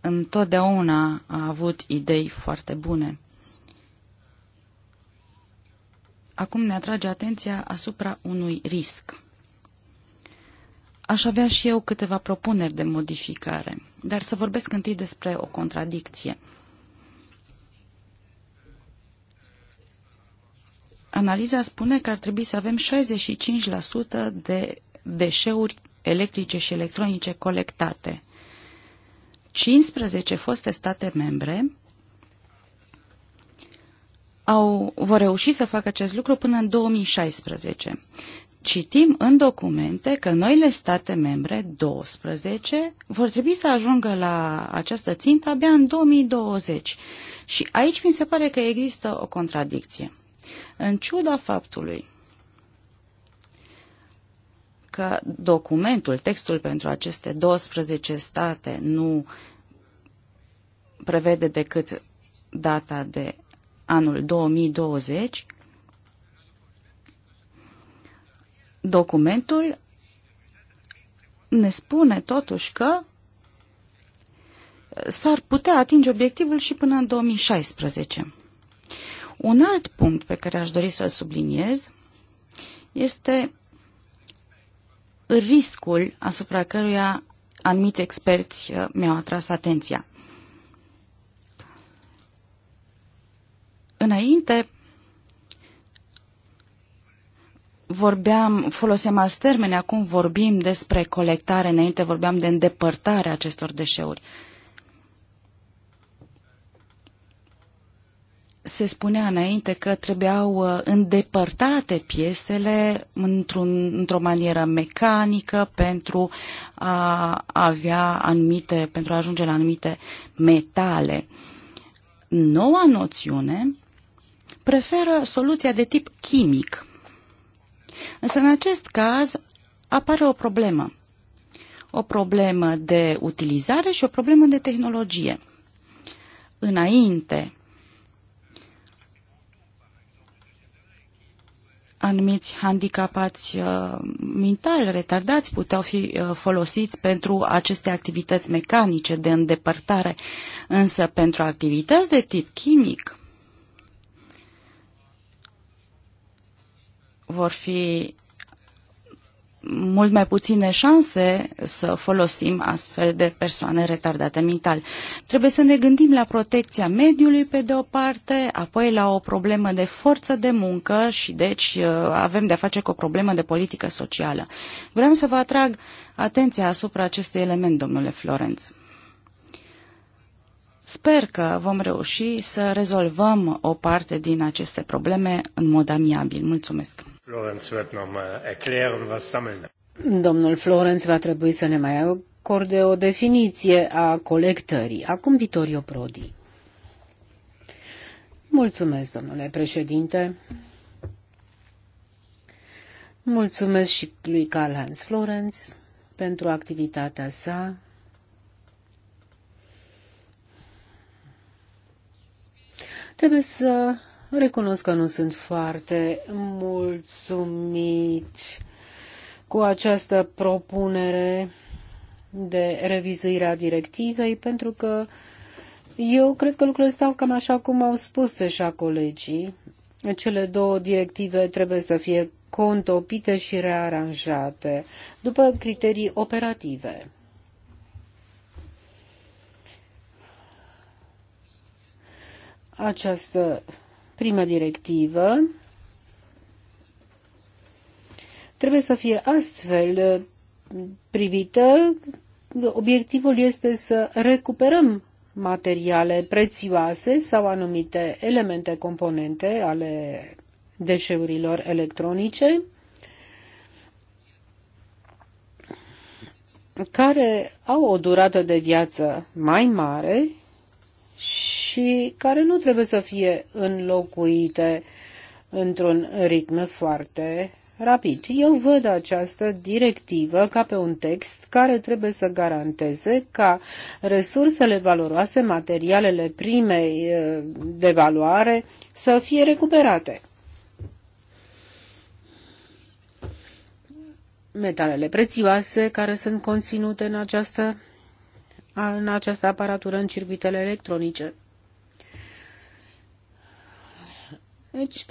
întotdeauna a avut idei foarte bune. Acum ne atrage atenția asupra unui risc. Aș avea și eu câteva propuneri de modificare, dar să vorbesc întâi despre o contradicție. Analiza spune că ar trebui să avem 65% de deșeuri electrice și electronice colectate. 15 foste state membre au, vor reuși să facă acest lucru până în 2016. Citim în documente că noile state membre, 12, vor trebui să ajungă la această țintă abia în 2020. Și aici mi se pare că există o contradicție. În ciuda faptului că documentul, textul pentru aceste 12 state nu prevede decât data de anul 2020, documentul ne spune totuși că s-ar putea atinge obiectivul și până în 2016. Un alt punct pe care aș dori să-l subliniez este riscul asupra căruia anumiți experți uh, mi-au atras atenția. Înainte vorbeam, foloseam alți termeni, acum vorbim despre colectare, înainte vorbeam de îndepărtarea acestor deșeuri. se spunea înainte că trebuiau uh, îndepărtate piesele într-un, într-o manieră mecanică pentru a avea anumite, pentru a ajunge la anumite metale. Noua noțiune preferă soluția de tip chimic. Însă în acest caz apare o problemă. O problemă de utilizare și o problemă de tehnologie. Înainte anumiți handicapați uh, mental, retardați, puteau fi uh, folosiți pentru aceste activități mecanice de îndepărtare, însă pentru activități de tip chimic vor fi mult mai puține șanse să folosim astfel de persoane retardate mental. Trebuie să ne gândim la protecția mediului pe de o parte, apoi la o problemă de forță de muncă și deci uh, avem de a face cu o problemă de politică socială. Vreau să vă atrag atenția asupra acestui element, domnule Florenț. Sper că vom reuși să rezolvăm o parte din aceste probleme în mod amiabil. Mulțumesc! Domnul Florenz va trebui să ne mai acorde o definiție a colectării. Acum Vitorio Prodi. Mulțumesc, domnule președinte. Mulțumesc și lui Karl-Heinz Florenz pentru activitatea sa. Trebuie să Recunosc că nu sunt foarte mulțumit cu această propunere de revizuire a directivei, pentru că eu cred că lucrurile stau cam așa cum au spus deja colegii. Cele două directive trebuie să fie contopite și rearanjate după criterii operative. Această Prima directivă trebuie să fie astfel privită. Obiectivul este să recuperăm materiale prețioase sau anumite elemente componente ale deșeurilor electronice care au o durată de viață mai mare și care nu trebuie să fie înlocuite într-un ritm foarte rapid. Eu văd această directivă ca pe un text care trebuie să garanteze ca resursele valoroase, materialele prime eh, de valoare să fie recuperate. Metalele prețioase care sunt conținute în această, în această aparatură în circuitele electronice Deci,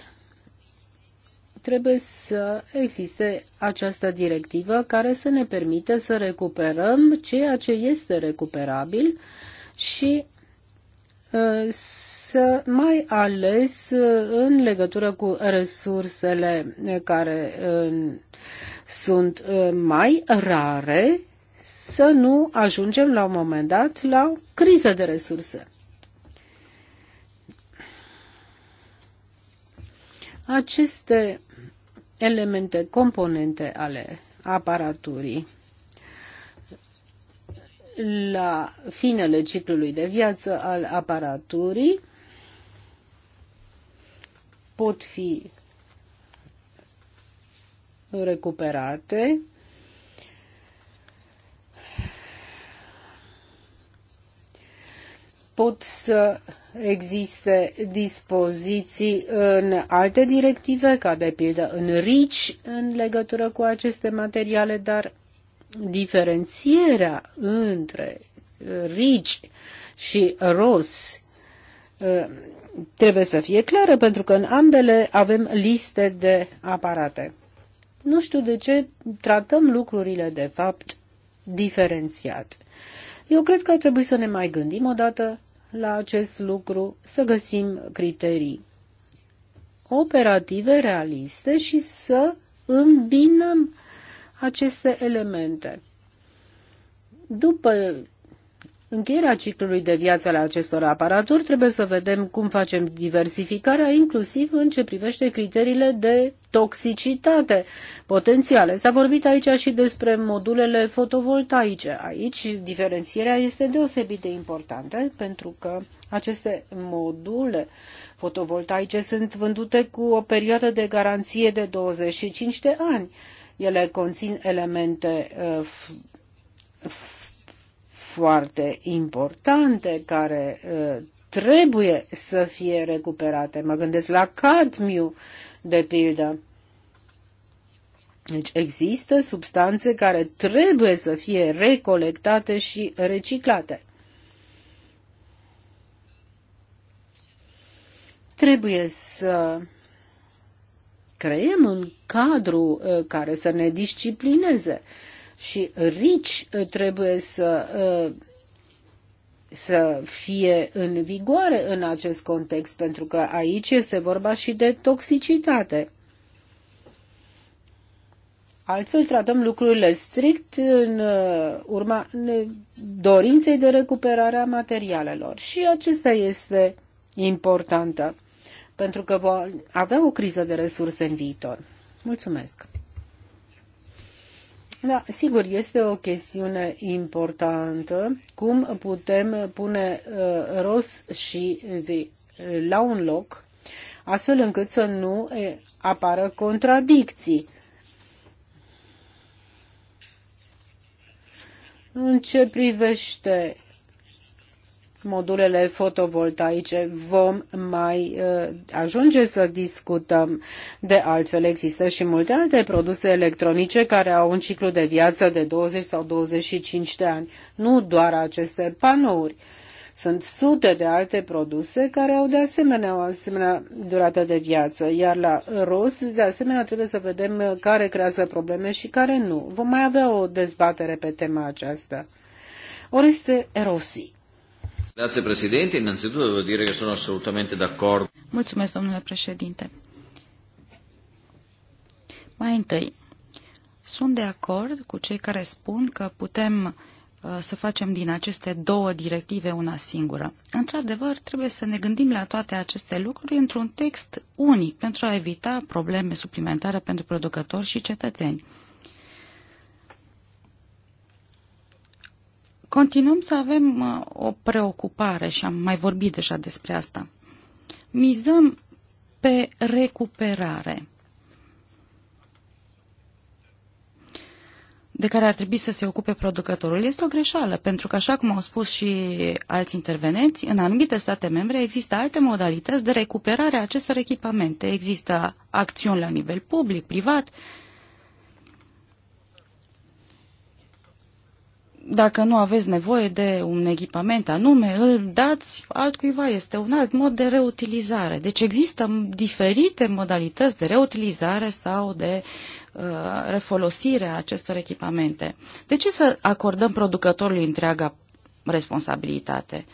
trebuie să existe această directivă care să ne permită să recuperăm ceea ce este recuperabil și uh, să mai ales uh, în legătură cu resursele uh, care sunt mai rare, să nu ajungem la un moment dat la criză de resurse. Aceste elemente, componente ale aparaturii la finele ciclului de viață al aparaturii pot fi recuperate pot să existe dispoziții în alte directive, ca de pildă în RICI, în legătură cu aceste materiale, dar diferențierea între uh, RICI și ROS uh, trebuie să fie clară, pentru că în ambele avem liste de aparate. Nu știu de ce tratăm lucrurile, de fapt, diferențiat. Eu cred că ar trebui să ne mai gândim odată la acest lucru, să găsim criterii operative, realiste și să îmbinăm aceste elemente. După încheierea ciclului de viață al acestor aparaturi, trebuie să vedem cum facem diversificarea, inclusiv în ce privește criteriile de toxicitate potențiale. S-a vorbit aici și despre modulele fotovoltaice. Aici diferențierea este deosebit de importantă pentru că aceste module fotovoltaice sunt vândute cu o perioadă de garanție de 25 de ani. Ele conțin elemente uh, foarte importante care uh, trebuie să fie recuperate. Mă gândesc la cadmiu, de pildă. Deci există substanțe care trebuie să fie recolectate și reciclate. Trebuie să creăm un cadru uh, care să ne disciplineze și RICI uh, trebuie să uh, să fie în vigoare în acest context, pentru că aici este vorba și de toxicitate. Altfel tratăm lucrurile strict în uh, urma dorinței de recuperare a materialelor. Și acesta este importantă, pentru că vom avea o criză de resurse în viitor. Mulțumesc! Da, sigur, este o chestiune importantă. Cum putem pune uh, ROS și de uh, la un loc, astfel încât să nu apară contradicții. În ce privește modulele fotovoltaice vom mai uh, ajunge să discutăm. De altfel, există și multe alte produse electronice care au un ciclu de viață de 20 sau 25 de ani. Nu doar aceste panouri. Sunt sute de alte produse care au de asemenea o asemenea durată de viață, iar la ROS, de asemenea, trebuie să vedem care creează probleme și care nu. Vom mai avea o dezbatere pe tema aceasta. este erosii. Grazie Presidente, innanzitutto devo dire che sono assolutamente d'accordo. Mulțumesc, domnule președinte. Mai întâi, sunt de acord cu cei care spun că putem uh, să facem din aceste două directive una singură. Într-adevăr, trebuie să ne gândim la toate aceste lucruri într-un text unic pentru a evita probleme suplimentare pentru producători și cetățeni. Continuăm să avem uh, o preocupare și am mai vorbit deja despre asta. Mizăm pe recuperare, de care ar trebui să se ocupe producătorul. Este o greșeală, pentru că, așa cum au spus și alți intervenenți, în anumite state membre există alte modalități de recuperare a acestor echipamente. Există acțiuni la nivel public, privat, uh, dacă nu aveți nevoie de un echipament anume, îl dați altcuiva. Este un alt mod de reutilizare. Deci există diferite modalități de reutilizare sau de uh, refolosire a acestor echipamente. De ce să acordăm producătorului întreaga responsabilitate?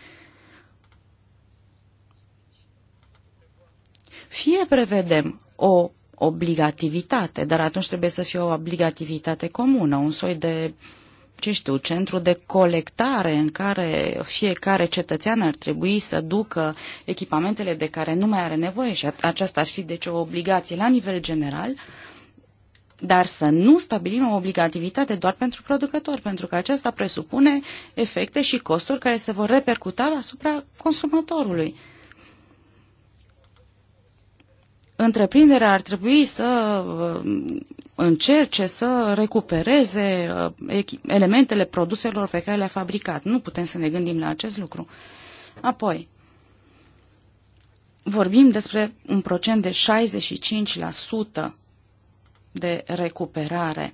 Fie prevedem o obligativitate, dar atunci trebuie să fie o obligativitate comună, un soi de uh, ce știu, centru de colectare în care fiecare cetățean ar trebui să ducă echipamentele de care nu mai are nevoie și aceasta ar fi deci o obligație la nivel general, dar să nu stabilim o obligativitate doar pentru producători, pentru că aceasta presupune efecte și costuri care se vor repercuta asupra consumatorului întreprinderea ar trebui să uh, încerce să recupereze uh, elementele produselor pe care le-a fabricat. Nu putem să ne gândim la acest lucru. Apoi, vorbim despre un procent de 65% de recuperare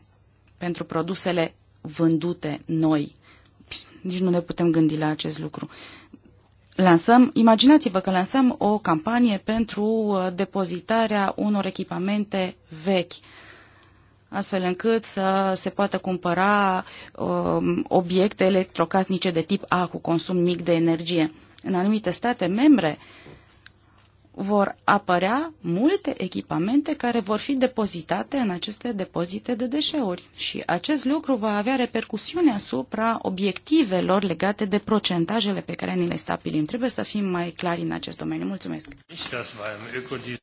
pentru produsele vândute noi. Nici nu ne putem gândi la acest lucru lansăm, imaginați-vă că lansăm o campanie pentru uh, depozitarea unor echipamente vechi, astfel încât să se poată cumpăra um, obiecte electrocasnice de tip A cu consum mic de energie. În anumite state membre, uh, vor apărea multe echipamente care vor fi depozitate în aceste depozite de deșeuri și acest lucru va avea repercusiune asupra obiectivelor legate de procentajele pe care ni le stabilim. Trebuie să fim mai clari în acest domeniu. Mulțumesc!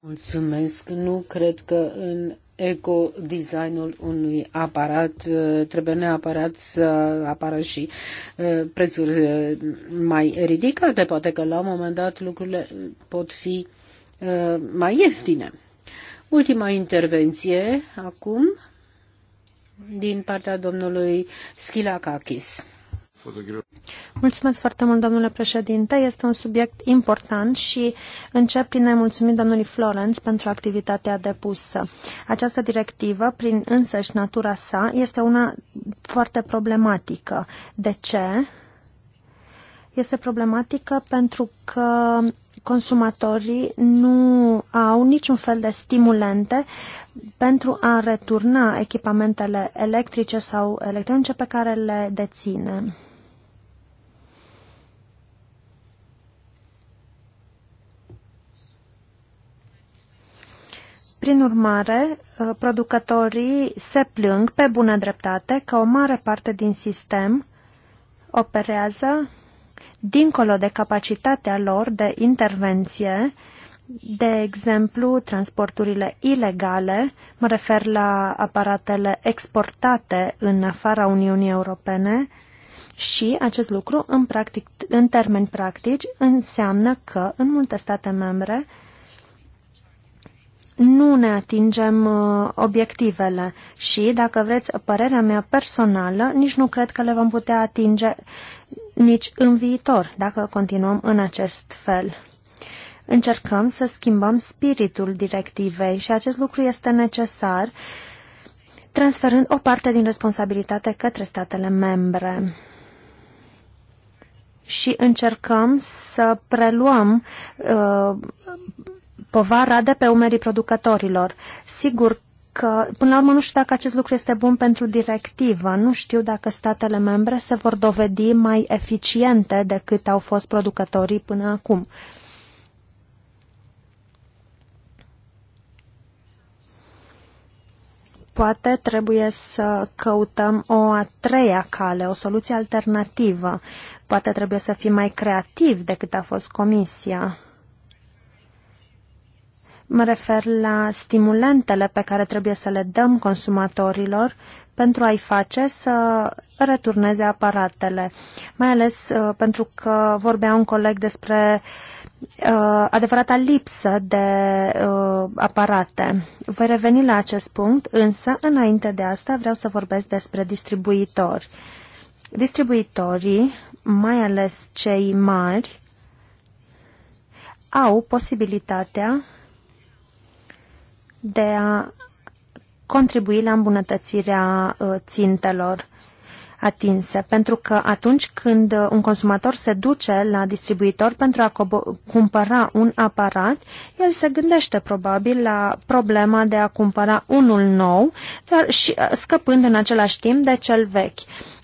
Mulțumesc! Nu cred că în ecodesignul unui aparat uh, trebuie neapărat să apară și uh, prețuri uh, mai ridicate. Poate că la un moment dat lucrurile pot fi Uh, mai ieftine. Ultima intervenție acum din partea domnului Schilakakis. Mulțumesc foarte mult, domnule președinte. Este un subiect important și încep prin a mulțumi domnului Florence pentru activitatea depusă. Această directivă, prin însăși natura sa, este una foarte problematică. De ce? este problematică pentru că consumatorii nu au niciun fel de stimulente pentru a returna echipamentele electrice sau electronice pe care le deține. Prin urmare, producătorii se plâng pe bună dreptate că o mare parte din sistem operează dincolo de capacitatea lor de intervenție, de exemplu, transporturile ilegale, mă refer la aparatele exportate în afara Uniunii Europene, și acest lucru, în, practic, în termeni practici, înseamnă că în multe state membre nu ne atingem uh, obiectivele și, dacă vreți părerea mea personală, nici nu cred că le vom putea atinge nici în viitor, dacă continuăm în acest fel. Încercăm să schimbăm spiritul directivei și acest lucru este necesar, transferând o parte din responsabilitate către statele membre și încercăm să preluăm uh, povara de pe umerii producătorilor. Sigur că, până la urmă, nu știu dacă acest lucru este bun pentru directivă. Nu știu dacă statele membre se vor dovedi mai eficiente decât au fost producătorii până acum. Poate trebuie să căutăm o a treia cale, o soluție alternativă. Poate trebuie să fim mai creativi decât a fost comisia. Mă refer la stimulentele pe care trebuie să le dăm consumatorilor pentru a-i face să returneze aparatele. Mai ales uh, pentru că vorbea un coleg despre uh, adevărata lipsă de uh, aparate. Voi reveni la acest punct, însă înainte de asta vreau să vorbesc despre distribuitori. Distribuitorii, mai ales cei mari, au posibilitatea de a contribui la îmbunătățirea uh, țintelor atinse, pentru că atunci când uh, un consumator se duce la distribuitor pentru a cumpăra un aparat, el se gândește probabil la problema de a cumpăra unul nou, dar și uh, scăpând în același timp de cel vechi.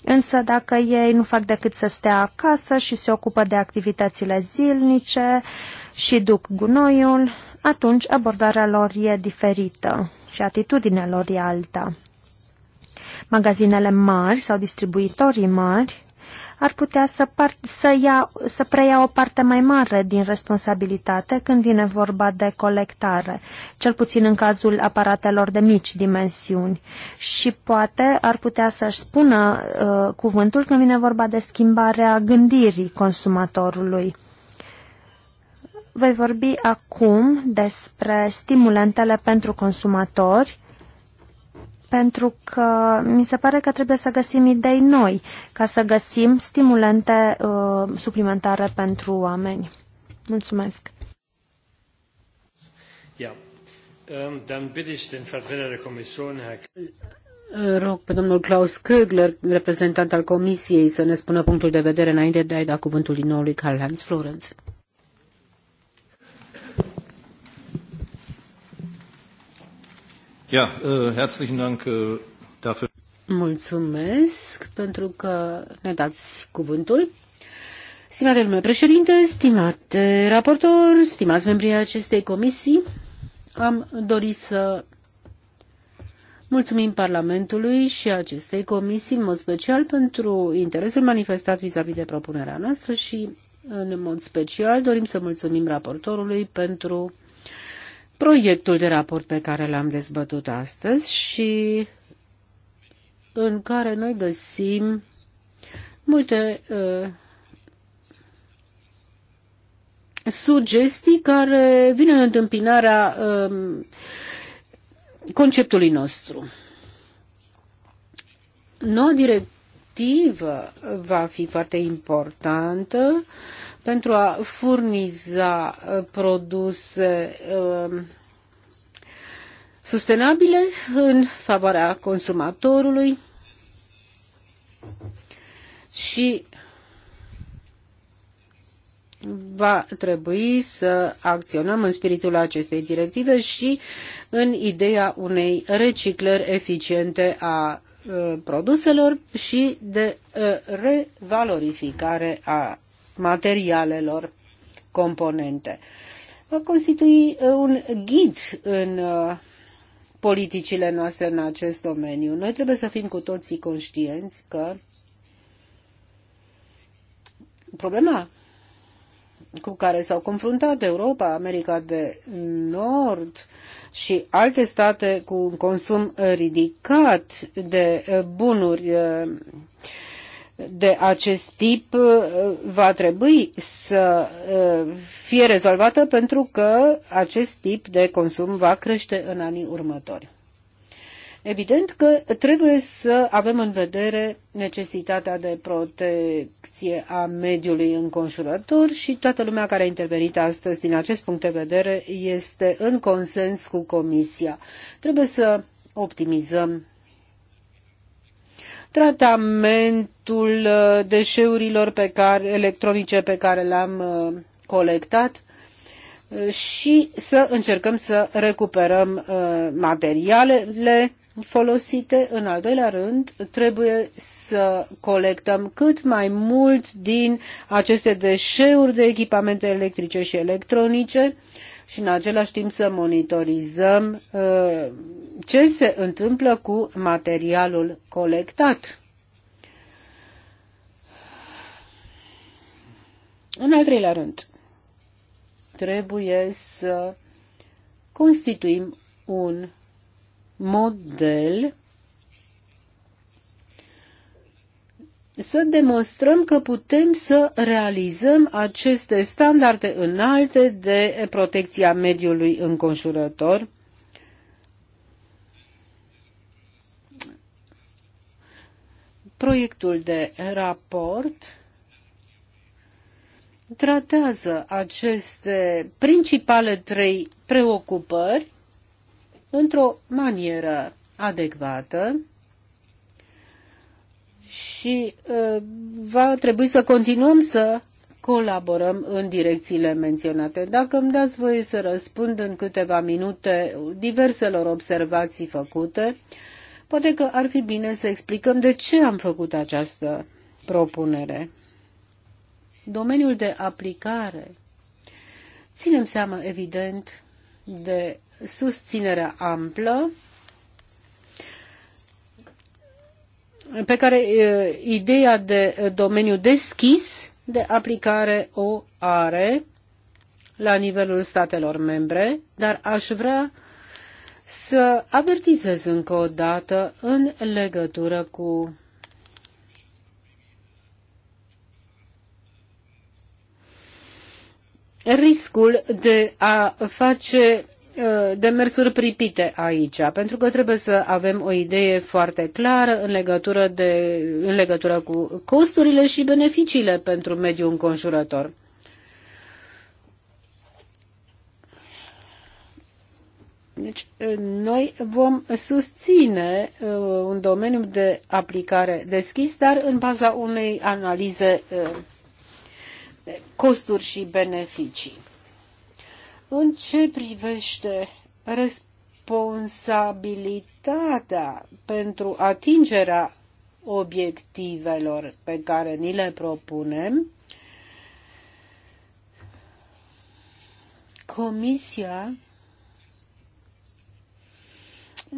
Însă dacă ei nu fac decât să stea acasă și se ocupă de activitățile zilnice și duc gunoiul, atunci abordarea lor e diferită și atitudinea lor e alta. Magazinele mari sau distribuitorii mari ar putea să, par- să, ia, să preia o parte mai mare din responsabilitate când vine vorba de colectare, cel puțin în cazul aparatelor de mici dimensiuni. Și poate ar putea să-și spună uh, cuvântul când vine vorba de schimbarea gândirii consumatorului. Voi vorbi acum despre stimulentele pentru consumatori, pentru că mi se pare că trebuie să găsim idei noi ca să găsim stimulante uh, suplimentare pentru oameni. Mulțumesc! Ja. Ähm, dann bitte ich den Rog pe domnul Klaus Kögler, reprezentant al Comisiei, să ne spună punctul de vedere înainte de a-i da cuvântul din nou lui Karl-Heinz Florenz. Ja, uh, herzlichen Dank uh, dafür. Mulțumesc pentru că ne dați cuvântul. Stimate domnule președinte, stimate raportor, stimați membrii acestei comisii, am dorit să mulțumim Parlamentului și acestei comisii, în mod special pentru interesul manifestat vis-a-vis de propunerea noastră și, în mod special, dorim să mulțumim raportorului pentru proiectul de raport pe care l-am dezbătut astăzi și în care noi găsim multe uh, sugestii care vin în întâmpinarea uh, conceptului nostru. Noua directivă va fi foarte importantă pentru a furniza uh, produse uh, sustenabile în favoarea consumatorului și va trebui să acționăm în spiritul acestei directive și în ideea unei reciclări eficiente a uh, produselor și de revalorificare a materialelor componente. Va constitui uh, un ghid în uh, politicile noastre în acest domeniu. Noi trebuie să fim cu toții conștienți că problema cu care s-au confruntat Europa, America de Nord și alte state cu un consum ridicat de uh, bunuri de acest tip uh, va trebui să uh, fie rezolvată pentru că acest tip de consum va crește în anii următori. Evident că trebuie să avem în vedere necesitatea de protecție a mediului înconjurător și toată lumea care a intervenit astăzi din acest punct de vedere este în consens cu Comisia. Trebuie să optimizăm tratamentul uh, deșeurilor pe care, electronice pe care le-am uh, colectat uh, și să încercăm să recuperăm materialele folosite. În al doilea rând, trebuie să colectăm cât mai mult din aceste deșeuri de echipamente electrice și electronice și în același timp să monitorizăm uh, ce se întâmplă cu materialul colectat. În al treilea rând, trebuie să constituim un model să demonstrăm că putem să realizăm aceste standarde înalte de protecția mediului înconjurător. Proiectul de raport tratează aceste principale trei preocupări într-o manieră adecvată și uh, va trebui să continuăm să colaborăm în direcțiile menționate. Dacă îmi dați voie să răspund în câteva minute diverselor observații făcute, poate că ar fi bine să explicăm de ce am făcut această propunere. Domeniul de aplicare. Ținem seama, evident, de susținerea amplă pe care ideea de domeniu deschis de aplicare o are la nivelul statelor membre, dar aș vrea să avertizez încă o dată în legătură cu riscul de a face Eh, demersuri pripite aici, pentru că trebuie să avem o idee foarte clară în legătură, de, în legătură cu costurile și beneficiile pentru mediul înconjurător. Deci, eh, noi vom susține uh, un domeniu de aplicare deschis, dar în baza unei analize uh, costuri și beneficii. În ce privește responsabilitatea pentru atingerea obiectivelor pe care ni le propunem, Comisia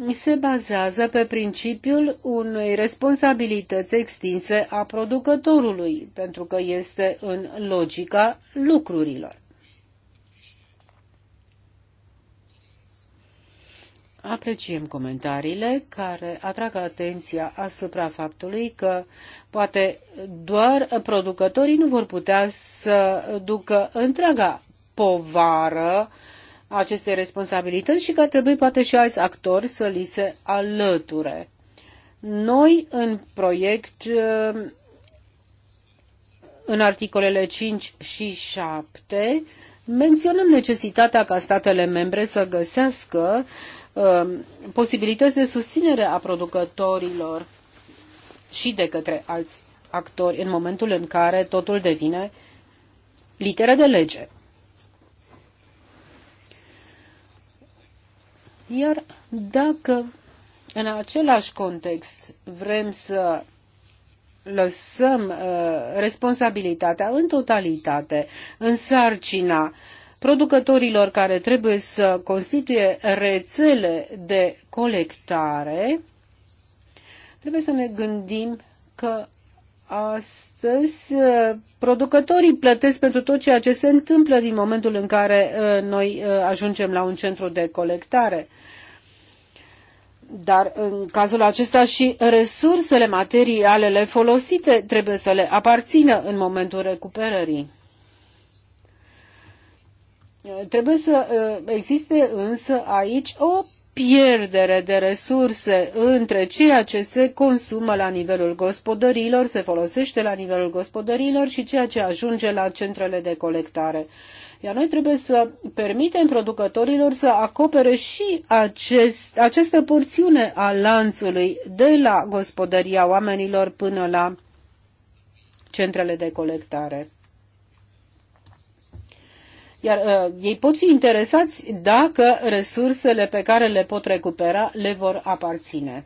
se bazează pe principiul unei responsabilități extinse a producătorului, pentru că este în logica lucrurilor. Apreciem comentariile care atrag atenția asupra faptului că poate doar producătorii nu vor putea să ducă întreaga povară aceste responsabilități și că trebuie poate și alți actori să li se alăture. Noi în proiect în articolele 5 și 7 menționăm necesitatea ca statele membre să găsească Um, posibilități de susținere a producătorilor și de către alți actori în momentul în care totul devine literă de lege. Iar dacă în același context vrem să lăsăm uh, responsabilitatea în totalitate, în sarcina producătorilor care trebuie să constituie rețele de colectare, trebuie să ne gândim că astăzi uh, producătorii plătesc pentru tot ceea ce se întâmplă din momentul în care uh, noi uh, ajungem la un centru de colectare. Dar în cazul acesta și resursele materialele folosite trebuie să le aparțină în momentul recuperării. Uh, trebuie să uh, existe însă aici o pierdere de resurse între ceea ce se consumă la nivelul gospodărilor, se folosește la nivelul gospodărilor și ceea ce ajunge la centrele de colectare. Iar noi trebuie să permitem producătorilor să acopere și acest, această porțiune a lanțului de la gospodăria oamenilor până la centrele de colectare. Iar uh, ei pot fi interesați dacă resursele pe care le pot recupera le vor aparține.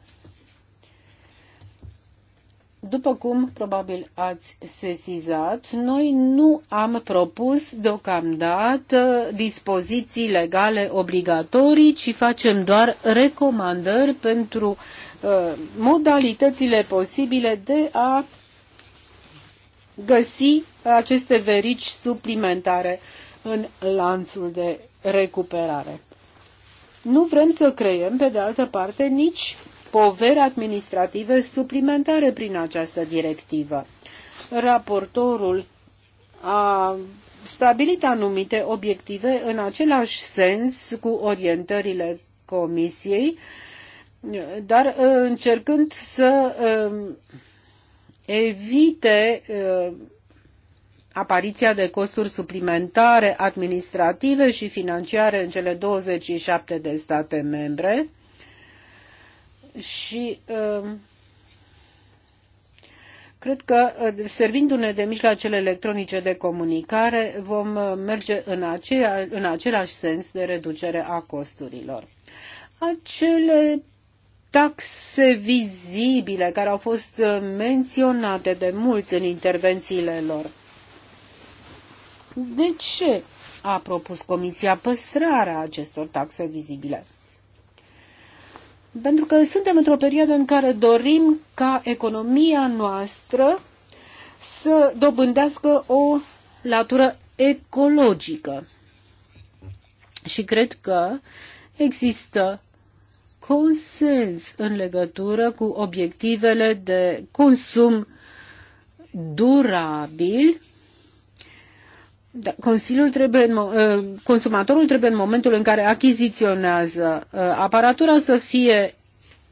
După cum probabil ați sesizat, noi nu am propus deocamdată dispoziții legale obligatorii, ci facem doar recomandări pentru uh, modalitățile posibile de a găsi aceste verici suplimentare în lanțul de recuperare. Nu vrem să creăm, pe de altă parte, nici poveri administrative suplimentare prin această directivă. Raportorul a stabilit anumite obiective în același sens cu orientările Comisiei, dar uh, încercând să uh, evite uh, apariția de costuri suplimentare administrative și financiare în cele 27 de state membre și um, cred că uh, servindu-ne de mijloacele electronice de comunicare vom uh, merge în, aceea, în același sens de reducere a costurilor. Acele taxe vizibile care au fost uh, menționate de mulți în intervențiile lor de ce a propus Comisia păstrarea acestor taxe vizibile? Pentru că suntem într-o perioadă în care dorim ca economia noastră să dobândească o latură ecologică. Și cred că există consens în legătură cu obiectivele de consum durabil da, Consiliul trebuie, în, ă, consumatorul trebuie în momentul în care achiziționează ă, aparatura să fie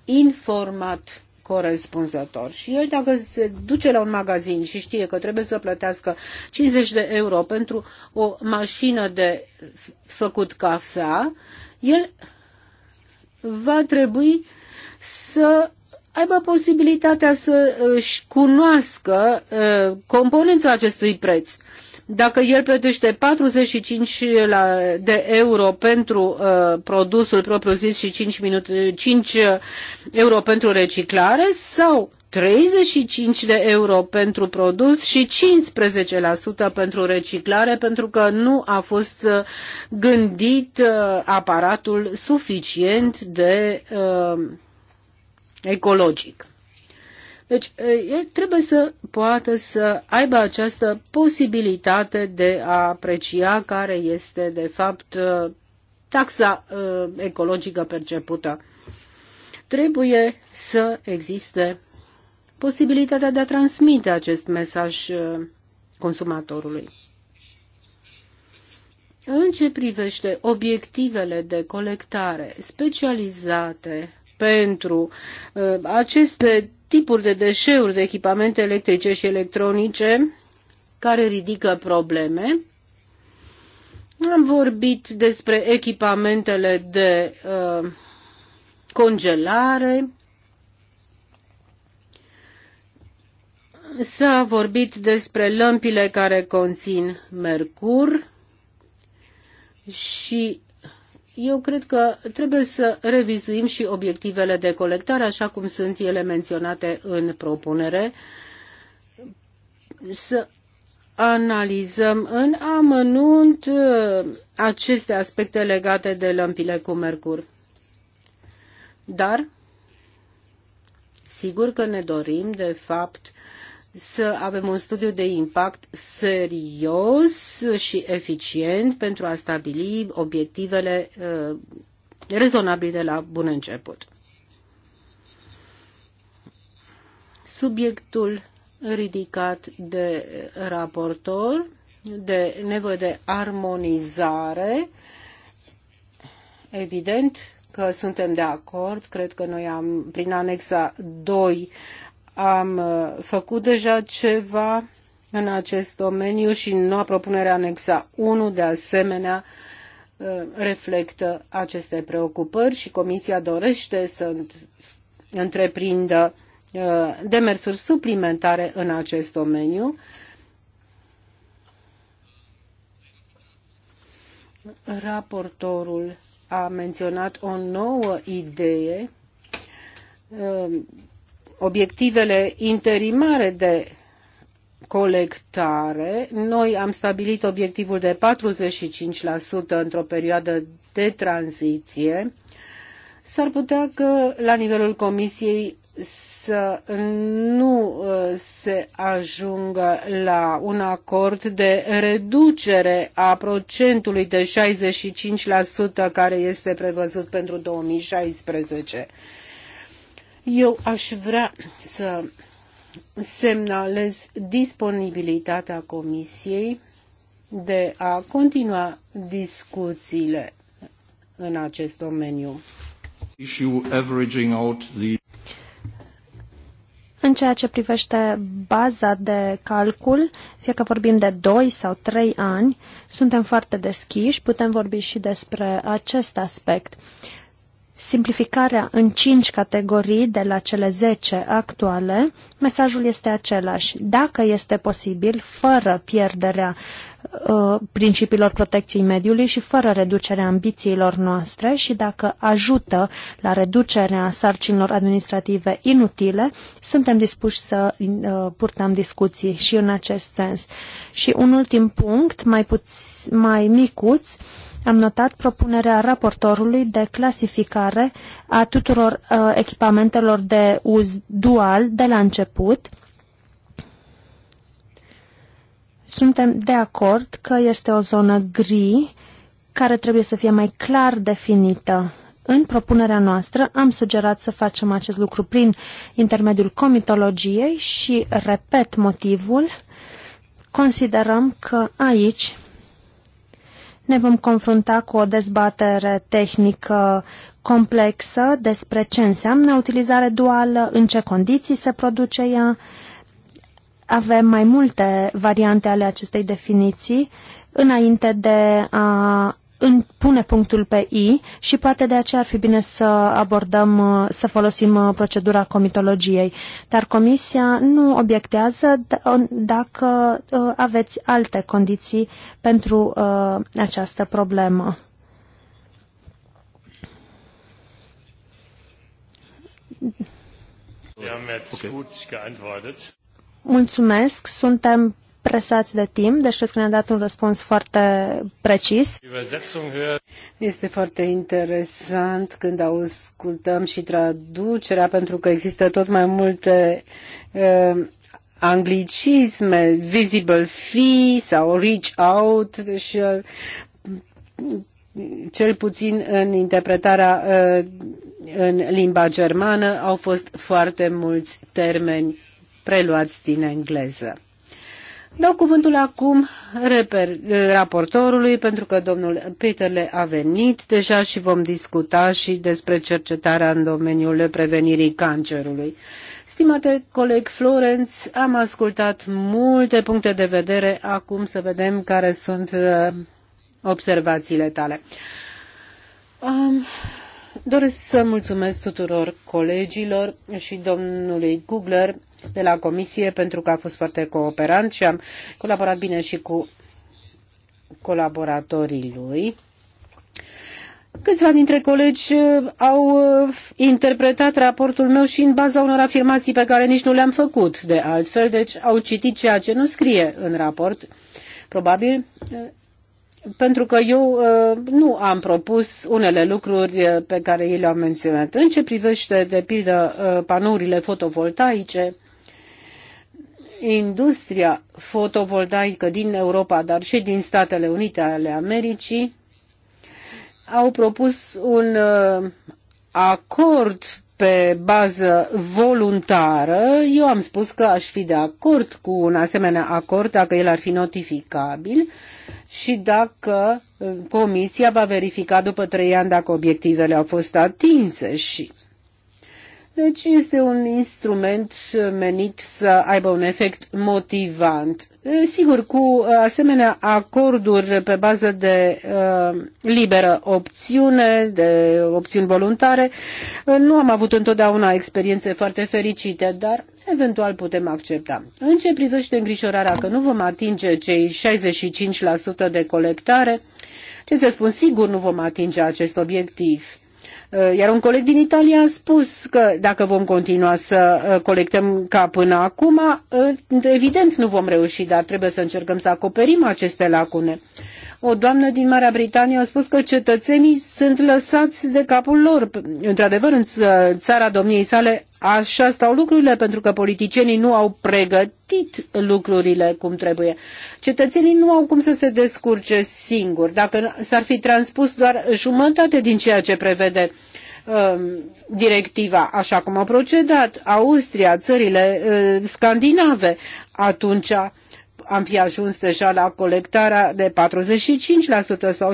informat corespunzător. Și el dacă se duce la un magazin și știe că trebuie să plătească 50 de euro pentru o mașină de făcut cafea, el va trebui să aibă posibilitatea să își cunoască uh, componența acestui preț. Dacă el plătește 45 de euro pentru uh, produsul propriu-zis și 5, minute, 5 uh, euro pentru reciclare sau 35 de euro pentru produs și 15% pentru reciclare pentru că nu a fost uh, gândit aparatul suficient de uh, ecologic. Deci, eh, el trebuie să poată să aibă această posibilitate de a aprecia care este, de fapt, eh, taxa eh, ecologică percepută. Trebuie să existe posibilitatea de a transmite acest mesaj consumatorului. În ce privește obiectivele de colectare specializate pentru uh, aceste tipuri de deșeuri de echipamente electrice și electronice care ridică probleme. Am vorbit despre echipamentele de uh, congelare. S-a vorbit despre lămpile care conțin mercur și eu cred că trebuie să revizuim și obiectivele de colectare, așa cum sunt ele menționate în propunere, să analizăm în amănunt uh, aceste aspecte legate de lămpile cu mercur. Dar, sigur că ne dorim, de fapt, să avem un studiu de impact serios și eficient pentru a stabili obiectivele uh, rezonabile la bun început. Subiectul ridicat de raportor de nevoie de armonizare. Evident că suntem de acord, cred că noi am, prin anexa 2 am uh, făcut deja ceva în acest domeniu și noua propunere anexa 1 de asemenea uh, reflectă aceste preocupări și Comisia dorește să întreprindă uh, demersuri suplimentare în acest domeniu. Raportorul a menționat o nouă idee obiectivele interimare de colectare, noi am stabilit obiectivul de 45% într-o perioadă de tranziție, s-ar putea că la nivelul Comisiei să nu uh, se ajungă la un acord de reducere a procentului de 65% care este prevăzut pentru 2016. Eu aș vrea să semnalez disponibilitatea Comisiei de a continua discuțiile în acest domeniu. În ceea ce privește baza de calcul, fie că vorbim de 2 sau 3 ani, suntem foarte deschiși, putem vorbi și despre acest aspect. Uh, simplificarea în cinci categorii de la cele 10 actuale, mesajul este același. Dacă este posibil, fără pierderea uh, principiilor protecției mediului și fără reducerea ambițiilor noastre și dacă ajută la reducerea sarcinilor administrative inutile, suntem dispuși să uh, purtăm discuții și în acest sens. Și un ultim punct, mai, puț- mai micuț, uh, am notat propunerea raportorului de clasificare a tuturor uh, echipamentelor de uz dual de la început. Suntem de acord că este o zonă gri care trebuie să fie mai clar definită. În propunerea noastră am sugerat să facem acest lucru prin intermediul comitologiei și, repet motivul, considerăm că aici ne vom confrunta cu o dezbatere tehnică complexă despre ce înseamnă utilizare duală, în ce condiții se produce ea. Avem mai multe variante ale acestei definiții înainte de a în, pune punctul pe I și poate de aceea ar fi bine să abordăm, uh, să folosim uh, procedura comitologiei. Dar comisia nu obiectează uh, dacă aveți alte condiții pentru această problemă. Mulțumesc, suntem presați de timp, deci cred că ne-a dat un răspuns foarte precis. Este foarte interesant când ascultăm și traducerea, pentru că există tot mai multe uh, anglicisme, visible fee sau reach out, deci uh, cel puțin în interpretarea uh, în limba germană au fost foarte mulți termeni preluați din engleză. Dau cuvântul acum reper, raportorului, pentru că domnul Peterle a venit deja și vom discuta și despre cercetarea în domeniul prevenirii cancerului. Stimate coleg Florenț, am ascultat multe puncte de vedere, acum să vedem care sunt uh, observațiile tale. Doresc să mulțumesc tuturor colegilor și domnului Gugler de la Comisie pentru că a fost foarte cooperant și am colaborat bine și cu colaboratorii lui. Câțiva dintre colegi uh, au uh, interpretat raportul meu și în baza unor afirmații pe care nici nu le-am făcut de altfel, deci au citit ceea ce nu scrie în raport. Probabil uh, pentru că eu uh, nu am propus unele lucruri uh, pe care ei le-au menționat. În ce privește, de pildă, uh, panourile fotovoltaice, industria fotovoltaică din Europa, dar și din Statele Unite ale Americii, au propus un acord pe bază voluntară. Eu am spus că aș fi de acord cu un asemenea acord dacă el ar fi notificabil, și dacă uh, comisia va verifica după trei ani dacă obiectivele au fost atinse și deci este un instrument menit să aibă un efect motivant. Sigur, cu asemenea acorduri pe bază de uh, liberă opțiune, de opțiuni voluntare, nu am avut întotdeauna experiențe foarte fericite, dar eventual putem accepta. În ce privește îngrijorarea că nu vom atinge cei 65% de colectare, ce să spun, sigur nu vom atinge acest obiectiv Eh, iar un coleg din Italia a spus că dacă vom continua să eh, colectăm ca până acum, eh, evident nu vom reuși, dar trebuie să încercăm să acoperim aceste lacune. O doamnă din Marea Britanie a spus că cetățenii sunt lăsați de capul lor. Într-adevăr, în țara domniei sale Așa stau lucrurile pentru că politicienii nu au pregătit lucrurile cum trebuie. Cetățenii nu au cum să se descurce singuri. Dacă s-ar fi transpus doar jumătate din ceea ce prevede um, directiva, așa cum a procedat Austria, țările uh, scandinave, atunci am fi ajuns deja la colectarea de 45% sau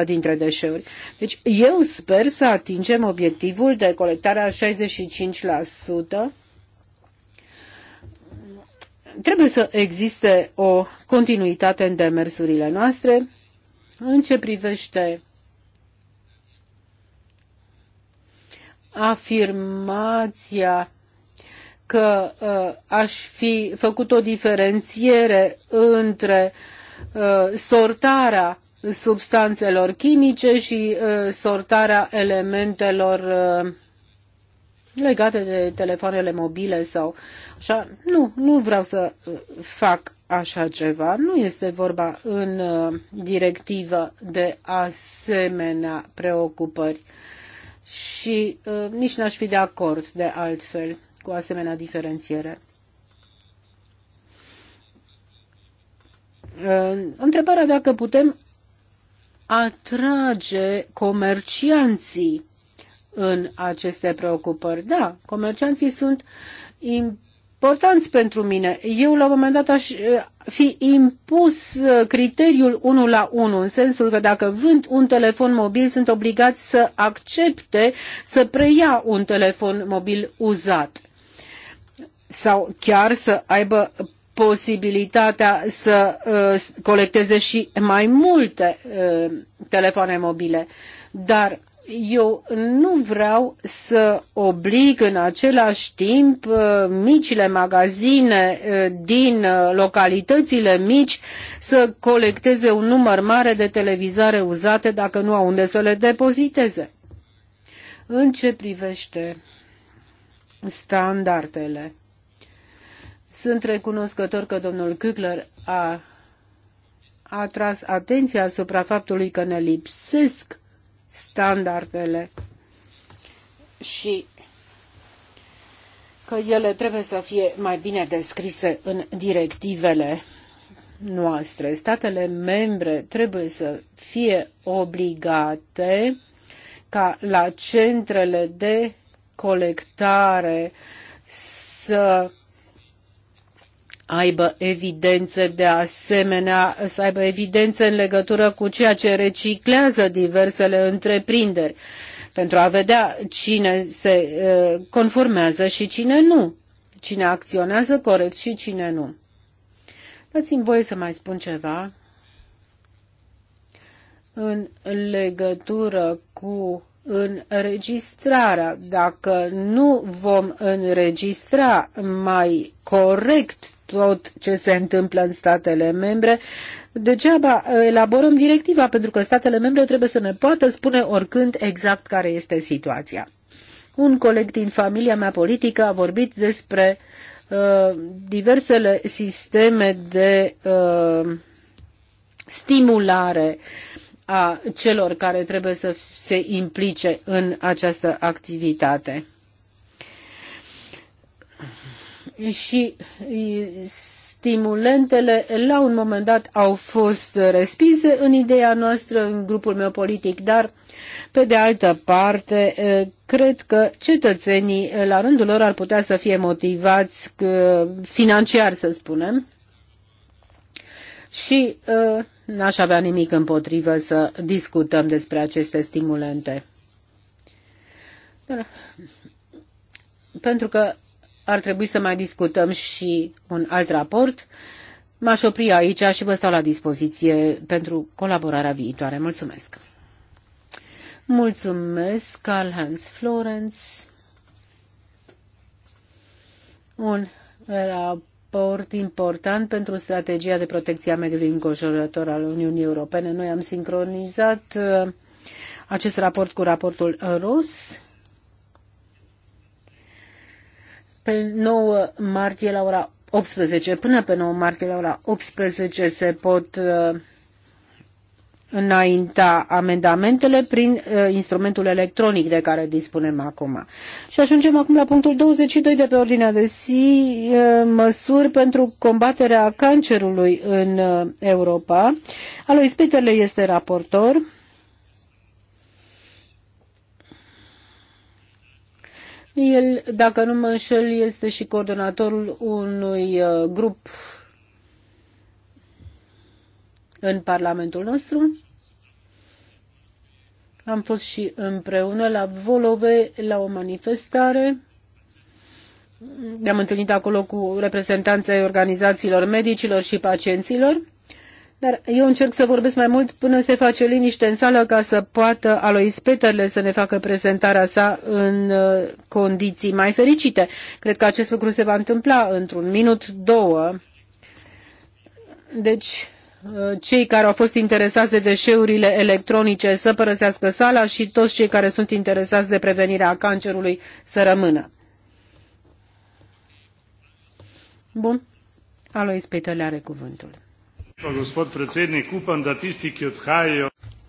50% dintre deșeuri. Deci eu sper să atingem obiectivul de colectare a 65%. Trebuie să existe o continuitate în demersurile noastre în ce privește afirmația că uh, aș fi făcut o diferențiere între uh, sortarea substanțelor chimice și uh, sortarea elementelor legate de telefoanele mobile sau așa. Nu, nu vreau să fac așa ceva. Nu este vorba în directivă de asemenea preocupări și uh, nici n-aș fi de acord de altfel cu asemenea diferențiere. Uh, întrebarea dacă putem atrage comercianții în aceste preocupări. Da, comercianții sunt importanți pentru mine. Eu la un moment dat aș uh, fi impus uh, criteriul 1 la 1, în sensul că dacă vând un telefon mobil, sunt obligați să accepte să preia un telefon mobil uzat sau chiar să aibă posibilitatea să uh, colecteze și mai multe uh, telefoane mobile. Dar eu nu vreau să oblig în același timp uh, micile magazine uh, din uh, localitățile mici să colecteze un număr mare de televizoare uzate dacă nu au unde să le depoziteze. În ce privește standardele sunt recunoscător că domnul Küchler a atras atenția asupra faptului că ne lipsesc standardele și că ele trebuie să fie mai bine descrise în directivele noastre. Statele membre trebuie să fie obligate ca la centrele de colectare să aibă evidențe de asemenea, să aibă evidențe în legătură cu ceea ce reciclează diversele întreprinderi pentru a vedea cine se conformează și cine nu, cine acționează corect și cine nu. Dați-mi voie să mai spun ceva în legătură cu înregistrarea. Dacă nu vom înregistra mai corect tot ce se întâmplă în statele membre. Degeaba uh, elaborăm directiva, pentru că statele membre trebuie să ne poată spune oricând exact care este situația. Un coleg din familia mea politică a vorbit despre uh, diversele sisteme de uh, stimulare a celor care trebuie să se implice în această activitate și stimulentele la un moment dat au fost respinse în ideea noastră, în grupul meu politic, dar pe de altă parte cred că cetățenii la rândul lor ar putea să fie motivați financiar, să spunem, și n-aș avea nimic împotrivă să discutăm despre aceste stimulente. Pentru că ar trebui să mai discutăm și un alt raport. M-aș opri aici și vă stau la dispoziție pentru colaborarea viitoare. Mulțumesc! Mulțumesc, Carl Hans Florenz. Un raport important pentru strategia de protecție a mediului înconjurător al Uniunii Europene. Noi am sincronizat uh, acest raport cu raportul RUS Pe 9 martie la ora 18, până pe 9 martie la ora 18 se pot uh, înainta amendamentele prin uh, instrumentul electronic de care dispunem acum. Și ajungem acum la punctul 22 de pe ordinea de zi, uh, măsuri pentru combaterea cancerului în uh, Europa. Alois Peterle este raportor. El, dacă nu mă înșel, este și coordonatorul unui uh, grup în Parlamentul nostru. Am fost și împreună la Volove la o manifestare. Ne-am întâlnit acolo cu reprezentanții organizațiilor medicilor și pacienților dar eu încerc să vorbesc mai mult până se face liniște în sală ca să poată Alois Peterle să ne facă prezentarea sa în uh, condiții mai fericite. Cred că acest lucru se va întâmpla într-un minut, două. Deci, uh, cei care au fost interesați de deșeurile electronice să părăsească sala și toți cei care sunt interesați de prevenirea cancerului să rămână. Bun. Alois Peterle are cuvântul. Da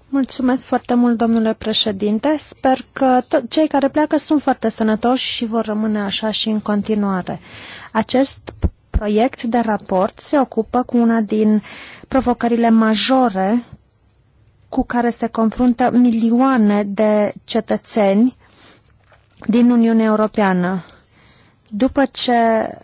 Mulțumesc foarte mult, domnule președinte. Sper că cei care pleacă sunt foarte sănătoși și vor rămâne așa și în continuare. Acest proiect de raport se ocupă cu una din provocările majore cu care se confruntă milioane de cetățeni din Uniunea Europeană după ce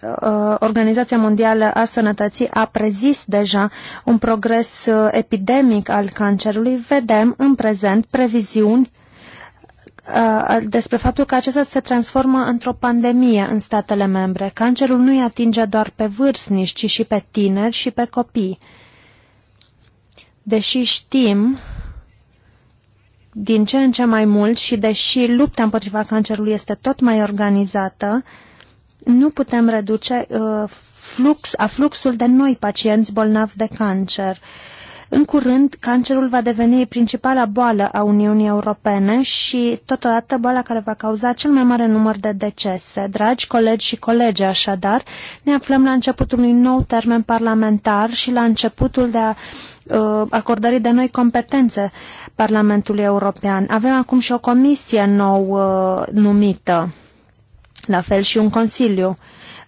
uh, Organizația Mondială a Sănătății a prezis deja un progres uh, epidemic al cancerului, vedem în prezent previziuni uh, despre faptul că acesta se transformă într-o pandemie în statele membre. Cancerul nu i atinge doar pe vârstnici, ci și pe tineri și pe copii. Deși știm din ce în ce mai mult și deși lupta împotriva cancerului este tot mai organizată, uh, nu putem reduce uh, flux, afluxul de noi pacienți bolnavi de cancer. În curând, cancerul va deveni principala boală a Uniunii Europene și, totodată, boala care va cauza cel mai mare număr de decese. Dragi colegi și colege, așadar, ne aflăm la începutul unui nou termen parlamentar și la începutul de a uh, acordării de noi competențe Parlamentului European. Avem acum și o comisie nou uh, numită la fel și un consiliu.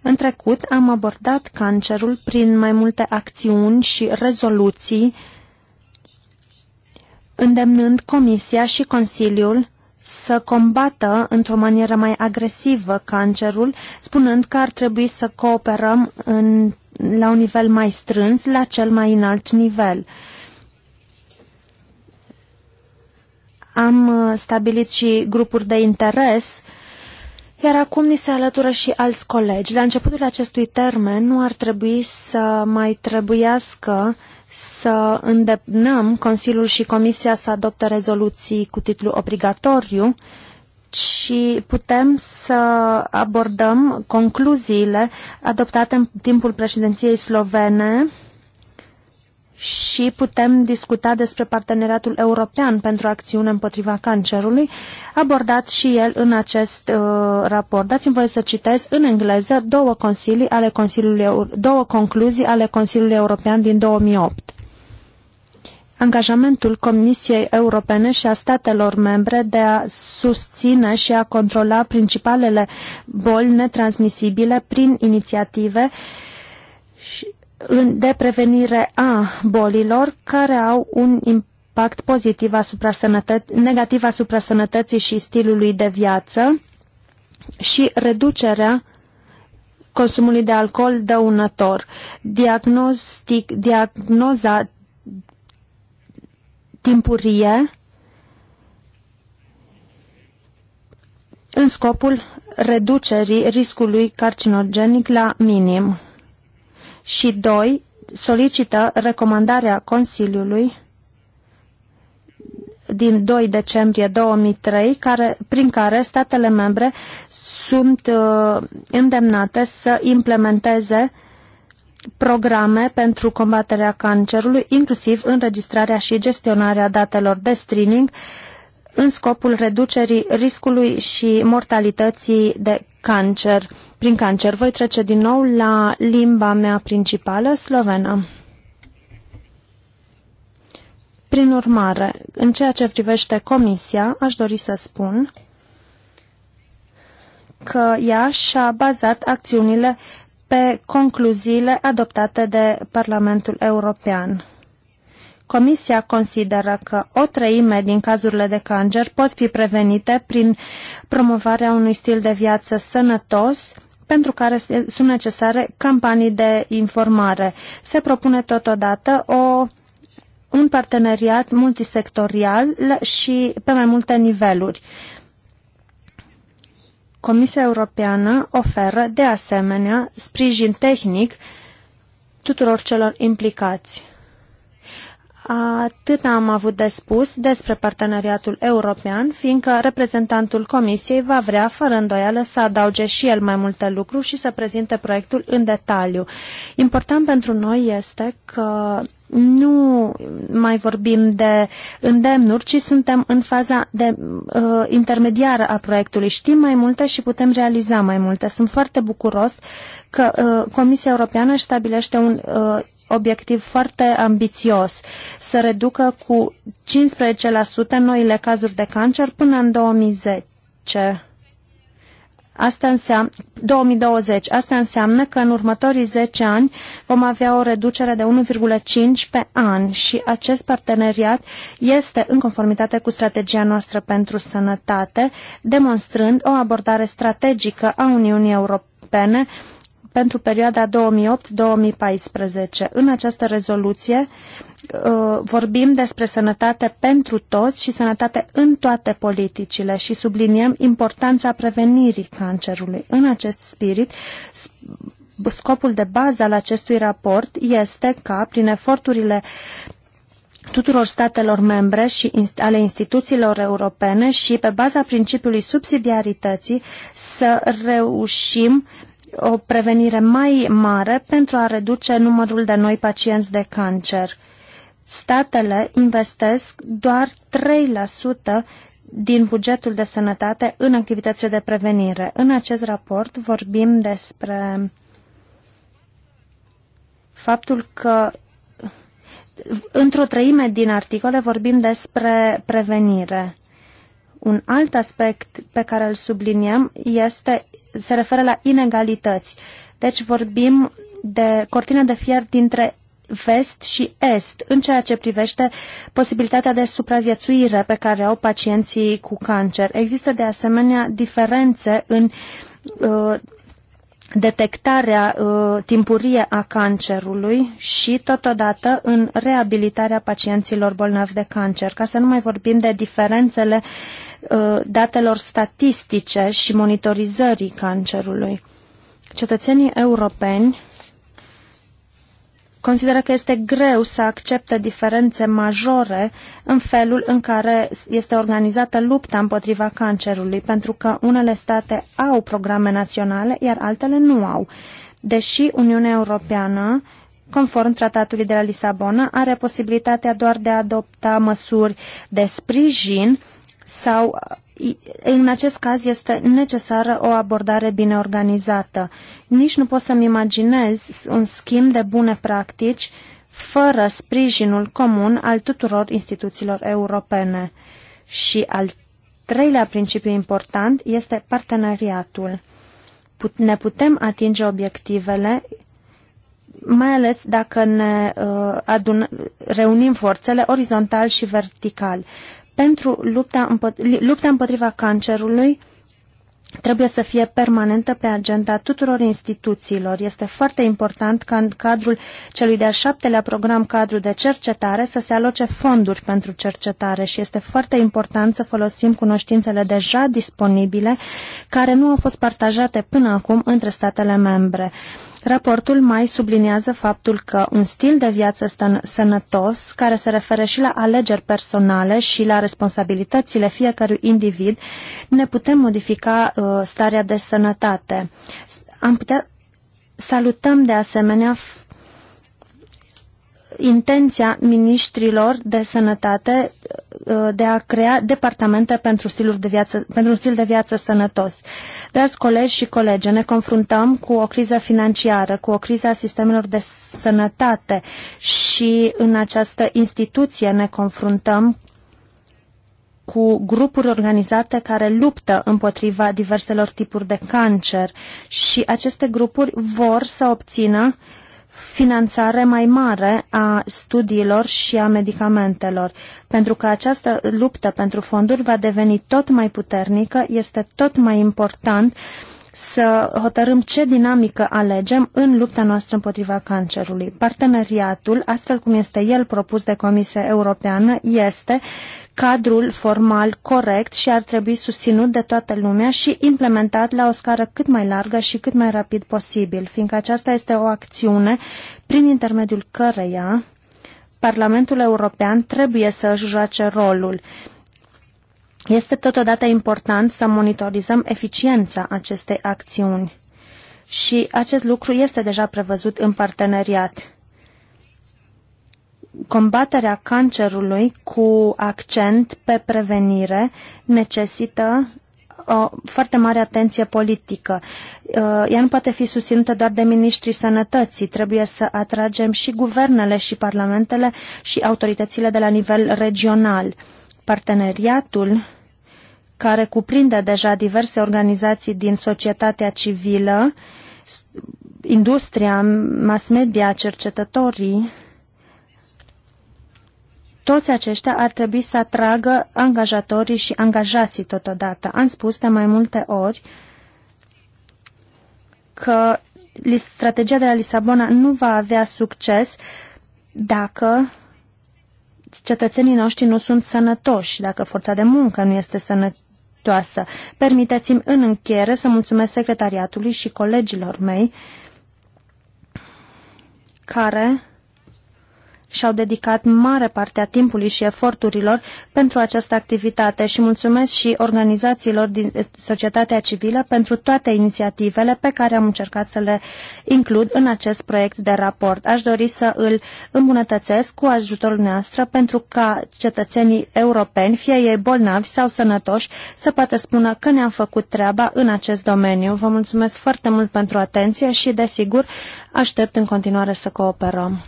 În trecut am abordat cancerul prin mai multe acțiuni și rezoluții, îndemnând Comisia și Consiliul să combată într-o manieră mai agresivă cancerul, spunând că ar trebui să cooperăm în, la un nivel mai strâns, la cel mai înalt nivel. Am uh, stabilit și grupuri de interes iar acum ni se alătură și alți colegi. La începutul acestui termen nu ar trebui să mai trebuiască să îndemnăm Consiliul și Comisia să adopte rezoluții cu titlu obligatoriu, și putem să abordăm concluziile adoptate în timpul președinției slovene și putem discuta despre parteneriatul european pentru acțiune împotriva cancerului, abordat și el în acest uh, raport. Dați-mi voie să citesc în engleză două, consilii ale Consiliului, două concluzii ale Consiliului European din 2008. Angajamentul Comisiei Europene și a statelor membre de a susține și a controla principalele boli netransmisibile prin inițiative și de prevenire a bolilor care au un impact pozitiv asupra sănătății, negativ asupra sănătății și stilului de viață și reducerea consumului de alcool dăunător. Diagnostic, diagnoza timpurie în scopul reducerii riscului carcinogenic la minim și 2. Solicită recomandarea Consiliului din 2 decembrie 2003, care, prin care statele membre sunt uh, îndemnate să implementeze programe pentru combaterea cancerului, inclusiv înregistrarea și gestionarea datelor de streaming, uh, în scopul reducerii riscului și mortalității de cancer. Prin cancer voi trece din nou la limba mea principală, slovena. Prin urmare, în ceea ce privește comisia, aș dori să spun că ea și-a bazat acțiunile pe concluziile adoptate de Parlamentul European. Comisia consideră că o treime din cazurile de cancer pot fi prevenite prin promovarea unui stil de viață sănătos, pentru care sunt necesare campanii de informare. Se propune totodată o un parteneriat multisectorial și pe mai multe niveluri. Comisia Europeană oferă, de asemenea, sprijin tehnic tuturor celor implicați. Atât am avut de spus despre parteneriatul european, fiindcă reprezentantul Comisiei va vrea, fără îndoială, să adauge și el mai multe lucruri și să prezinte proiectul în detaliu. Important pentru noi este că nu mai vorbim de îndemnuri, ci suntem în faza de, uh, intermediară a proiectului. Știm mai multe și putem realiza mai multe. Sunt foarte bucuros că uh, Comisia Europeană stabilește un uh, obiectiv foarte ambițios, să reducă cu 15% noile cazuri de cancer până în 2010. Asta înseamnă, 2020. Asta înseamnă că în următorii 10 ani vom avea o reducere de 1,5 pe an și acest parteneriat este în conformitate cu strategia noastră pentru sănătate, demonstrând o abordare strategică a Uniunii Europene pentru perioada 2008-2014. În această rezoluție uh, vorbim despre sănătate pentru toți și sănătate în toate politicile și subliniem importanța prevenirii cancerului. În acest spirit, scopul de bază al acestui raport este ca, prin eforturile tuturor statelor membre și ale instituțiilor europene și pe baza principiului subsidiarității să reușim uh, o prevenire mai mare pentru a reduce numărul de noi pacienți de cancer. Statele investesc doar 3% din bugetul de sănătate în activitățile de prevenire. În acest raport vorbim despre faptul că într-o treime din articole vorbim despre prevenire. Un alt aspect pe care îl subliniem este se referă la inegalități. Deci vorbim de cortină de fier dintre vest și est în ceea ce privește posibilitatea de supraviețuire pe care au pacienții cu cancer. Există de asemenea diferențe în uh, detectarea uh, timpurie a cancerului și, totodată, în reabilitarea pacienților bolnavi de cancer, ca să nu mai vorbim de diferențele uh, datelor statistice și monitorizării cancerului. Cetățenii europeni consideră că este greu să accepte diferențe majore în felul în care este organizată lupta împotriva cancerului, pentru că unele state au programe naționale, iar altele nu au. Deși Uniunea Europeană conform tratatului de la Lisabona, are posibilitatea doar de a adopta măsuri de sprijin sau în acest caz este necesară o abordare bine organizată. Nici nu pot să-mi imaginez un schimb de bune practici fără sprijinul comun al tuturor instituțiilor europene. Și al treilea principiu important este parteneriatul. Ne putem atinge obiectivele mai ales dacă ne uh, adun, reunim forțele orizontal și vertical pentru lupta, împot- lupta împotriva cancerului trebuie să fie permanentă pe agenda tuturor instituțiilor. Este foarte important ca în cadrul celui de-al șaptelea program cadru de cercetare să se aloce fonduri pentru cercetare și este foarte important să folosim cunoștințele deja disponibile care nu au fost partajate până acum între statele membre. Raportul mai subliniază faptul că un stil de viață sănătos, care se referă și la alegeri personale și la responsabilitățile fiecărui individ, ne putem modifica uh, starea de sănătate. Am putea salutăm de asemenea intenția ministrilor de sănătate uh, de a crea departamente pentru, stiluri de viață, pentru un stil de viață sănătos. Dragi colegi și colege, ne confruntăm cu o criză financiară, cu o criză a sistemelor de sănătate și în această instituție ne confruntăm cu grupuri organizate care luptă împotriva diverselor tipuri de cancer și aceste grupuri vor să obțină uh, finanțare mai mare a studiilor și a medicamentelor, pentru că această luptă pentru fonduri va deveni tot mai puternică, este tot mai important uh, să hotărâm ce dinamică alegem în lupta noastră împotriva cancerului. Parteneriatul, astfel cum este el propus de Comisia Europeană, este cadrul formal corect și ar trebui susținut de toată lumea și implementat la o scară cât mai largă și cât mai rapid posibil, fiindcă aceasta este o acțiune prin intermediul căreia Parlamentul European trebuie să își joace rolul. Uh, este totodată important să monitorizăm eficiența acestei acțiuni și acest lucru este deja prevăzut în parteneriat. Combaterea cancerului cu accent pe prevenire necesită o foarte mare atenție politică. Uh, ea nu poate fi susținută doar de ministrii sănătății. Trebuie să atragem și guvernele și parlamentele și autoritățile de la nivel regional. Parteneriatul care cuprinde deja diverse organizații din societatea civilă, industria, mass media, cercetătorii, toți aceștia ar trebui să atragă angajatorii și angajații totodată. Am spus de mai multe ori că strategia de la Lisabona nu va avea succes dacă cetățenii noștri nu sunt sănătoși, dacă forța de muncă nu este sănătoasă. Permiteți-mi în încheiere să mulțumesc secretariatului și colegilor mei care și-au dedicat mare parte a timpului și eforturilor pentru această activitate și mulțumesc și organizațiilor din eh, societatea civilă pentru toate inițiativele pe care am încercat să le includ în acest proiect de raport. Aș dori să îl îmbunătățesc cu ajutorul noastră pentru ca cetățenii europeni, fie ei bolnavi sau sănătoși, să poată spună că ne-am făcut treaba în acest domeniu. Vă mulțumesc foarte mult pentru atenție și, desigur, aștept în continuare să cooperăm.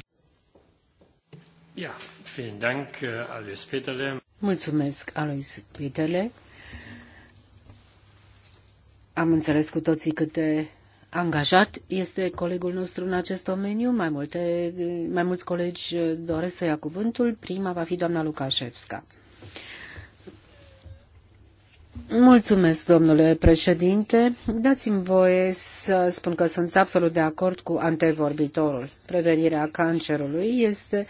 Ja, vielen Dank, äh, Alois Peterle. Mulțumesc, Alois Peterle. Am înțeles cu toții cât de angajat este colegul nostru în acest domeniu. Mai, multe, mai mulți colegi doresc să ia cuvântul. Prima va fi doamna Lukașevska. Mulțumesc, domnule președinte. Dați-mi voie să spun că sunt absolut de acord cu antevorbitorul. Prevenirea cancerului este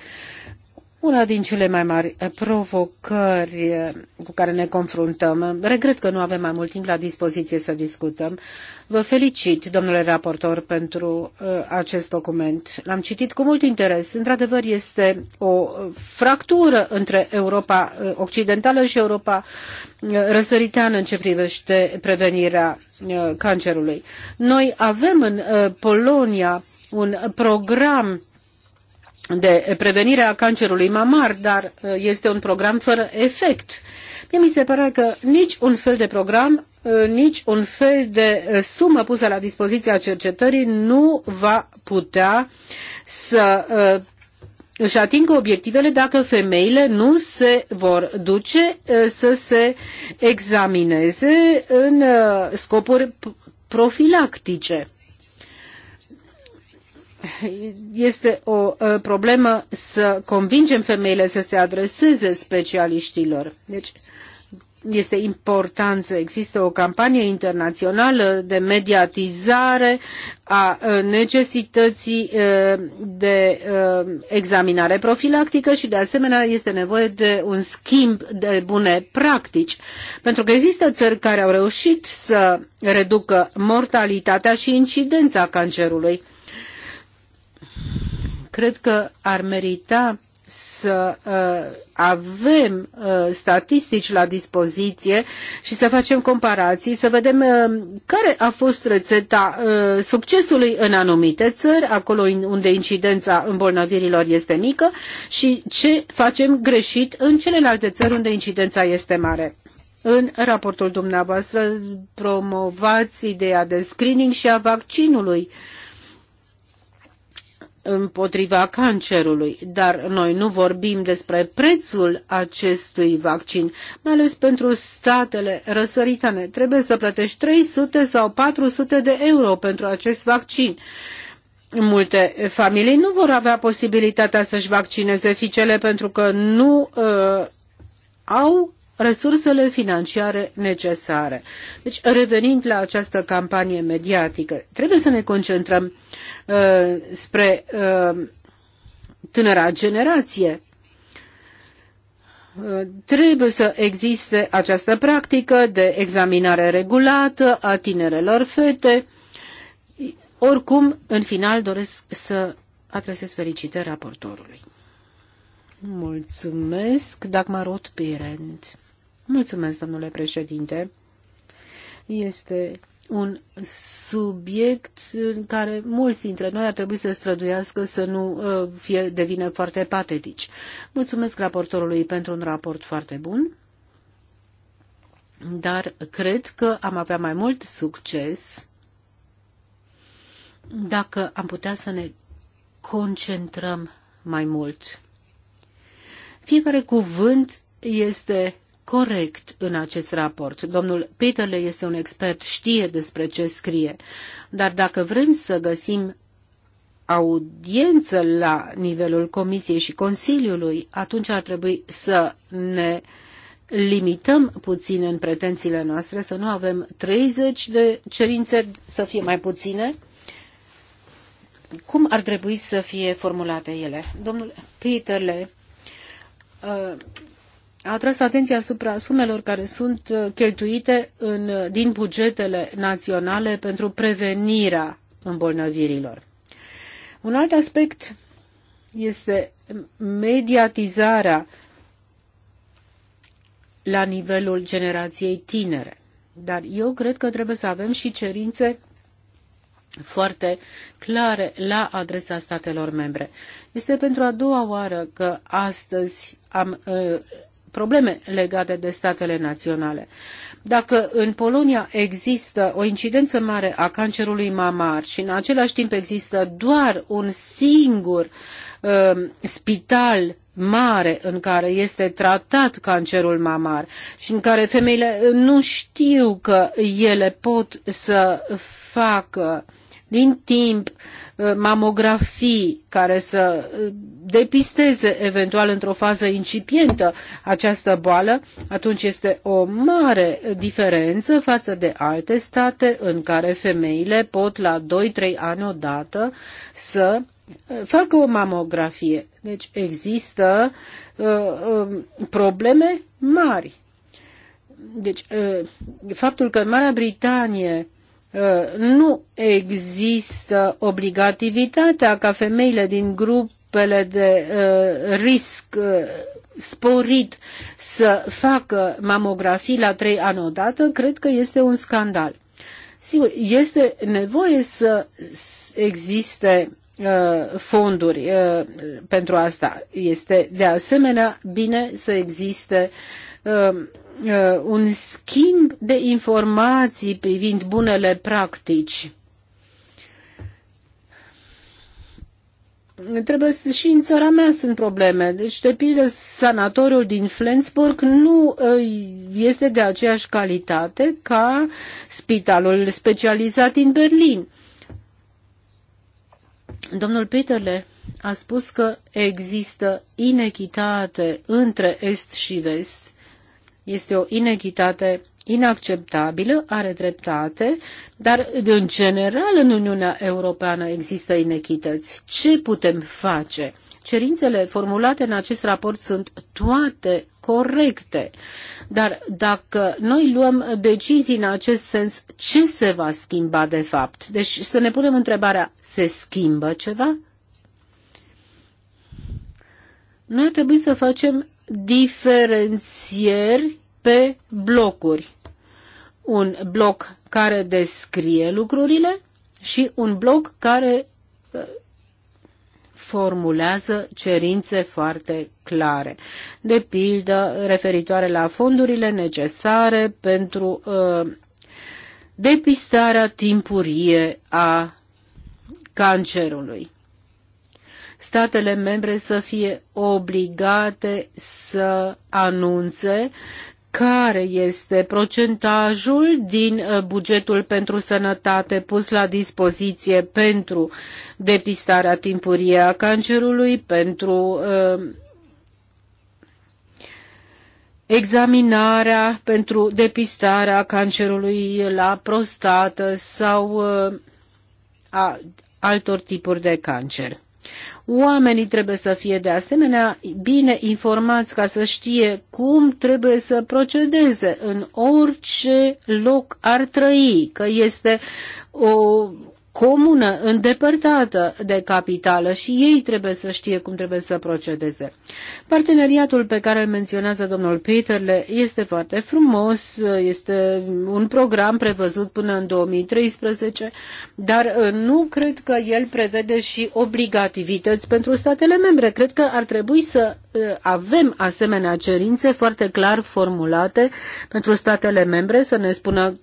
una din cele mai mari provocări cu care ne confruntăm. Regret că nu avem mai mult timp la dispoziție să discutăm. Vă felicit, domnule raportor, pentru uh, acest document. L-am citit cu mult interes. Într-adevăr, este o fractură între Europa uh, Occidentală și Europa uh, răsăriteană în ce privește prevenirea cancerului. Noi avem în Polonia un program de prevenire a cancerului mamar, dar uh, este un program fără efect. Mie mi se pare că nici un fel de program, uh, nici un fel de uh, sumă pusă la dispoziția cercetării nu va putea să își atingă obiectivele dacă femeile nu se vor duce să se examineze în scopuri profilactice este o uh, problemă să convingem femeile să se adreseze specialiștilor. Deci este important să existe o campanie internațională de mediatizare a uh, necesității uh, de examinare profilactică și de asemenea este nevoie de un schimb de bune practici. Pentru că există țări care au reușit să reducă mortalitatea și incidența cancerului cred că ar merita să uh, avem uh, statistici la dispoziție și să facem comparații, să vedem uh, care a fost rețeta uh, succesului în anumite țări, acolo unde incidența îmbolnăvirilor este mică și ce facem greșit în celelalte țări unde incidența este mare. În raportul dumneavoastră promovați ideea de screening și a vaccinului uh, împotriva cancerului, dar noi nu vorbim despre prețul acestui vaccin, mai ales pentru statele răsăritane. Trebuie să plătești 300 sau 400 de euro pentru acest vaccin. Multe familii nu vor avea posibilitatea să-și vaccineze fiicele pentru că nu uh, au resursele financiare necesare. Deci, revenind la această campanie mediatică, trebuie să ne concentrăm uh, spre uh, tânăra generație. Uh, trebuie să existe această practică de examinare regulată a tinerelor fete. Oricum, în final, doresc să adresez felicitări raportorului. Mulțumesc, Dagmarot Pirent. Mulțumesc, domnule președinte. Este un subiect în care mulți dintre noi ar trebui să străduiască să nu uh, fie, devină foarte patetici. Mulțumesc raportorului pentru un raport foarte bun, dar cred că am avea mai mult succes dacă am putea să ne concentrăm mai mult. Fiecare cuvânt este corect în acest raport. Domnul Peterle este un expert, știe despre ce scrie, dar dacă vrem să găsim audiență la nivelul Comisiei și Consiliului, atunci ar trebui să ne limităm puțin în pretențiile noastre, să nu avem 30 de cerințe, să fie mai puține. Cum ar trebui să fie formulate ele? Domnul Peterle, uh, a atras atenția asupra sumelor care sunt uh, cheltuite în, uh, din bugetele naționale pentru prevenirea îmbolnăvirilor. Un alt aspect este mediatizarea la nivelul generației tinere. Dar eu cred că trebuie să avem și cerințe foarte clare la adresa statelor membre. Este pentru a doua oară că astăzi am uh, probleme legate de statele naționale. Dacă în Polonia există o incidență mare a cancerului mamar și în același timp există doar un singur uh, spital mare în care este tratat cancerul mamar și în care femeile nu știu că ele pot să facă din timp uh, mamografii care să uh, depisteze eventual într-o fază incipientă această boală, atunci este o mare diferență față de alte state în care femeile pot la 2-3 ani odată să uh, facă o mamografie. Deci există uh, uh, probleme mari. Deci, faptul că în Marea Britanie Uh, nu există obligativitatea ca femeile din grupele de uh, risc uh, sporit să facă mamografii la trei ani odată, cred că este un scandal. Sigur, este nevoie să existe fonduri pentru asta. Este de asemenea bine să existe Uh, un schimb de informații privind bunele practici. trebuie să, și în țara mea sunt probleme. Deci, de pildă, sanatoriul din Flensburg nu uh, este de aceeași calitate ca spitalul specializat din Berlin. Domnul Peterle a spus că există inechitate între est și vest este o inechitate inacceptabilă, are dreptate, dar în general în Uniunea Europeană există inechități. Ce putem face? Cerințele formulate în acest raport sunt toate corecte, dar dacă noi luăm decizii în acest sens, ce se va schimba de fapt? Deci să ne punem întrebarea, se schimbă ceva? Noi ar trebui să facem diferențieri pe blocuri. Un bloc care descrie lucrurile și un bloc care uh, formulează cerințe foarte clare, de pildă referitoare la fondurile necesare pentru uh, depistarea timpurie a cancerului statele membre să fie obligate să anunțe care este procentajul din uh, bugetul pentru sănătate pus la dispoziție pentru depistarea timpurie a cancerului, pentru uh, examinarea, pentru depistarea cancerului la prostată sau uh, a altor tipuri de cancer. Oamenii trebuie să fie de asemenea bine informați ca să știe cum trebuie să procedeze în orice loc ar trăi, că este o comună îndepărtată de capitală și ei trebuie să știe cum trebuie să procedeze. Parteneriatul pe care îl menționează domnul Peterle este foarte frumos, este un program prevăzut până în 2013, dar uh, nu cred că el prevede și obligativități pentru statele membre. Cred că ar trebui să uh, avem asemenea cerințe foarte clar formulate pentru statele membre, să ne spună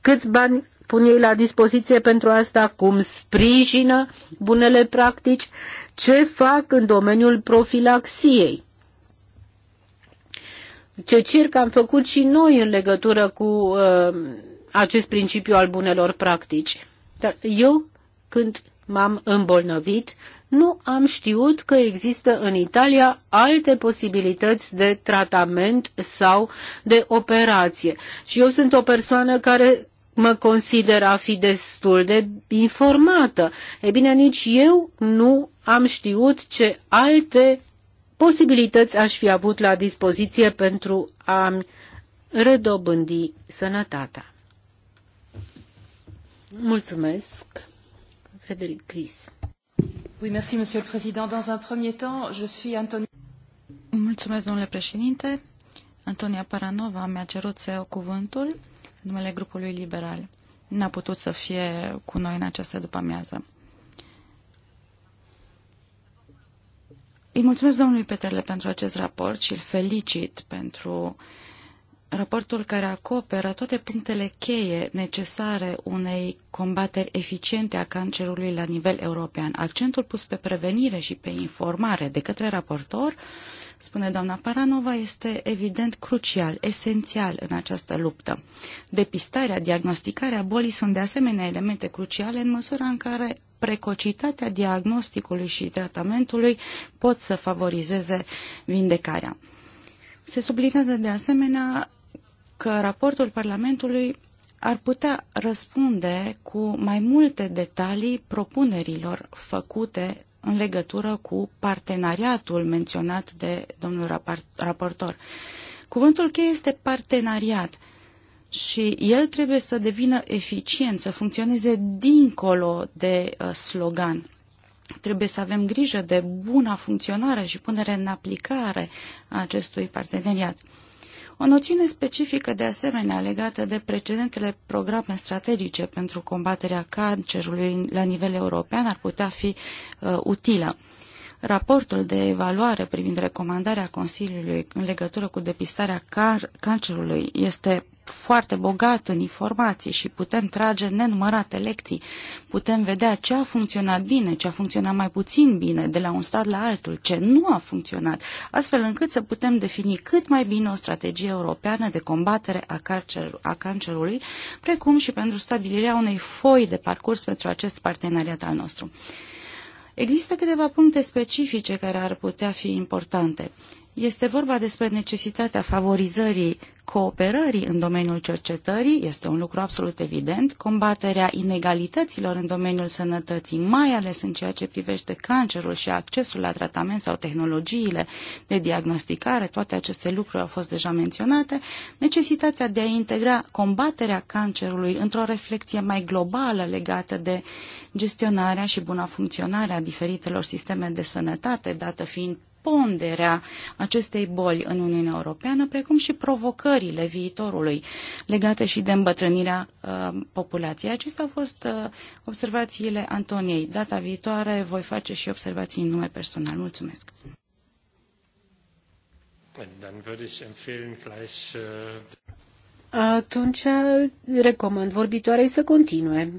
câți bani pun ei la dispoziție pentru asta, cum sprijină bunele practici, ce fac în domeniul profilaxiei. Ce circ am făcut și noi în legătură cu uh, acest principiu al bunelor practici. Dar eu, când m-am îmbolnăvit, nu am știut că există în Italia alte posibilități de tratament sau de operație. Și eu sunt o persoană care mă consider a fi destul de informată. E bine, nici eu nu am știut ce alte posibilități aș fi avut la dispoziție pentru a redobândi sănătatea. Mulțumesc, Frederic Cris. Oui, merci, Monsieur le Président. Dans un premier temps, je suis Antonia. Mulțumesc, domnule președinte. Antonia Paranova mi-a cerut să iau cuvântul numele grupului liberal. N-a putut să fie cu noi în această după-amiază. Îi mulțumesc domnului Petrele pentru acest raport și îl felicit pentru uh, raportul care acoperă toate punctele cheie necesare unei combate eficiente a cancerului la nivel european. Accentul pus pe prevenire și pe informare de către raportor, spune doamna Paranova, este evident crucial, esențial în această luptă. Depistarea, diagnosticarea bolii sunt de asemenea elemente cruciale în măsura în care precocitatea diagnosticului și tratamentului pot să favorizeze vindecarea. Se sublinează de asemenea că raportul Parlamentului ar putea răspunde cu mai multe detalii propunerilor făcute în legătură cu parteneriatul menționat de domnul raportor. Cuvântul cheie este parteneriat și el trebuie să devină eficient, să funcționeze dincolo de uh, slogan. Trebuie să avem grijă de buna funcționare și punere în aplicare a acestui parteneriat. O noțiune specifică de asemenea legată de precedentele programe strategice pentru combaterea cancerului la nivel european ar putea fi uh, utilă. Raportul de evaluare privind recomandarea Consiliului în legătură cu depistarea car cancerului este foarte bogat în informații și putem trage nenumărate lecții. Putem vedea ce a funcționat bine, ce a funcționat mai puțin bine de la un stat la altul, ce nu a funcționat, astfel încât să putem defini cât mai bine o strategie europeană de combatere a, carcer, a cancerului, precum și pentru stabilirea unei foi de parcurs pentru acest parteneriat al nostru. Există câteva puncte specifice care ar putea fi importante. Este vorba despre necesitatea favorizării cooperării în domeniul cercetării, este un lucru absolut evident, combaterea inegalităților în domeniul sănătății, mai ales în ceea ce privește cancerul și accesul la tratament sau tehnologiile de diagnosticare, toate aceste lucruri au fost deja menționate, necesitatea de a integra combaterea cancerului într-o reflexie mai globală legată de gestionarea și buna funcționare a diferitelor sisteme de sănătate, dată fiind ponderea acestei boli în Uniunea Europeană, precum și provocările viitorului legate și de îmbătrânirea uh, populației. Acestea au fost uh, observațiile Antoniei. Data viitoare voi face și observații în nume personal. Mulțumesc! Uh, Atunci recomand vorbitoarei să continue.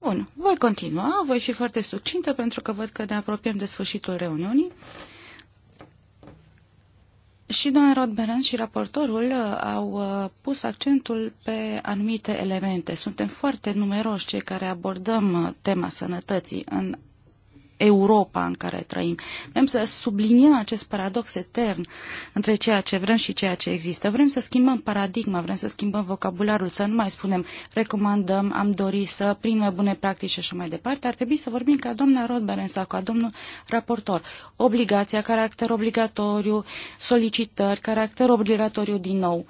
Bun, voi continua, voi fi foarte succintă pentru că văd că ne apropiem de sfârșitul reuniunii. Și domnul Rodberan și raportorul uh, au uh, pus accentul pe anumite elemente. Suntem foarte numeroși cei care abordăm uh, tema sănătății în Europa în care trăim. Vrem să subliniem acest paradox etern între ceea ce vrem și ceea ce există. Vrem să schimbăm paradigma, vrem să schimbăm vocabularul, să nu mai spunem recomandăm, am dorit să primim bune practici și așa mai departe. Ar trebui să vorbim ca doamna Rodberen sau ca domnul raportor. Obligația, caracter obligatoriu, solicitări, caracter obligatoriu din nou.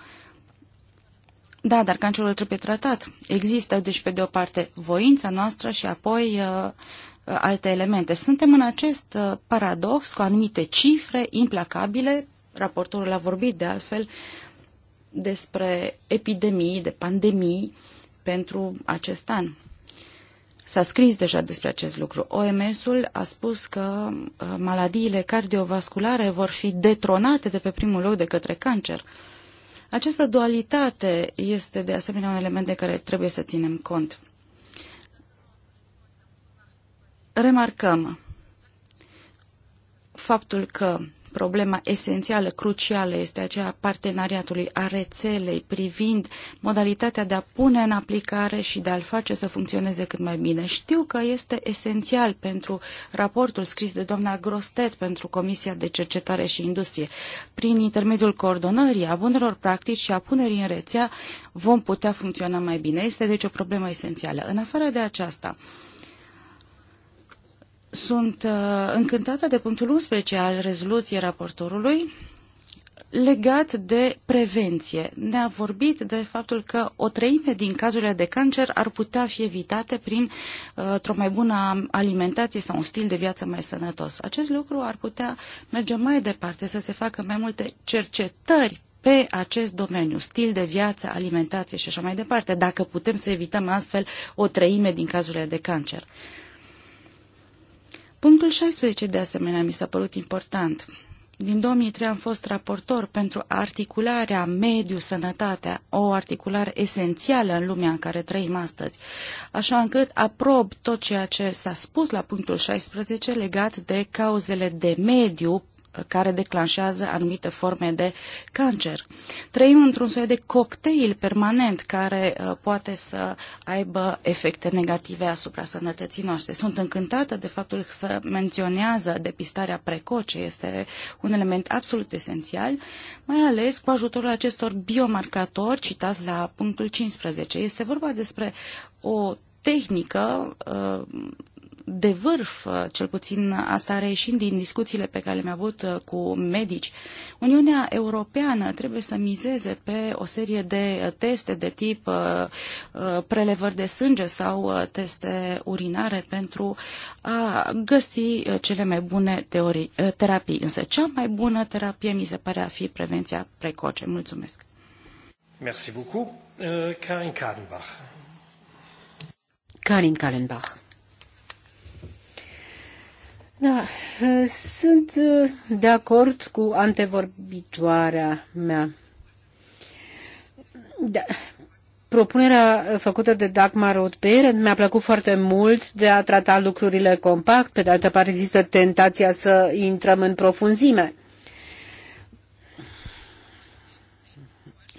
Da, dar cancerul trebuie tratat. Există, deci, pe de o parte, voința noastră și apoi uh, Uh, alte elemente. Suntem în acest uh, paradox cu anumite cifre implacabile. Raportorul a vorbit de altfel despre epidemii, de pandemii pentru acest an. S-a scris deja despre acest lucru. OMS-ul a spus că uh, maladiile cardiovasculare vor fi detronate de pe primul loc de către cancer. Această dualitate este de asemenea un element de care trebuie să ținem cont. remarcăm faptul că problema esențială, crucială, este aceea parteneriatului, a rețelei, privind modalitatea de a pune în aplicare și de a-l face să funcționeze cât mai bine. Știu că este esențial pentru raportul scris de doamna Grostet pentru Comisia de Cercetare și Industrie. Prin intermediul coordonării, a bunelor practici și a punerii în rețea, vom putea funcționa mai bine. Este deci o problemă esențială. În afară de aceasta, sunt uh, încântată de punctul 11 al rezoluției raportorului legat de prevenție. Ne-a vorbit de faptul că o treime din cazurile de cancer ar putea fi evitate prin uh, o mai bună alimentație sau un stil de viață mai sănătos. Acest lucru ar putea merge mai departe, să se facă mai multe cercetări pe acest domeniu, stil de viață, alimentație și așa mai departe, dacă putem să evităm astfel o treime din cazurile de cancer. Uh, Punctul 16 de asemenea mi s-a părut important. Din 2003 am fost raportor pentru articularea mediu-sănătatea, o articulare esențială în lumea în care trăim astăzi, așa încât aprob tot ceea ce s-a spus la punctul 16 legat de cauzele de mediu care declanșează anumite forme de cancer. Trăim într-un soi de cocktail permanent care uh, poate să aibă efecte negative asupra sănătății noastre. Sunt încântată de faptul că se menționează depistarea precoce. Este un element absolut esențial, mai ales cu ajutorul acestor biomarcatori citați la punctul 15. Este vorba despre o tehnică uh, de vârf, cel puțin asta reieșind din discuțiile pe care le-am avut uh, cu medici. Uniunea Europeană trebuie să mizeze pe o serie de uh, teste de tip uh, prelevări de sânge sau teste urinare pentru a găsi cele mai bune teorii, terapii. Însă cea mai bună terapie mi se pare a fi prevenția precoce. Mulțumesc! Merci beaucoup. Euh, Karin Kallenbach. Karin Kallenbach. Da, sunt uh, de acord cu antevorbitoarea mea. Da. Propunerea făcută de Dagmar Rothbeeren mi-a plăcut foarte mult de a trata lucrurile compact, pe de altă parte există tentația să intrăm în profunzime.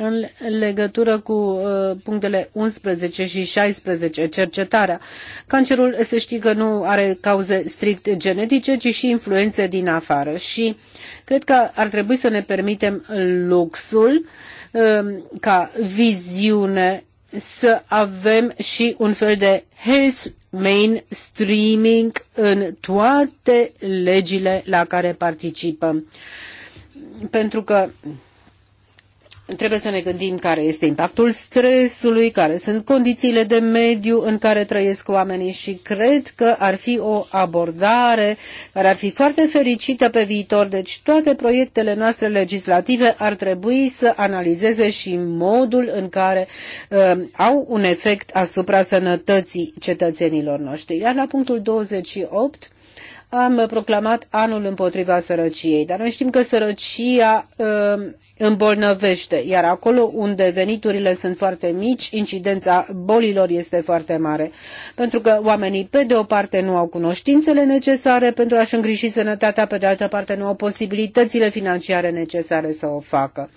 în legătură cu uh, punctele 11 și 16, cercetarea. Cancerul se știe că nu are cauze strict genetice, ci și influențe din afară și cred că ar trebui să ne permitem luxul uh, ca viziune să avem și un fel de health mainstreaming în toate legile la care participăm. Pentru că trebuie să ne gândim care este impactul stresului, care sunt condițiile de mediu în care trăiesc oamenii și cred că ar fi o abordare care ar fi foarte fericită pe viitor. Deci toate proiectele noastre legislative ar trebui să analizeze și modul în care uh, au un efect asupra sănătății cetățenilor noștri. Iar la punctul 28 am proclamat anul împotriva sărăciei, dar noi știm că sărăcia uh, îmbolnăvește, iar acolo unde veniturile sunt foarte mici, incidența bolilor este foarte mare. Pentru că oamenii, pe de o parte, nu au cunoștințele necesare pentru a-și îngriji sănătatea, pe de altă parte, nu au posibilitățile financiare necesare să o facă.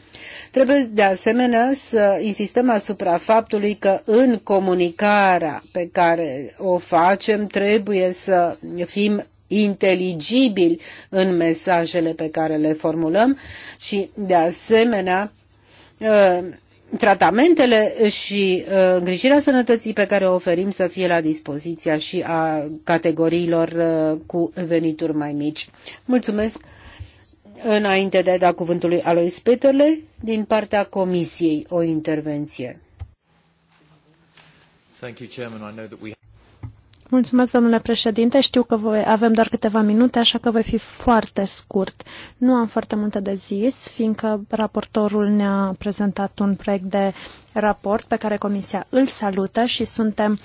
Trebuie, de asemenea, să insistăm asupra faptului că în comunicarea pe care o facem trebuie să fim inteligibili în mesajele pe care le formulăm și, de asemenea, uh, tratamentele și uh, îngrijirea sănătății pe care o oferim să fie la dispoziția și a categoriilor uh, cu venituri mai mici. Mulțumesc înainte de a da cuvântul lui Alois Peterle, din partea Comisiei o intervenție. Mulțumesc, domnule președinte. Știu că voi, avem doar câteva minute, așa că voi fi foarte scurt. Nu am foarte multe de zis, fiindcă raportorul ne-a prezentat un proiect de raport pe care Comisia îl salută și suntem,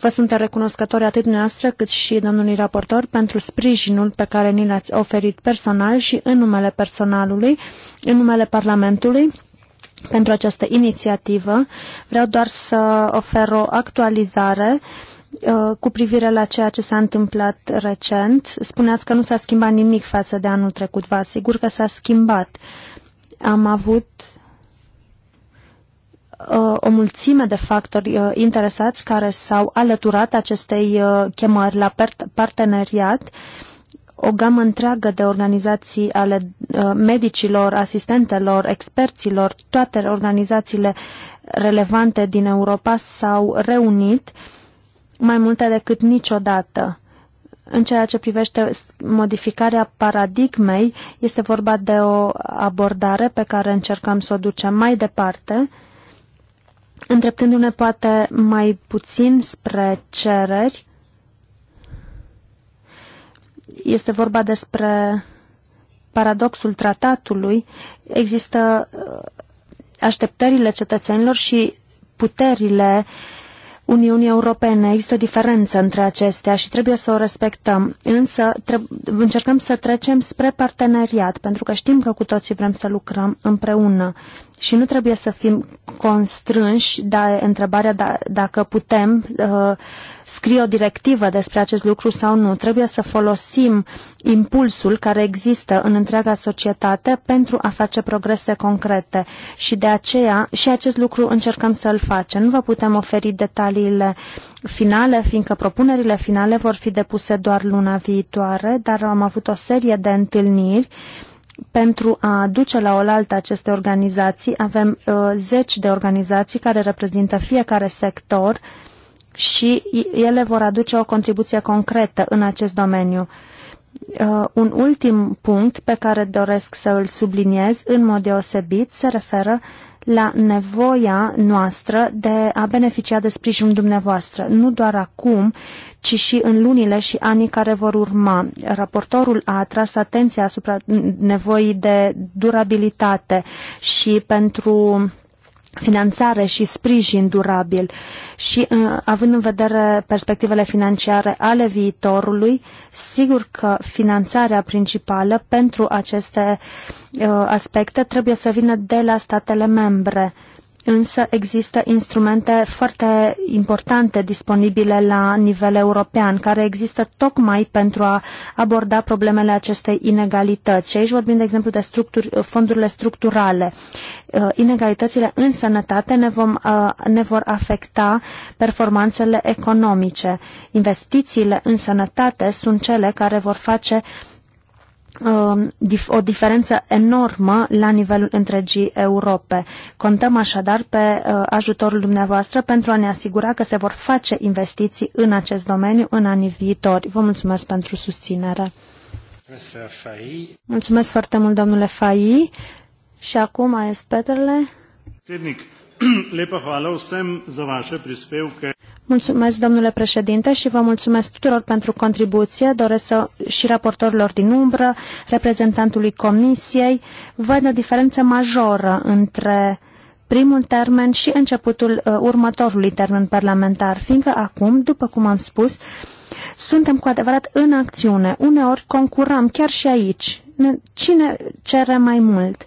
vă suntem recunoscători atât noastră cât și domnului raportor pentru sprijinul pe care ni l-ați oferit personal și în numele personalului, în numele Parlamentului pentru această inițiativă. Vreau doar să ofer o actualizare uh, Uh, cu privire la ceea ce s-a întâmplat recent. Spuneați că nu s-a schimbat nimic față de anul trecut. Vă asigur că s-a schimbat. Am avut uh, o mulțime de factori uh, interesați care s-au alăturat acestei chemări la parteneriat o gamă întreagă de organizații ale medicilor, asistentelor, experților, toate organizațiile relevante din Europa s-au reunit uh, mai multe decât niciodată. În ceea ce privește modificarea paradigmei, este vorba de o abordare pe care încercăm să o ducem mai departe, îndreptându-ne poate mai puțin spre cereri. Este vorba despre paradoxul tratatului. Există uh, așteptările cetățenilor și puterile uh, Uniunii Europene. Există o diferență între acestea și trebuie să o respectăm. Însă încercăm să trecem spre parteneriat, pentru că știm că cu toții vrem să lucrăm împreună și nu trebuie să fim constrânși de întrebarea da, dacă putem uh, scrie o directivă despre acest lucru sau nu. Trebuie să folosim impulsul care există în întreaga societate pentru a face progrese concrete și de aceea și acest lucru încercăm să-l facem. Nu vă putem oferi detaliile finale, fiindcă propunerile finale vor fi depuse doar luna viitoare, dar am avut o serie de întâlniri uh, pentru a aduce la oaltă aceste organizații, avem uh, zeci de organizații care reprezintă fiecare sector și ele vor aduce o contribuție concretă în acest domeniu. Uh, un ultim punct pe care doresc să îl subliniez în mod deosebit se referă uh, la nevoia noastră de a beneficia de sprijinul dumneavoastră, nu doar acum, ci și în lunile și anii care vor urma. Raportorul a atras atenția asupra nevoii de durabilitate și pentru finanțare și sprijin durabil și uh, având în vedere perspectivele financiare ale viitorului, sigur că finanțarea principală pentru aceste uh, aspecte trebuie să vină de la statele membre Însă există instrumente foarte importante disponibile la nivel european, care există tocmai pentru a aborda problemele acestei inegalități. Și aici vorbim, de exemplu, de structuri, fondurile structurale. Uh, inegalitățile în sănătate ne, vom, uh, ne vor afecta performanțele economice. Investițiile în sănătate sunt cele care vor face uh, Um, o diferență enormă la nivelul întregii Europe. Contăm așadar pe uh, ajutorul dumneavoastră pentru a ne asigura că se vor face investiții în acest domeniu în anii viitori. Vă mulțumesc pentru susținere. Mulțumesc foarte mult, domnule Fai. Și acum, AS Peterle. Predsednik, za vaše prispevke. Mulțumesc, domnule președinte, și vă mulțumesc tuturor pentru contribuție. Doresc să, și raportorilor din umbră, reprezentantului comisiei. Văd o diferență majoră între primul termen și începutul uh, următorului termen parlamentar, fiindcă acum, după cum am spus, suntem cu adevărat în acțiune. Uneori concurăm chiar și aici. Cine cere mai mult?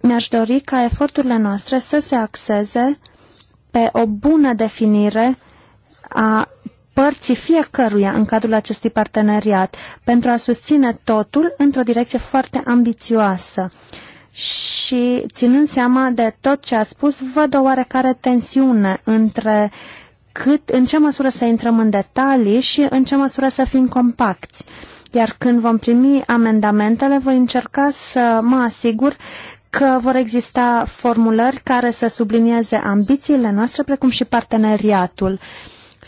Mi-aș dori ca eforturile noastre să se axeze pe o bună definire a părții fiecăruia în cadrul acestui parteneriat pentru a susține totul într-o direcție foarte ambițioasă. Și ținând seama de tot ce a spus, văd o oarecare tensiune între cât, în ce măsură să intrăm în detalii și în ce măsură să fim compacți. Iar când vom primi amendamentele, voi încerca să mă asigur că vor exista formulări care să sublinieze ambițiile noastre, precum și parteneriatul.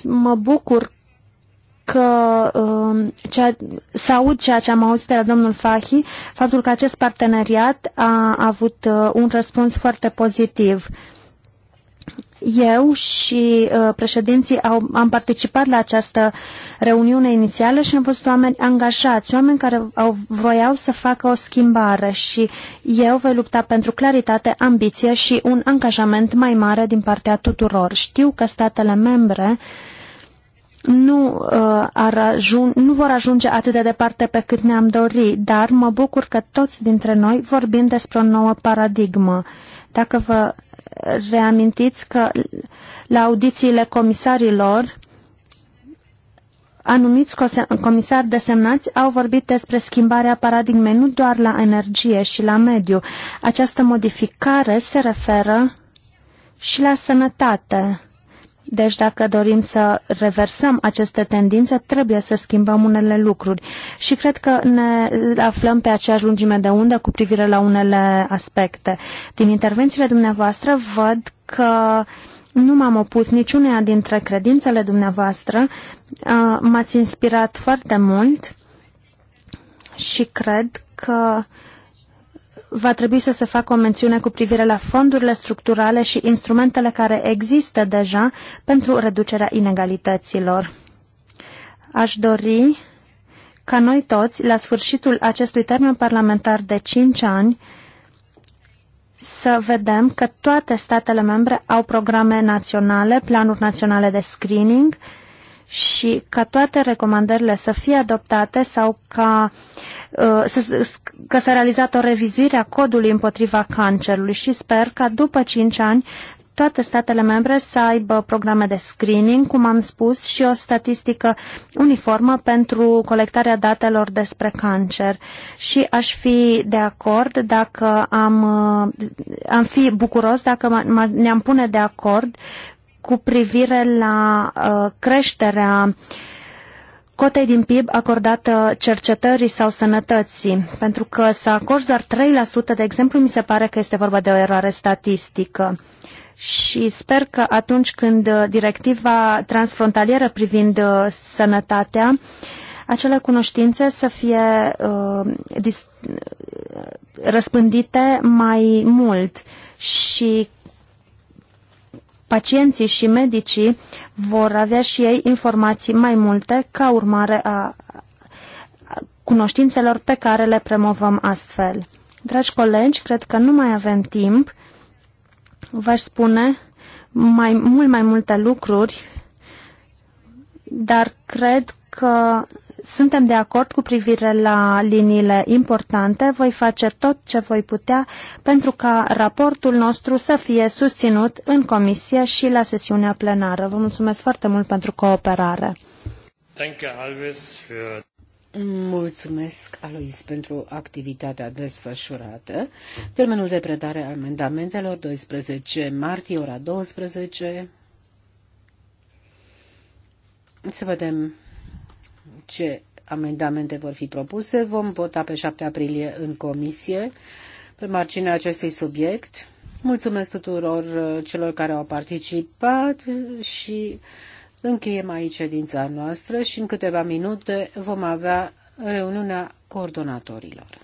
Mă bucur că um, cea, să aud ceea ce am auzit de la domnul Fahi, faptul că acest parteneriat a avut uh, un răspuns foarte pozitiv. Uh, eu și uh, președinții au, am participat la această reuniune inițială și am fost oameni angajați, oameni care au, voiau să facă o schimbare și eu voi lupta pentru claritate, ambiție și un angajament mai mare din partea tuturor. Știu că statele membre nu, uh, ar ajun, nu vor ajunge atât de departe pe cât ne-am dori, dar mă bucur că toți dintre noi vorbim despre o nouă paradigmă. Dacă vă reamintiți că la audițiile comisarilor anumiți comisari desemnați au vorbit despre schimbarea paradigmei nu doar la energie și la mediu. Această modificare se referă și la sănătate. Deci dacă dorim să reversăm aceste tendințe, trebuie să schimbăm unele lucruri. Și cred că ne aflăm pe aceeași lungime de undă cu privire la unele aspecte. Din intervențiile dumneavoastră văd că nu m-am opus niciuneia dintre credințele dumneavoastră. M-ați inspirat foarte mult și cred că uh, va trebui să se facă o mențiune cu privire la fondurile structurale și instrumentele care există deja pentru reducerea inegalităților. Aș dori ca noi toți, la sfârșitul acestui termen parlamentar de 5 ani, să vedem că toate statele membre au programe naționale, planuri naționale de screening, și ca toate recomandările să fie adoptate sau ca uh, să, că s-a realizat o revizuire a codului împotriva cancerului și sper ca după 5 ani toate statele membre să aibă programe de screening, cum am spus, și o statistică uniformă pentru colectarea datelor despre cancer. Și aș fi de acord dacă am, uh, am fi bucuros dacă ne-am pune de acord cu privire la uh, creșterea cotei din PIB acordată cercetării sau sănătății, pentru că să acorzi doar 3%, de exemplu, mi se pare că este vorba de o eroare statistică. Și sper că atunci când directiva transfrontalieră privind uh, sănătatea, acele cunoștințe să fie uh, uh răspândite mai mult și pacienții și medicii vor avea și ei informații mai multe ca urmare a cunoștințelor pe care le promovăm astfel. Dragi colegi, cred că nu mai avem timp. V-aș spune mai, mult mai multe lucruri, dar cred că suntem de acord cu privire la liniile importante. Voi face tot ce voi putea pentru ca raportul nostru să fie susținut în comisie și la sesiunea plenară. Vă mulțumesc foarte mult pentru cooperare. Mulțumesc, Alois, pentru activitatea desfășurată. Termenul de predare a amendamentelor 12 martie, ora 12. Să vedem ce amendamente vor fi propuse. Vom vota pe 7 aprilie în comisie pe marginea acestui subiect. Mulțumesc tuturor uh, celor care au participat și încheiem aici ședința noastră și în câteva minute vom avea reuniunea coordonatorilor.